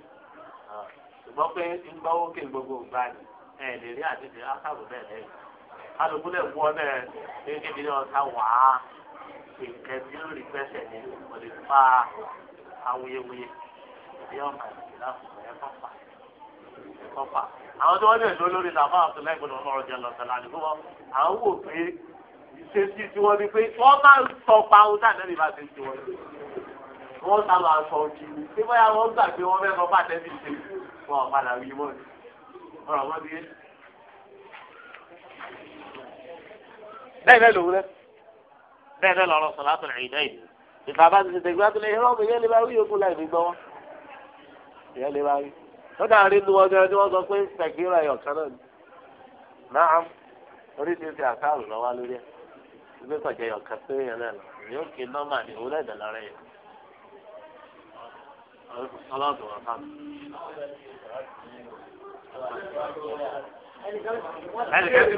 A: ṣùgbọ́n pé ń gbọ́wọ́ òkè gbogbo ìgbà ni nǹkan fà àwọn tí wọ́n lè lọ lórí làbá àtúnlẹ̀ gbọdọ̀ ọmọ ọ̀jẹ̀ lọ́sọ̀lá ni fún wọn àwọn wò pé ṣe sí tí wọ́n ní pé wọ́n máa ń sọ pa ohun tí àtẹ́bí bá ti ń tiwọn. wọ́n sábà sọ ojú tí bóyá wọ́n gbà pé wọ́n fẹ́ sọ pàtẹ́bí ṣe wọn ò padà wí mọ́ ni ọ̀rọ̀ wọn ti bẹ́ẹ̀ bẹ́ẹ̀ lòun rẹ̀ bẹ́ẹ̀ bẹ́ẹ̀ lọ́rọ̀ sọ̀rọ̀ àtúnlẹ̀ ìdẹ́ yìí ìfàbá ti ṣètò ìgbà tó lè ó a nu ọjọ́ ni wọ́n sọ pé tẹ̀kírà ẹ̀yọ̀ kan náà ni náà oríṣiríṣi àkáàrù lọ́wọ́ lórí ẹ̀ ìgbé kọjá ẹ̀yọ̀ kan pé yẹn náà yóò kí nọ́mà ní òun lẹ́dẹ̀ lára yẹn ọlọ́dún ọ̀sán. ẹnì kan ti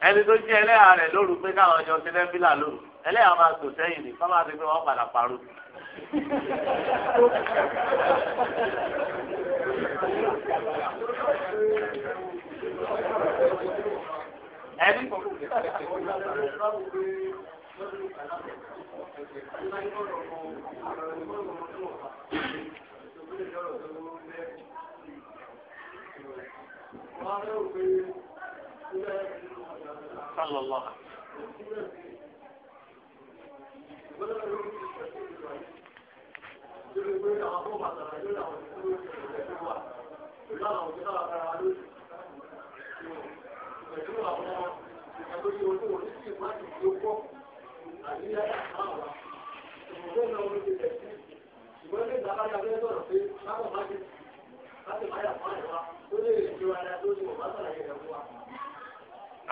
A: ẹni tó a ẹlẹ́yà rẹ̀ lóru pé káwọn ọjọ́ ti lẹ́fílà lóru ẹlẹ́yà máa tò sẹ́yìn ní fọ́nmà ti pé wọ́n padà
B: sallallahu Thank you.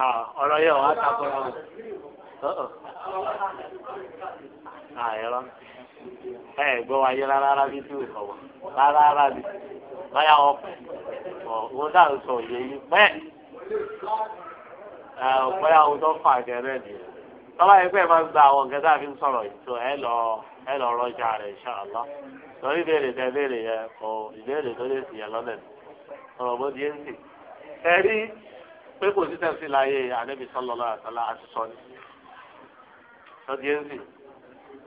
B: Ah, ọ̀rọ̀ yẹn wà á takora ah, wọn. àìrọ
A: ẹ gbọ́ wáyé rárá bí tí ò kọ̀ wọ́n rárá bí báyà wọ́n pọ̀ wọ́n dà sọ òye yìí pẹ́
B: ẹ báyà wọ́n
A: tó fà gẹ́rẹ́ nìyẹn tọ́lá yẹn pé ẹ máa ń gba àwọn nǹkan tá a fi ń sọ̀rọ̀ yìí tó ẹ lọ ẹ lọ rọjà rẹ̀ ṣàlọ́ lórí ìbéèrè tẹ béèrè yẹn kò ìbéèrè tó lè sì yẹn lọ́nà ọ̀rọ̀ bó di é ń sè. ẹ rí pé kò sí tẹ̀sí láyé ànábì sọlọ́lá àtàlà àti sọ́ni lọ́dí ẹ̀ńsì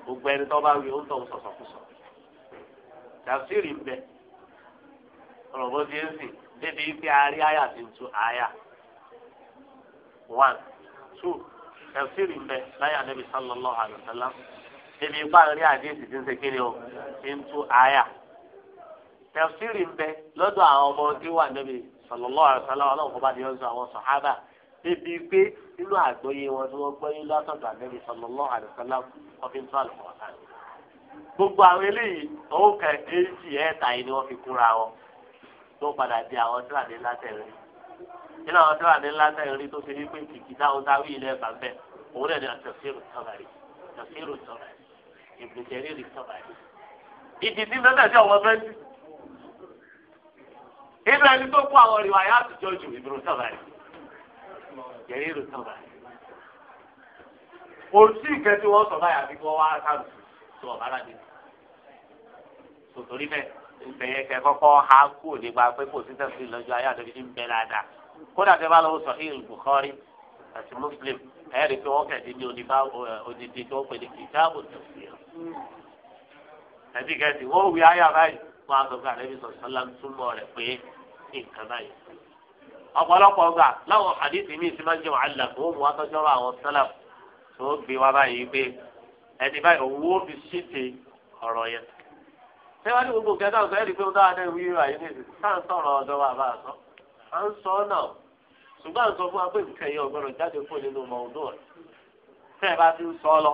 A: gbogbo ẹni tó bá wí ó ń tọ̀ sọ̀sọ̀kùsọ tàfsírì bẹ ọ̀rọ̀ lọ́dí ẹ̀ńsì débi ife àárí àyà ti tu àyà one two tàfsírì bẹ láyé ànábì sọlọ́lá àtàlà débi ipa àárí àdéhìsì ti ń ṣe kéde o ti ń tu àyà tàfsírì bẹ lọ́dọ̀ àwọn ọmọ tí wà níbi sọlọ́lọ́ àṣàlá ọlọ́run kọ́ba ni wọ́n sọ àwọn sàhábà débi pé nínú àgbọ́yé wọn tí wọ́n gbọ́yé látọ̀dọ̀ àgbẹ̀bí sọlọ́lọ́ àṣàlá ọ̀fìn tó àlùkò ọ̀sán. gbogbo àwọn eléyìí òun kẹ èjì ẹ̀ẹ́ta yìí ni wọ́n fi kúra wọn tó padà di àwọn tíwádé látẹ̀rí nínú àwọn tíwádé látẹ̀rí tó ti rí pé kìkì táwọn táwí ilẹ̀ bá bẹ̀ òun náà ni àtẹ̀sírù tọ́bàrí tẹ̀sírù tọ́bàrí ìbùkẹ́rì rí inú ẹni tó kó àwọn ìwà yá àtijọ́ ju ìbúrú sábà yìí yẹ̀yẹ́ ìlú sábà yìí. òsì ìkẹ́ tí sọ báyà bí wọ́n wá sáàlù tó ọ̀bá ládé. sòtòrí bẹ́ẹ̀ ìbẹ̀yẹ kẹ́ kọ́kọ́ ha kú nípa pé kò sí tẹ̀sí lọ́jọ́ ayé àtẹ̀bí ti bẹ dáadáa. kódà tẹ́ bá lọ́wọ́ sọ ìlú Bukhari àti Muslim ẹ̀yẹ́ rí pé wọ́n kẹ̀dé ní odidi tó ń pè ní kìtàbù tẹ̀sí wọn á sọ pé àlẹ́ mi sọ sọ́lá túmọ̀ rẹ̀ pé nǹkan báyìí. ọ̀pọ̀lọpọ̀ gbà láwọn àdìsí mi ti máa ń jẹ́ wàhálà tó mú atọ́jọ́rọ̀ àwọn sálà tó gbé wá báyìí pé ẹni báyìí òun fi ṣíṣe ọ̀rọ̀ yẹn. ṣé wàá ní gbogbo kẹta ẹ̀rí pé ó tá a sọ. à ń sọ náà ṣùgbọ́n fún wa pé nǹkan jáde nínú ọmọ rẹ̀. tẹ́ ẹ bá ti ń sọ lọ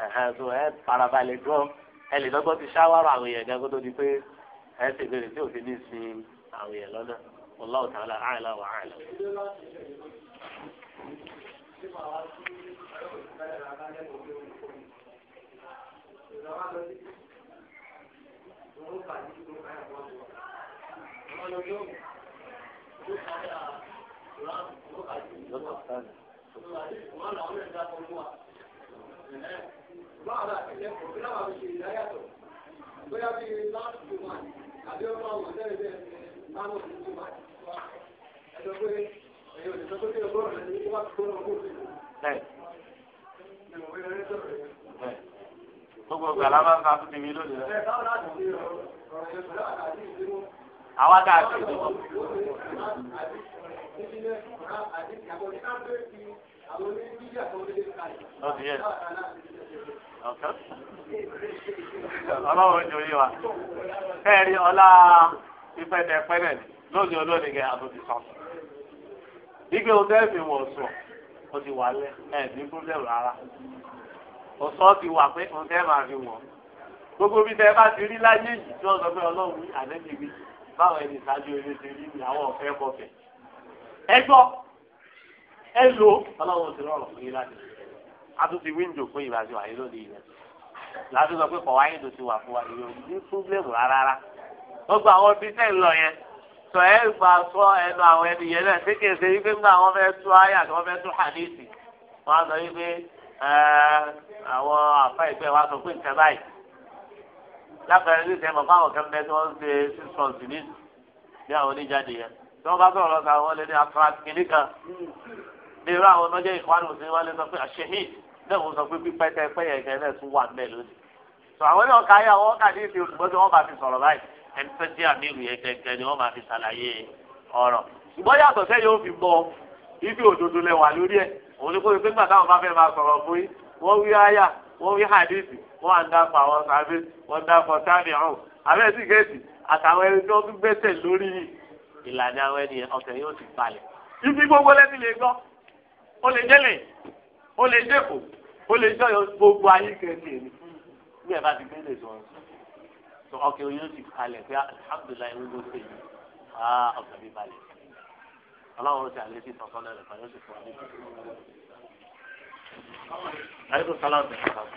A: ẹ̀hẹ́n ẹ farabalẹ̀ gan ẹ lè lọ́gbọ́n ti ṣáwárọ̀ àwọn èèyàn gan kó tó di pé ẹ ṣe ìbéèrè tí òfin ní sin àwọn èèyàn lọ́nà Wallahu ta'ala a'la wa a'la.
B: Thank you báwọn bóyá bí láti tó máa àbí ọmọ àwọn ọ̀sẹ̀ rẹ̀ láwọn òṣèlú tó máa ẹ̀dọ̀ pé ẹ̀yọ̀ lè sọ pé kí ọgọ́rùn rẹ̀ ní wá tó lọ bó ṣe. Gbogbo ọgbà lábá ń ka fún mi lónìí rẹ̀. Àwa dà sí ìdúró. Ó ti yẹ ọlọ́run jò yí wa ẹ̀rí ọlá
A: ìfẹ́tẹ̀pẹ́rẹ́ lónìí olónìkẹ́ àtúntì sọ. Igbe o tẹ́sí wọ̀ sùn, o ti wà lẹ́ ẹ̀ ní pírọ́blẹ̀mù rárá. Ọ̀sọ́ ti wà pé o tẹ́ máa fi wọ̀. Gbogbo bí tẹ bá ti rí láyé yìí tí wọ́n sọ pé ọlọ́run wí ànẹ́bí wí báwọn ẹni ìsájú eré ti rí ní àwọn ọ̀fẹ́ kọfẹ́. Ẹ gbọ́, ẹ lo ọlọ́run ti rọrùn fún yín láti rí a tún fi wíńdò fún ìgbà tí wà ní lónìí rẹ̀ láti sọ pé kọ̀wá yìí ló ti wà fún wa ìwé òní fúblẹ̀mù rárá gbogbo àwọn bíi tẹ̀ ń lọ yẹn sọ ẹ gbà sọ ẹnu àwọn ẹni yẹn náà ṣé kìí ṣe wípé nígbà wọn fẹ́ tú àyà tí wọ́n fẹ́ tú hadithi wọ́n á sọ wípé àwọn àfa ìgbẹ́ wa sọ pé nǹkan báyìí lápẹẹrẹ ní ìṣẹ́ mọ̀fá àwọn kẹ́mẹ́ tí wọ́n ń ṣe six months ní bí àwọn oníjáde yẹn tí wọ́n bá sọ̀rọ̀ lọ́sàn-án wọn lé ní afra kìnnìkan bí irú àwọn ọmọdé ìkwánu sí wọn lé sọ pé àṣehìn bẹ́ẹ̀ mo sọ pé pípẹ́ tẹ pẹ́ yẹn gẹ́gẹ́ tún wà bẹ́ẹ̀ lónìí. sọ àwọn náà ká yà wọ́n kàdé ìṣe olùgbọ́ tí wọ́n bá fi sọ̀rọ̀ báyìí ẹni tó jẹ́ àmì yẹn gẹ́gẹ́ ni wọ́n máa fi ṣàlàyé ọ̀rọ̀. ṣùgbọ́n yàtọ̀ sẹ́ yóò fi bọ ibi òdodo lẹ́wà lórí ẹ̀ òun ni kó pé gbàgbà wọn bá fẹ́ máa sọ̀rọ̀ fún yín wọ́n wí àyà wọ́n wí hadith wọ́n à ń dápọ̀ àwọn sàbẹ̀ wọ́n dápọ̀ sábẹ̀ ọ̀hún àbẹ́ sì gẹ̀ẹ́sì àtàwọn ẹni tó ń gbẹ́sẹ̀ lórí ìlànà àwọn ẹni ọ̀sẹ̀ yóò ti balẹ̀. ibi gbogbo lẹ́ni lè gbọ́ ó lè jẹ́lẹ̀ ó lè jẹ́kọ̀ọ́ ó lè jọ gbogbo ayé kẹsì èmi bí ẹ bá ti gbélé sọ sọ ọkẹ oyún ti kalẹ̀ pé alhamdulilayi ló ló ṣe yìí aa ah, ọkẹ mi balẹ̀ Ọlọ́run ti àlẹ sí tọkàn náà lẹfà yóò sì fún wa ní ìdílé. Aleykum salaam wa rahmatulah.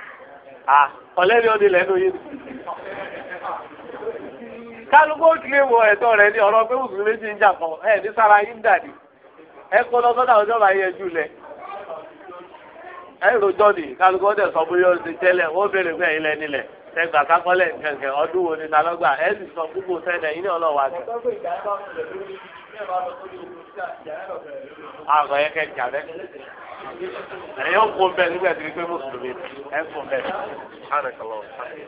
B: ọ̀lẹ́ni ó nílẹ̀ ló yé mi.
A: kálukú ó tilé wọ ẹ̀tọ́ rẹ̀ ní ọ̀rọ̀ pé mùsùlùmí méjì ń jà kan ẹ̀ ní sára yín ẹ kó lọ jù ẹ rojọ́ ni kálukú ó dẹ̀ sọ bóyá ó ti tẹ́lẹ̀ ó béèrè pé ẹ̀yin lẹ́ni lẹ̀ tẹgbà kákọ́lẹ̀ kẹ̀kẹ́ ọdún wo ni talọ́gbà ẹ sì sọ gbogbo sẹ́nẹ̀ yín ní ọlọ́wà àgọ́ yẹn kẹ́ jà bẹ́ẹ̀ ẹ̀yọ́ kó bẹ́ẹ̀ nígbà tí wípé mùsùlùmí ẹ̀ kó bẹ́ẹ̀